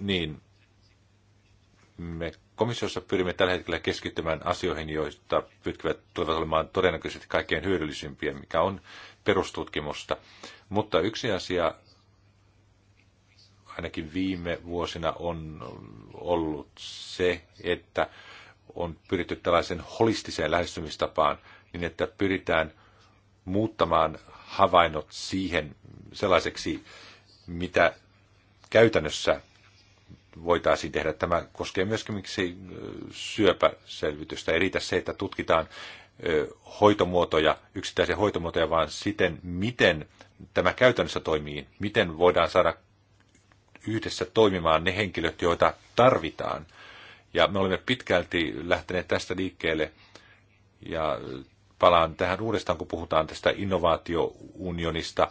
niin me komissiossa pyrimme tällä hetkellä keskittymään asioihin, joista pyrkivät tulevat olemaan todennäköisesti kaikkein hyödyllisimpiä, mikä on perustutkimusta. Mutta yksi asia ainakin viime vuosina on ollut se, että on pyritty tällaisen holistiseen lähestymistapaan niin, että pyritään muuttamaan havainnot siihen sellaiseksi, mitä käytännössä voitaisiin tehdä. Tämä koskee myöskin miksi syöpäselvitystä. Ei riitä se, että tutkitaan hoitomuotoja, yksittäisiä hoitomuotoja, vaan siten, miten tämä käytännössä toimii, miten voidaan saada yhdessä toimimaan ne henkilöt, joita tarvitaan. Ja me olemme pitkälti lähteneet tästä liikkeelle ja palaan tähän uudestaan, kun puhutaan tästä innovaatiounionista,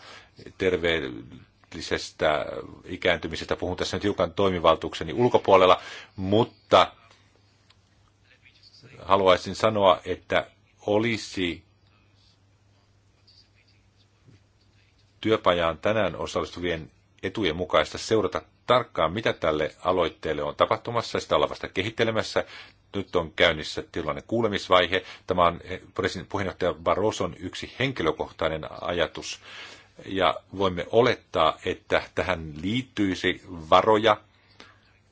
terveellisestä ikääntymisestä. Puhun tässä nyt hiukan toimivaltuukseni ulkopuolella, mutta haluaisin sanoa, että olisi työpajaan tänään osallistuvien etujen mukaista seurata tarkkaan, mitä tälle aloitteelle on tapahtumassa. Sitä ollaan vasta kehittelemässä. Nyt on käynnissä tilanne kuulemisvaihe. Tämä on eh, puheenjohtaja Barroson yksi henkilökohtainen ajatus. Ja voimme olettaa, että tähän liittyisi varoja.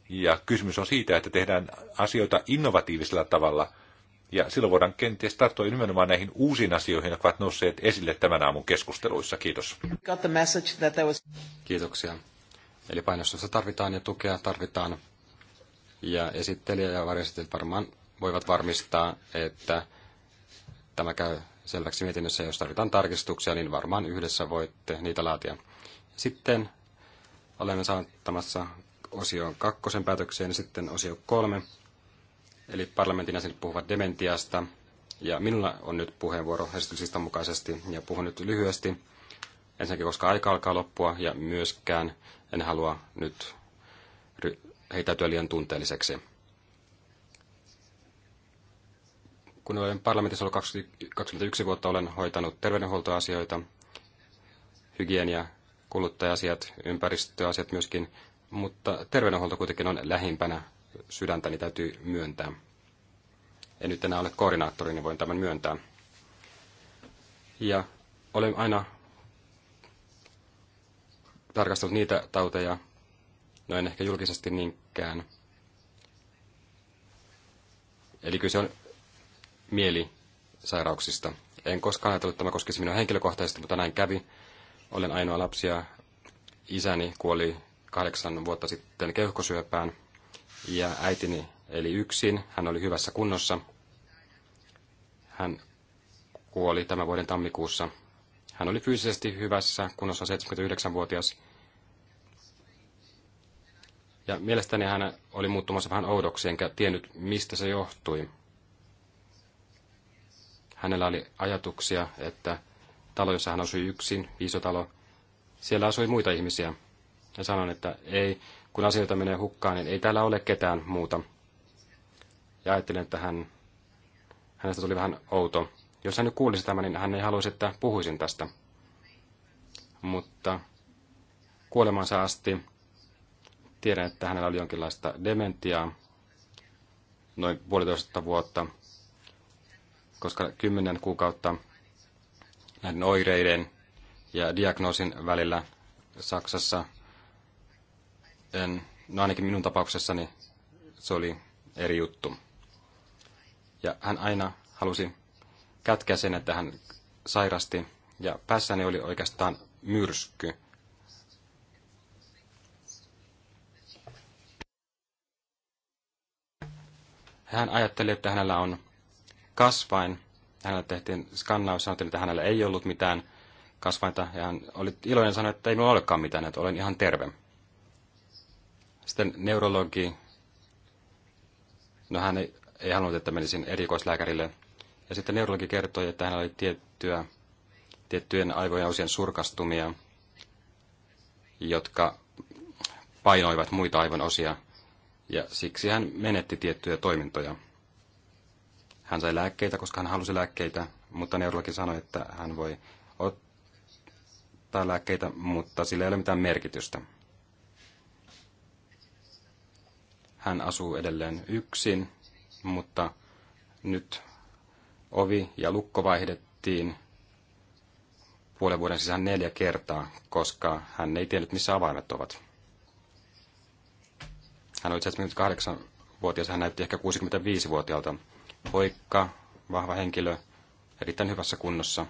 Ja kysymys on siitä, että tehdään asioita innovatiivisella tavalla – ja silloin voidaan kenties tarttua nimenomaan näihin uusiin asioihin, jotka ovat nousseet esille tämän aamun keskusteluissa. Kiitos. Kiitoksia. Eli painostusta tarvitaan ja tukea tarvitaan. Ja esittelijä ja varjesittelijät varmaan voivat varmistaa, että tämä käy selväksi mietinnössä. Jos tarvitaan tarkistuksia, niin varmaan yhdessä voitte niitä laatia. Sitten olemme saattamassa osioon kakkosen päätökseen ja sitten osio kolme. Eli parlamentin jäsenet puhuvat dementiasta, ja minulla on nyt puheenvuoro esityksistä mukaisesti, ja puhun nyt lyhyesti, ensinnäkin koska aika alkaa loppua, ja myöskään en halua nyt heitäytyä liian tunteelliseksi. Kun olen parlamentissa ollut 21 vuotta, olen hoitanut terveydenhuoltoasioita, hygienia, kuluttaja-asiat, ympäristöasiat myöskin, mutta terveydenhuolto kuitenkin on lähimpänä sydäntäni täytyy myöntää. En nyt enää ole koordinaattori, niin voin tämän myöntää. Ja olen aina tarkastellut niitä tauteja, no en ehkä julkisesti niinkään. Eli kyse on mielisairauksista. En koskaan ajatellut, että tämä koskisi minua henkilökohtaisesti, mutta näin kävi. Olen ainoa lapsia. Isäni kuoli kahdeksan vuotta sitten keuhkosyöpään – ja äitini eli yksin. Hän oli hyvässä kunnossa. Hän kuoli tämän vuoden tammikuussa. Hän oli fyysisesti hyvässä kunnossa 79-vuotias. Ja mielestäni hän oli muuttumassa vähän oudoksi, enkä tiennyt, mistä se johtui. Hänellä oli ajatuksia, että talo, jossa hän asui yksin, iso talo, siellä asui muita ihmisiä. Ja sanoin, että ei, kun asioita menee hukkaan, niin ei täällä ole ketään muuta. Ja ajattelin, että hän, hänestä tuli vähän outo. Jos hän nyt kuulisi tämän, niin hän ei haluaisi, että puhuisin tästä. Mutta kuolemansa asti tiedän, että hänellä oli jonkinlaista dementiaa noin puolitoista vuotta, koska kymmenen kuukautta näiden oireiden ja diagnoosin välillä Saksassa en, ehm, no ainakin minun tapauksessani se oli eri juttu. Ja hän aina halusi kätkeä sen, että hän sairasti, ja päässäni oli oikeastaan myrsky. Hän ajatteli, että hänellä on kasvain. Hänellä tehtiin skannaus, sanottiin, että hänellä ei ollut mitään kasvainta, ja hän oli iloinen sanoa, että ei minulla olekaan mitään, että olen ihan terve. Sitten neurologi, no hän ei, ei halunnut, että menisin erikoislääkärille. Ja sitten neurologi kertoi, että hän oli tiettyä, tiettyjen aivojen osien surkastumia, jotka painoivat muita aivon osia, ja siksi hän menetti tiettyjä toimintoja. Hän sai lääkkeitä, koska hän halusi lääkkeitä, mutta neurologi sanoi, että hän voi ottaa lääkkeitä, mutta sillä ei ole mitään merkitystä. Hän asuu edelleen yksin, mutta nyt ovi ja lukko vaihdettiin puolen vuoden sisään neljä kertaa, koska hän ei tiennyt, missä avaimet ovat. Hän oli 78-vuotias, hän näytti ehkä 65-vuotiaalta. Poikka, vahva henkilö, erittäin hyvässä kunnossa.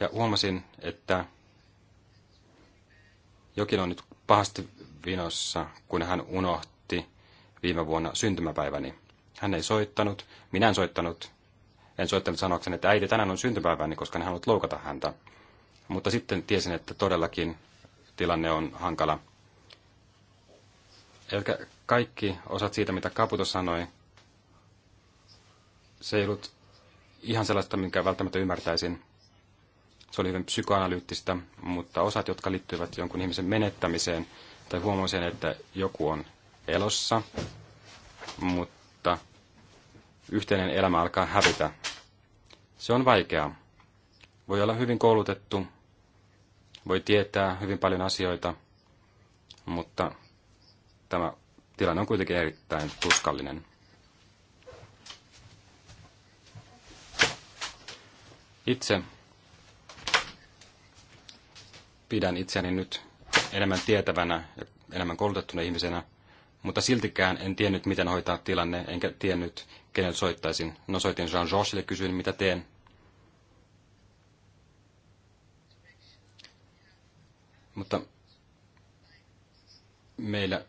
Ja huomasin, että jokin on nyt pahasti vinossa, kun hän unohti viime vuonna syntymäpäiväni. Hän ei soittanut, minä en soittanut, en soittanut sanoakseni, että äiti tänään on syntymäpäiväni, koska hän halunnut loukata häntä. Mutta sitten tiesin, että todellakin tilanne on hankala. Eli kaikki osat siitä, mitä Kaputo sanoi, se ei ollut ihan sellaista, minkä välttämättä ymmärtäisin. Se oli hyvin psykoanalyyttistä, mutta osat, jotka liittyvät jonkun ihmisen menettämiseen tai huomaamiseen, että joku on elossa, mutta yhteinen elämä alkaa hävitä. Se on vaikeaa. Voi olla hyvin koulutettu, voi tietää hyvin paljon asioita, mutta tämä tilanne on kuitenkin erittäin tuskallinen. Itse pidän itseäni nyt enemmän tietävänä ja enemmän koulutettuna ihmisenä, mutta siltikään en tiennyt, miten hoitaa tilanne, enkä tiennyt, kenelle soittaisin. No soitin Jean-Georgesille, kysyin, mitä teen. Mutta meillä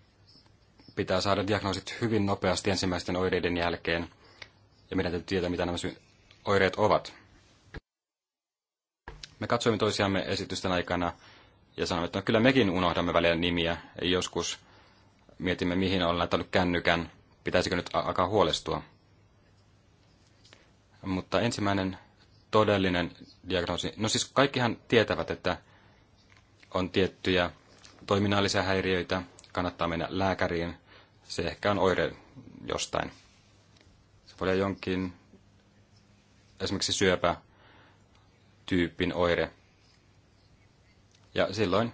pitää saada diagnoosit hyvin nopeasti ensimmäisten oireiden jälkeen, ja meidän täytyy tietää, mitä nämä oireet ovat. Me katsoimme toisiamme esitysten aikana ja sanoimme, että no, kyllä mekin unohdamme välillä nimiä. ei Joskus mietimme, mihin on laittanut kännykän. Pitäisikö nyt alkaa huolestua? Mutta ensimmäinen todellinen diagnoosi. No siis kaikkihan tietävät, että on tiettyjä toiminnallisia häiriöitä, kannattaa mennä lääkäriin. Se ehkä on oire jostain. Se voi olla jonkin, esimerkiksi syöpä, tyypin oire. Ja silloin,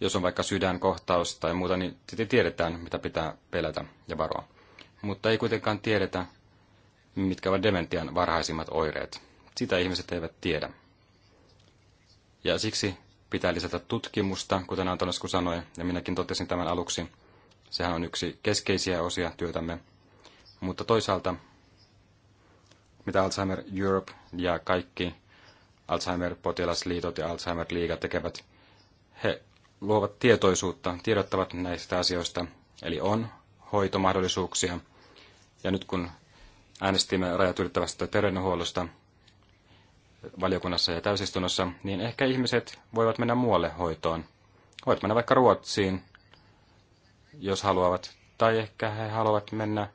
jos on vaikka sydänkohtaus tai muuta, niin sitten tiedetään, mitä pitää pelätä ja varoa. Mutta ei kuitenkaan tiedetä, mitkä ovat dementian varhaisimmat oireet. Sitä ihmiset eivät tiedä. Ja siksi pitää lisätä tutkimusta, kuten Antonescu sanoi, ja minäkin totesin tämän aluksi. Sehän on yksi keskeisiä osia työtämme. Mutta toisaalta mitä Alzheimer Europe ja kaikki Alzheimer-potilasliitot ja Alzheimer-liiga tekevät. He luovat tietoisuutta, tiedottavat näistä asioista, eli on hoitomahdollisuuksia. Ja nyt kun äänestimme rajat ylittävästä terveydenhuollosta valiokunnassa ja täysistunnossa, niin ehkä ihmiset voivat mennä muualle hoitoon. Voit mennä vaikka Ruotsiin, jos haluavat, tai ehkä he haluavat mennä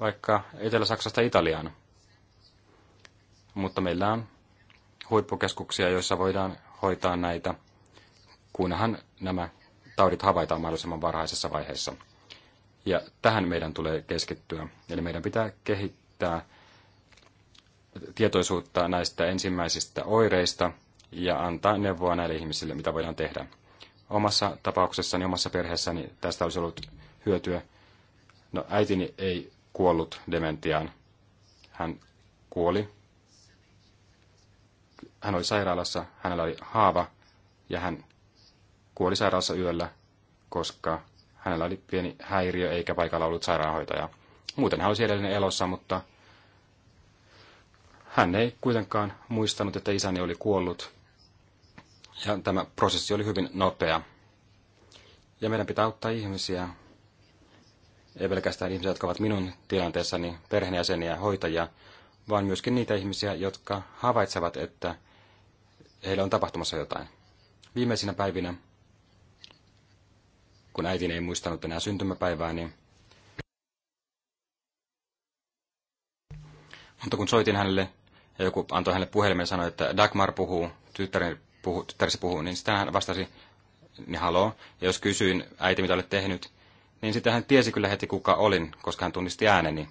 vaikka Etelä-Saksasta Italiaan mutta meillä on huippukeskuksia, joissa voidaan hoitaa näitä, kunhan nämä taudit havaitaan mahdollisimman varhaisessa vaiheessa. Ja tähän meidän tulee keskittyä. Eli meidän pitää kehittää tietoisuutta näistä ensimmäisistä oireista ja antaa neuvoa näille ihmisille, mitä voidaan tehdä. Omassa tapauksessani, omassa perheessäni tästä olisi ollut hyötyä. No äitini ei kuollut dementiaan. Hän kuoli hän oli sairaalassa, hänellä oli haava ja hän kuoli sairaalassa yöllä, koska hänellä oli pieni häiriö eikä paikalla ollut sairaanhoitajaa. Muuten hän olisi edelleen elossa, mutta hän ei kuitenkaan muistanut, että isäni oli kuollut. Ja tämä prosessi oli hyvin nopea. Ja meidän pitää auttaa ihmisiä, ei pelkästään ihmisiä, jotka ovat minun tilanteessani perheenjäseniä ja hoitajia, vaan myöskin niitä ihmisiä, jotka havaitsevat, että heillä on tapahtumassa jotain. Viimeisinä päivinä, kun äiti ei muistanut enää syntymäpäivää, niin Mutta kun soitin hänelle ja joku antoi hänelle puhelimen ja sanoi, että Dagmar puhuu, tyttäri puhuu, tyttäresi puhuu, niin sitten hän vastasi, niin haloo. Ja jos kysyin äiti, mitä olet tehnyt, niin sitten hän tiesi kyllä heti, kuka olin, koska hän tunnisti ääneni.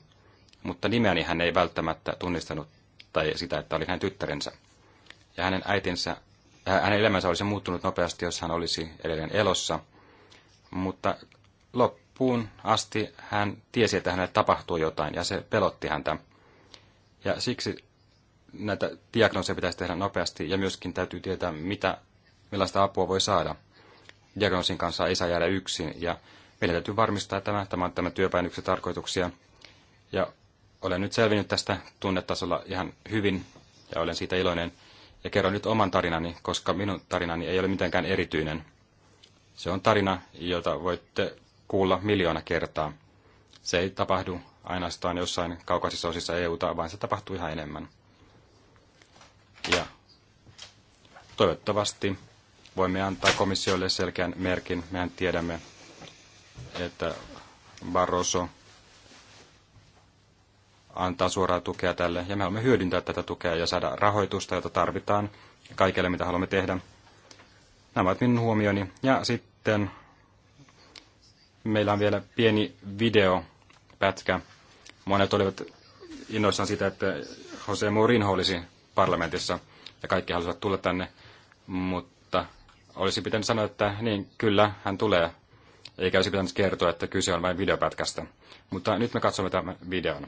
Mutta nimeäni hän ei välttämättä tunnistanut tai sitä, että olin hänen tyttärensä ja hänen äitinsä, äh, hänen elämänsä olisi muuttunut nopeasti, jos hän olisi edelleen elossa. Mutta loppuun asti hän tiesi, että hänelle tapahtuu jotain, ja se pelotti häntä. Ja siksi näitä diagnooseja pitäisi tehdä nopeasti, ja myöskin täytyy tietää, mitä, millaista apua voi saada. Diagnoosin kanssa ei saa jäädä yksin, ja meidän täytyy varmistaa tämä, tämä on tämän työpäin yksi tarkoituksia. Ja olen nyt selvinnyt tästä tunnetasolla ihan hyvin, ja olen siitä iloinen. Ja kerron nyt oman tarinani, koska minun tarinani ei ole mitenkään erityinen. Se on tarina, jota voitte kuulla miljoona kertaa. Se ei tapahdu ainoastaan jossain kaukaisissa osissa EUta, vaan se tapahtuu ihan enemmän. Ja toivottavasti voimme antaa komissiolle selkeän merkin. Mehän tiedämme, että Barroso antaa suoraa tukea tälle, ja me haluamme hyödyntää tätä tukea ja saada rahoitusta, jota tarvitaan kaikelle, mitä haluamme tehdä. Nämä ovat minun huomioni. Ja sitten meillä on vielä pieni videopätkä. Monet olivat innoissaan siitä, että Jose Mourinho olisi parlamentissa ja kaikki halusivat tulla tänne, mutta olisi pitänyt sanoa, että niin kyllä, hän tulee, eikä olisi pitänyt kertoa, että kyse on vain videopätkästä. Mutta nyt me katsomme tämän videon.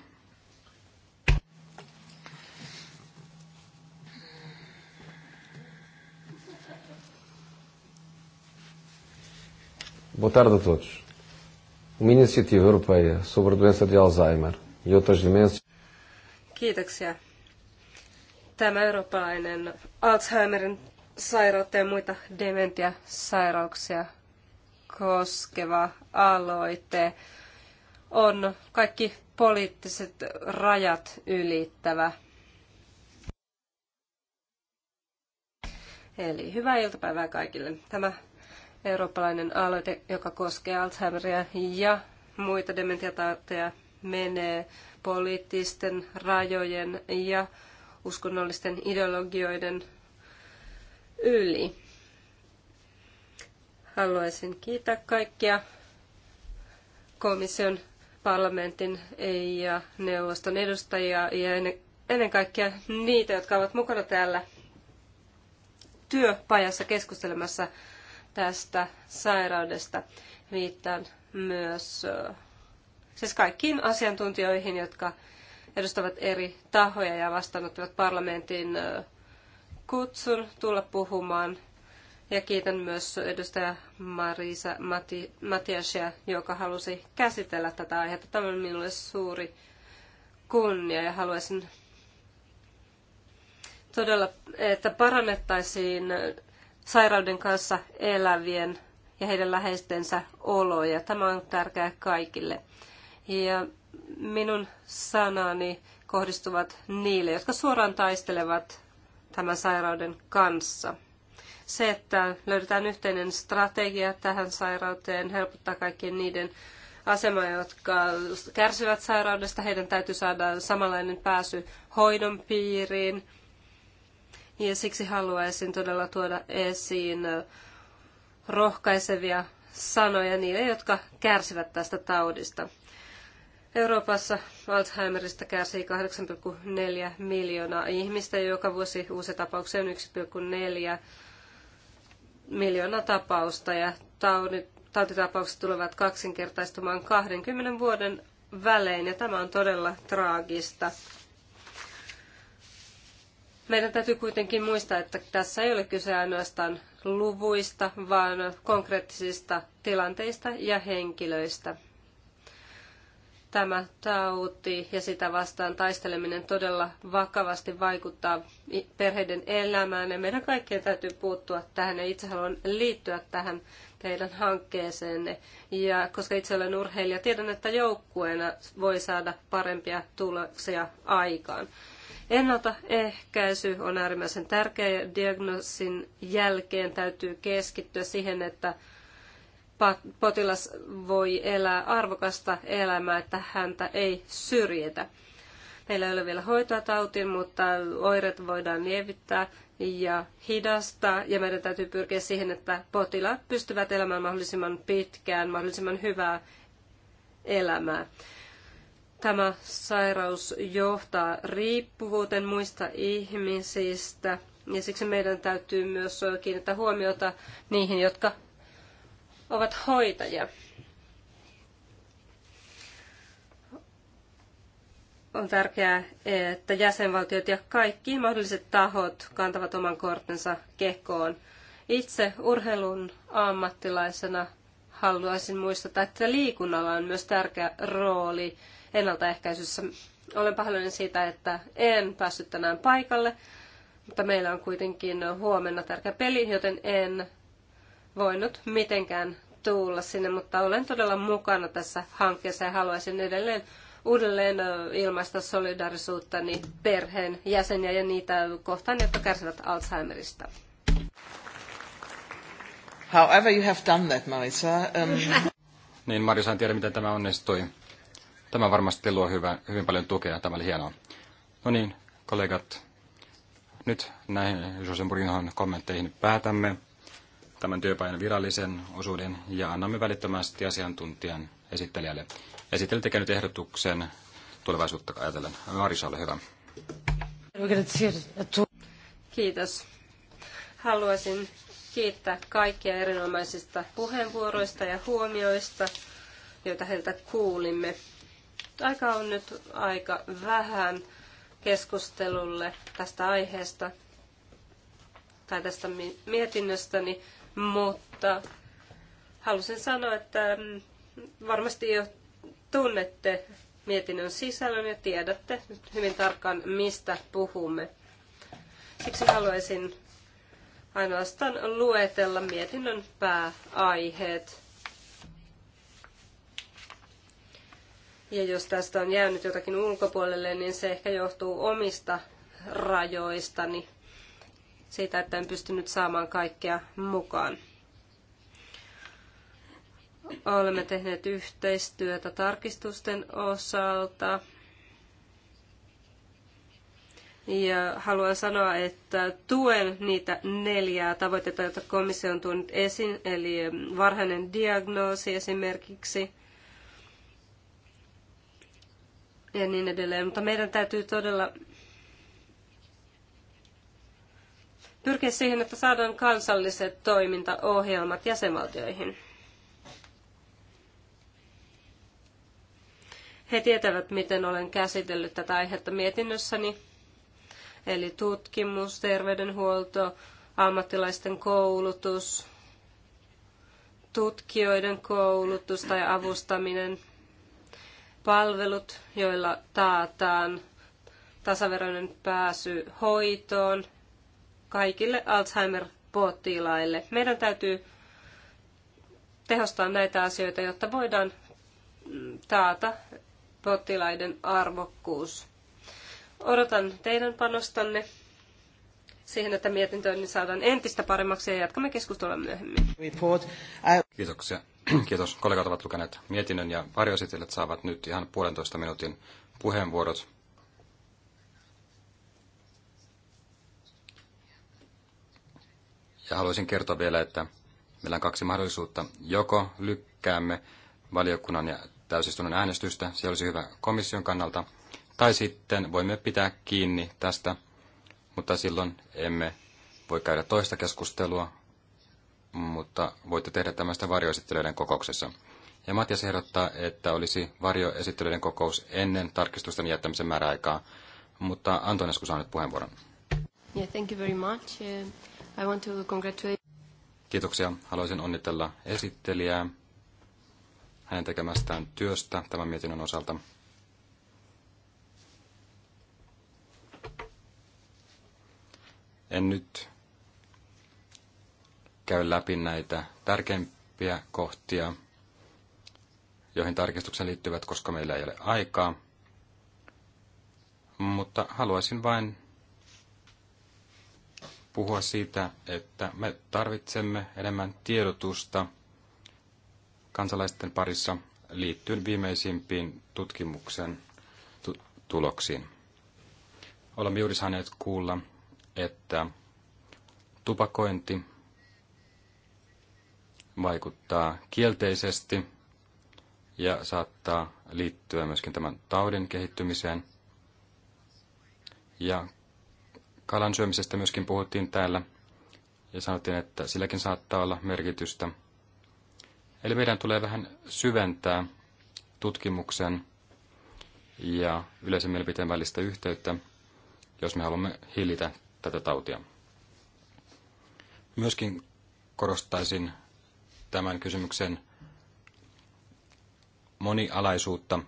Boa tarde a todos. Uma iniciativa europeia sobre a doença de Alzheimer e outras dimensões. Kiitoksia. Tämä eurooppalainen Alzheimerin sairautta ja muita dementiasairauksia koskeva aloite on kaikki poliittiset rajat ylittävä. Eli hyvää iltapäivää kaikille. Tämä eurooppalainen aloite, joka koskee Alzheimeria ja muita dementiatauteja, menee poliittisten rajojen ja uskonnollisten ideologioiden yli. Haluaisin kiittää kaikkia komission, parlamentin ja neuvoston edustajia ja ennen kaikkea niitä, jotka ovat mukana täällä työpajassa keskustelemassa tästä sairaudesta. Viittaan myös siis kaikkiin asiantuntijoihin, jotka edustavat eri tahoja ja vastaanottivat parlamentin kutsun tulla puhumaan. Ja kiitän myös edustaja Marisa Mati, Matiasia, joka halusi käsitellä tätä aihetta. Tämä on minulle suuri kunnia ja haluaisin todella, että parannettaisiin sairauden kanssa elävien ja heidän läheistensä oloja. Tämä on tärkeää kaikille. Ja minun sanani kohdistuvat niille, jotka suoraan taistelevat tämän sairauden kanssa. Se, että löydetään yhteinen strategia tähän sairauteen, helpottaa kaikkien niiden asemaa, jotka kärsivät sairaudesta. Heidän täytyy saada samanlainen pääsy hoidon piiriin, ja siksi haluaisin todella tuoda esiin rohkaisevia sanoja niille, jotka kärsivät tästä taudista. Euroopassa Alzheimerista kärsii 8,4 miljoonaa ihmistä, joka vuosi uusi tapauksia on 1,4 miljoonaa tapausta ja tautitapaukset tulevat kaksinkertaistumaan 20 vuoden välein ja tämä on todella traagista. Meidän täytyy kuitenkin muistaa, että tässä ei ole kyse ainoastaan luvuista, vaan konkreettisista tilanteista ja henkilöistä. Tämä tauti ja sitä vastaan taisteleminen todella vakavasti vaikuttaa perheiden elämään ja meidän kaikkien täytyy puuttua tähän ja itse haluan liittyä tähän teidän hankkeeseenne. Ja koska itse olen urheilija, tiedän, että joukkueena voi saada parempia tuloksia aikaan. Ennaltaehkäisy on äärimmäisen tärkeä ja diagnoosin jälkeen täytyy keskittyä siihen, että potilas voi elää arvokasta elämää, että häntä ei syrjitä. Meillä ei ole vielä hoitoa tautiin, mutta oireet voidaan lievittää ja hidastaa. Ja meidän täytyy pyrkiä siihen, että potilaat pystyvät elämään mahdollisimman pitkään, mahdollisimman hyvää elämää. Tämä sairaus johtaa riippuvuuteen muista ihmisistä ja siksi meidän täytyy myös kiinnittää huomiota niihin, jotka ovat hoitajia. on tärkeää, että jäsenvaltiot ja kaikki mahdolliset tahot kantavat oman kortensa kekoon Itse urheilun ammattilaisena haluaisin muistuttaa, että liikunnalla on myös tärkeä rooli ennaltaehkäisyssä. Olen pahoillani siitä, että en päässyt tänään paikalle, mutta meillä on kuitenkin huomenna tärkeä peli, joten en voinut mitenkään tulla sinne, mutta olen todella mukana tässä hankkeessa ja haluaisin edelleen uudelleen ilmaista solidarisuuttani perheen jäseniä ja niitä kohtaan, jotka kärsivät Alzheimerista. However you have done that, Marisa. Um... niin, Marisa, en tiedä, miten tämä onnistui. Tämä varmasti luo hyvä, hyvin paljon tukea. Tämä oli hienoa. No niin, kollegat, nyt näihin Josenburginhan kommentteihin päätämme tämän työpajan virallisen osuuden ja annamme välittömästi asiantuntijan esittelijälle. Esittelitekö nyt ehdotuksen tulevaisuutta ajatellen. Marisa, ole hyvä. Kiitos. Haluaisin kiittää kaikkia erinomaisista puheenvuoroista ja huomioista, joita heiltä kuulimme. Aika on nyt aika vähän keskustelulle tästä aiheesta tai tästä mietinnöstäni, mutta halusin sanoa, että mm, varmasti jo tunnette mietinnön sisällön ja tiedätte hyvin tarkkaan, mistä puhumme. Siksi haluaisin ainoastaan luetella mietinnön pääaiheet. Ja jos tästä on jäänyt jotakin ulkopuolelle, niin se ehkä johtuu omista rajoistani. Siitä, että en pystynyt saamaan kaikkea mukaan. Olemme tehneet yhteistyötä tarkistusten osalta. Ja haluan sanoa, että tuen niitä neljää tavoitetta, joita komissio on tuonut esiin, eli varhainen diagnoosi esimerkiksi – ja niin edelleen. Mutta meidän täytyy todella pyrkiä siihen, että saadaan kansalliset toimintaohjelmat jäsenvaltioihin. He tietävät, miten olen käsitellyt tätä aihetta mietinnössäni, eli tutkimus, terveydenhuolto, ammattilaisten koulutus, tutkijoiden koulutus tai avustaminen – palvelut, joilla taataan tasaveroinen pääsy hoitoon kaikille Alzheimer-potilaille. Meidän täytyy tehostaa näitä asioita, jotta voidaan taata potilaiden arvokkuus. Odotan teidän panostanne siihen, että mietintöön saadaan entistä paremmaksi ja jatkamme keskustelua myöhemmin. Uh, Kiitoksia. Kiitos. Kollegat ovat lukeneet mietinnön ja varjoesittelijät saavat nyt ihan puolentoista minuutin puheenvuorot. Ja haluaisin kertoa vielä, että meillä on kaksi mahdollisuutta. Joko lykkäämme valiokunnan ja täysistunnon äänestystä, se olisi hyvä komission kannalta, tai sitten voimme pitää kiinni tästä, mutta silloin emme voi käydä toista keskustelua, mutta voitte tehdä tämästä varjoesittelyiden kokouksessa. Ja Matias ehdottaa, että olisi varjoesittelyiden kokous ennen tarkistusten jättämisen määräaikaa, mutta Antonescu saa nyt puheenvuoron. Yeah, thank you very much. Uh, I want to congratulate... Kiitoksia. Haluaisin onnitella esittelijää hänen tekemästään työstä tämän mietinnön osalta. En nyt käy läpi näitä tärkeimpiä kohtia, joihin tarkistuksen liittyvät, koska meillä ei ole aikaa. Mutta haluaisin vain puhua siitä, että me tarvitsemme enemmän tiedotusta kansalaisten parissa liittyen viimeisimpiin tutkimuksen tu- tuloksiin. Olemme juuri saaneet kuulla, että tupakointi vaikuttaa kielteisesti ja saattaa liittyä myöskin tämän taudin kehittymiseen. Ja kalan syömisestä myöskin puhuttiin täällä ja sanottiin, että silläkin saattaa olla merkitystä. Eli meidän tulee vähän syventää tutkimuksen ja yleisen mielipiteen välistä yhteyttä, jos me haluamme hillitä tätä tautia. Myöskin korostaisin tämän kysymyksen monialaisuutta.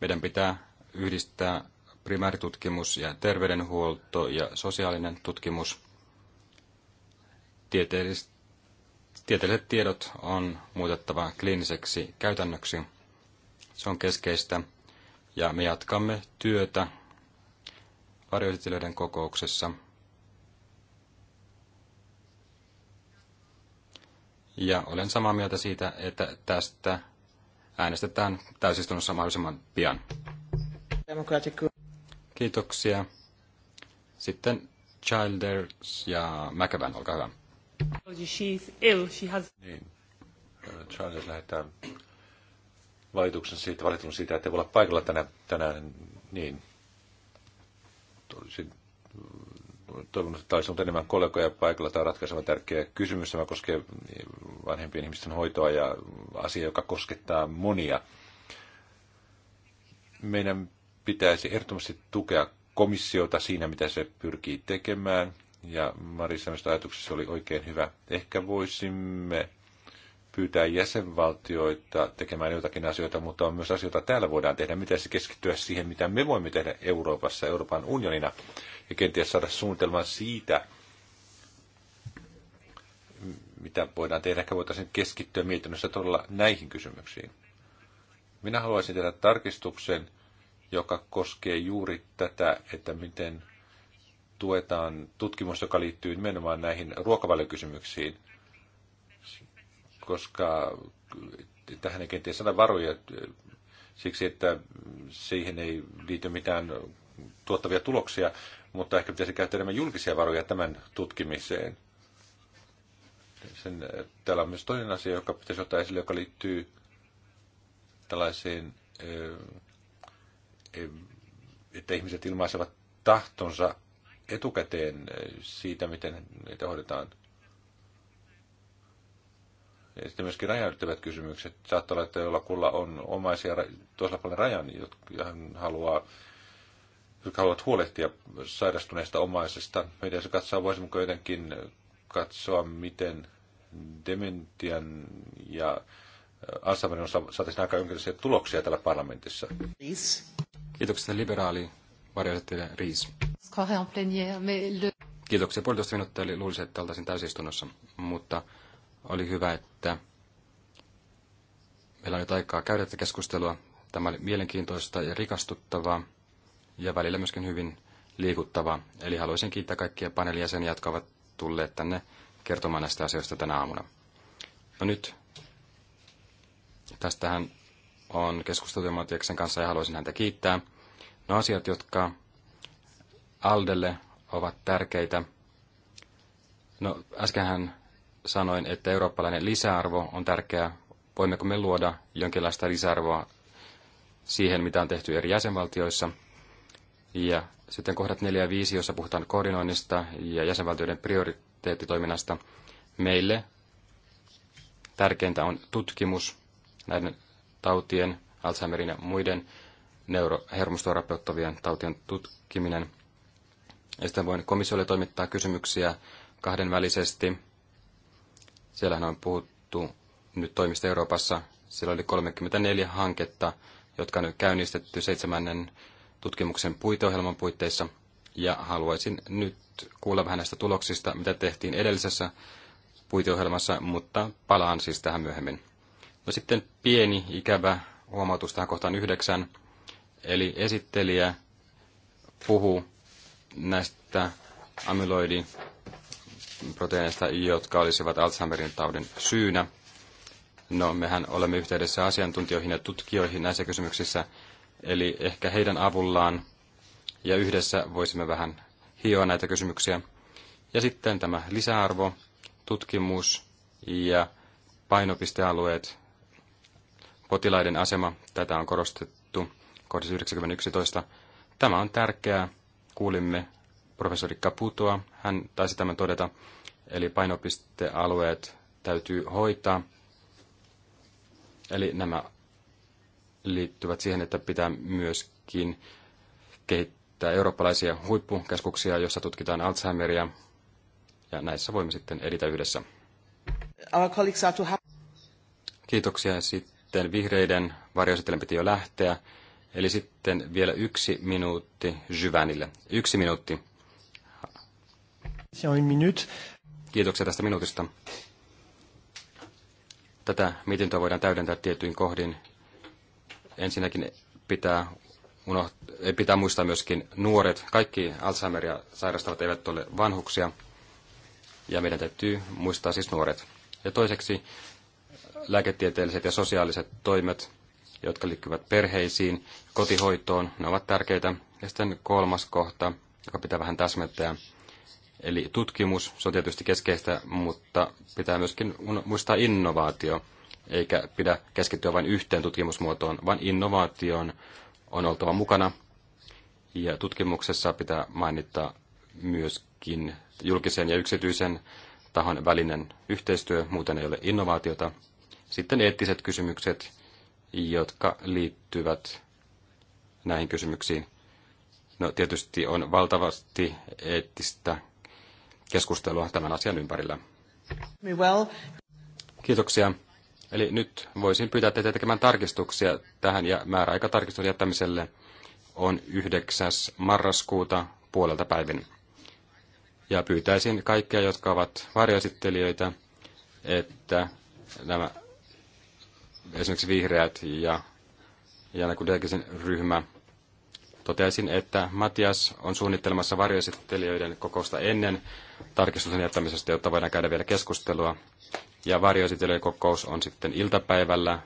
Meidän pitää yhdistää primääritutkimus ja terveydenhuolto ja sosiaalinen tutkimus. tieteelliset tiedot on muutettava kliiniseksi käytännöksi. Se on keskeistä. Ja me jatkamme työtä varjoesittelyiden kokouksessa – Ja olen samaa mieltä siitä, että tästä äänestetään täysistunnossa mahdollisimman pian. Kiitoksia. Sitten Childers ja McEvan, olkaa hyvä. ill. She has... Niin. Äh, Childers lähettää valituksen siitä, valitun siitä, että ei voi olla paikalla tänä, tänään. Niin toivon, että olisi ollut enemmän kollegoja paikalla. Tämä on ratkaiseva tärkeä kysymys. Tämä koskee vanhempien ihmisten hoitoa ja asia, joka koskettaa monia. Meidän pitäisi ehdottomasti tukea komissiota siinä, mitä se pyrkii tekemään. Ja Mari noista ajatuksessa oli oikein hyvä. Ehkä voisimme pyytää jäsenvaltioita tekemään jotakin asioita, mutta on myös asioita täällä voidaan tehdä. Miten se keskittyä siihen, mitä me voimme tehdä Euroopassa, Euroopan unionina ja kenties saada suunnitelman siitä, mitä voidaan tehdä. Ehkä voitaisiin keskittyä mietinnössä todella näihin kysymyksiin. Minä haluaisin tehdä tarkistuksen, joka koskee juuri tätä, että miten tuetaan tutkimus, joka liittyy nimenomaan näihin ruokavaliokysymyksiin, koska tähän ei kenties saada varoja siksi, että siihen ei liity mitään tuottavia tuloksia, mutta ehkä pitäisi käyttää enemmän julkisia varoja tämän tutkimiseen. Sen, äh, täällä on myös toinen asia, joka pitäisi ottaa esille, joka liittyy tällaisiin, äh, e- että ihmiset ilmaisevat tahtonsa etukäteen äh, siitä, miten niitä hoidetaan. Ja sitten myöskin rajan kysymykset. Saattaa olla, että jollakulla on omaisia toisella puolella rajan, jotka hän haluaa jotka haluavat huolehtia sairastuneista omaisista. Meidän se katsoa, voisimmeko jotenkin katsoa, miten dementian ja äh, Alzheimerin osa saataisiin aika jonkinlaisia tuloksia täällä parlamentissa. Riis. Kiitoksia liberaali varjoisettelija Riis. Kiitoksia puolitoista minuuttia, eli luulisin, että oltaisiin täysistunnossa, mutta oli hyvä, että meillä on nyt aikaa käydä tätä keskustelua. Tämä oli mielenkiintoista ja rikastuttavaa ja välillä myöskin hyvin liikuttavaa. Eli haluaisin kiittää kaikkia paneelijäseniä, jotka ovat tulleet tänne kertomaan näistä asioista tänä aamuna. No nyt tästähän on keskusteltu Matiaksen kanssa ja haluaisin häntä kiittää. No asiat, jotka Aldelle ovat tärkeitä. No hän sanoin, että eurooppalainen lisäarvo on tärkeä. Voimmeko me luoda jonkinlaista lisäarvoa siihen, mitä on tehty eri jäsenvaltioissa? Ja sitten kohdat 4 ja 5, jossa puhutaan koordinoinnista ja jäsenvaltioiden prioriteettitoiminnasta. Meille tärkeintä on tutkimus näiden tautien, Alzheimerin ja muiden neurohermostorapeuttavien tautien tutkiminen. Ja sitten voin komissiolle toimittaa kysymyksiä kahdenvälisesti. Siellähän on puhuttu nyt toimista Euroopassa. Siellä oli 34 hanketta, jotka on nyt käynnistetty seitsemännen tutkimuksen puiteohjelman puitteissa. Ja haluaisin nyt kuulla vähän näistä tuloksista, mitä tehtiin edellisessä puiteohjelmassa, mutta palaan siis tähän myöhemmin. No sitten pieni ikävä huomautus tähän kohtaan yhdeksän. Eli esittelijä puhuu näistä amyloidiproteiineista, jotka olisivat Alzheimerin taudin syynä. No, mehän olemme yhteydessä asiantuntijoihin ja tutkijoihin näissä kysymyksissä, Eli ehkä heidän avullaan ja yhdessä voisimme vähän hioa näitä kysymyksiä. Ja sitten tämä lisäarvo, tutkimus ja painopistealueet, potilaiden asema, tätä on korostettu kohdassa 911. Tämä on tärkeää. Kuulimme professori Caputoa, hän taisi tämän todeta, eli painopistealueet täytyy hoitaa. Eli nämä liittyvät siihen, että pitää myöskin kehittää eurooppalaisia huippukeskuksia, joissa tutkitaan Alzheimeria, ja näissä voimme sitten edetä yhdessä. Kiitoksia. Sitten vihreiden varjoesittelijän piti jo lähteä. Eli sitten vielä yksi minuutti Jyvänille. Yksi minuutti. Kiitoksia tästä minuutista. Tätä mietintöä voidaan täydentää tietyin kohdin, Ensinnäkin pitää, unoht- pitää muistaa myöskin nuoret. Kaikki Alzheimeria sairastavat eivät ole vanhuksia, ja meidän täytyy muistaa siis nuoret. Ja toiseksi lääketieteelliset ja sosiaaliset toimet, jotka liittyvät perheisiin, kotihoitoon, ne ovat tärkeitä. Ja sitten kolmas kohta, joka pitää vähän täsmentää, eli tutkimus, se on tietysti keskeistä, mutta pitää myöskin muistaa innovaatio – eikä pidä keskittyä vain yhteen tutkimusmuotoon, vaan innovaation on oltava mukana. Ja tutkimuksessa pitää mainita myöskin julkisen ja yksityisen tahon välinen yhteistyö, muuten ei ole innovaatiota. Sitten eettiset kysymykset, jotka liittyvät näihin kysymyksiin. No tietysti on valtavasti eettistä keskustelua tämän asian ympärillä. Kiitoksia. Eli nyt voisin pyytää teitä tekemään tarkistuksia tähän ja tarkistuksen jättämiselle on 9. marraskuuta puolelta päivin. Ja pyytäisin kaikkia, jotka ovat varjoesittelijöitä, että nämä esimerkiksi vihreät ja Jana Kudelkisen ryhmä toteaisin, että Matias on suunnittelemassa varjoesittelijöiden kokousta ennen tarkistuksen jättämisestä, jotta voidaan käydä vielä keskustelua ja varjoesittelyjen kokous on sitten iltapäivällä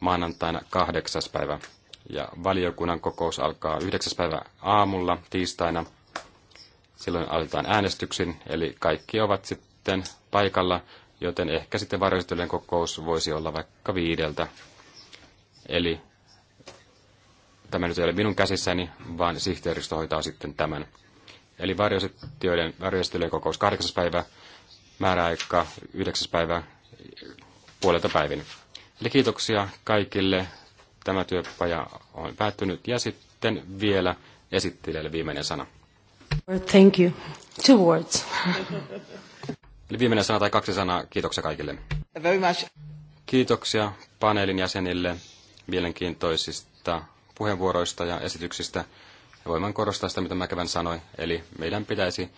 maanantaina 8. päivä. Ja valiokunnan kokous alkaa 9. päivä aamulla tiistaina. Silloin aletaan äänestyksin, eli kaikki ovat sitten paikalla, joten ehkä sitten varjoesittelyjen kokous voisi olla vaikka viideltä. Eli tämä nyt ei ole minun käsissäni, vaan sihteeristö hoitaa sitten tämän. Eli varjoesittelyjen kokous 8. päivä määräaika 9. päivä puolelta päivin. Eli kiitoksia kaikille. Tämä työpaja on päättynyt ja sitten vielä esittelijälle viimeinen sana. Thank you. Two words. Eli viimeinen sana tai kaksi sanaa. Kiitoksia kaikille. Very much. Kiitoksia paneelin jäsenille mielenkiintoisista puheenvuoroista ja esityksistä. Ja voimme korostaa sitä, mitä Mäkevän sanoi. Eli meidän pitäisi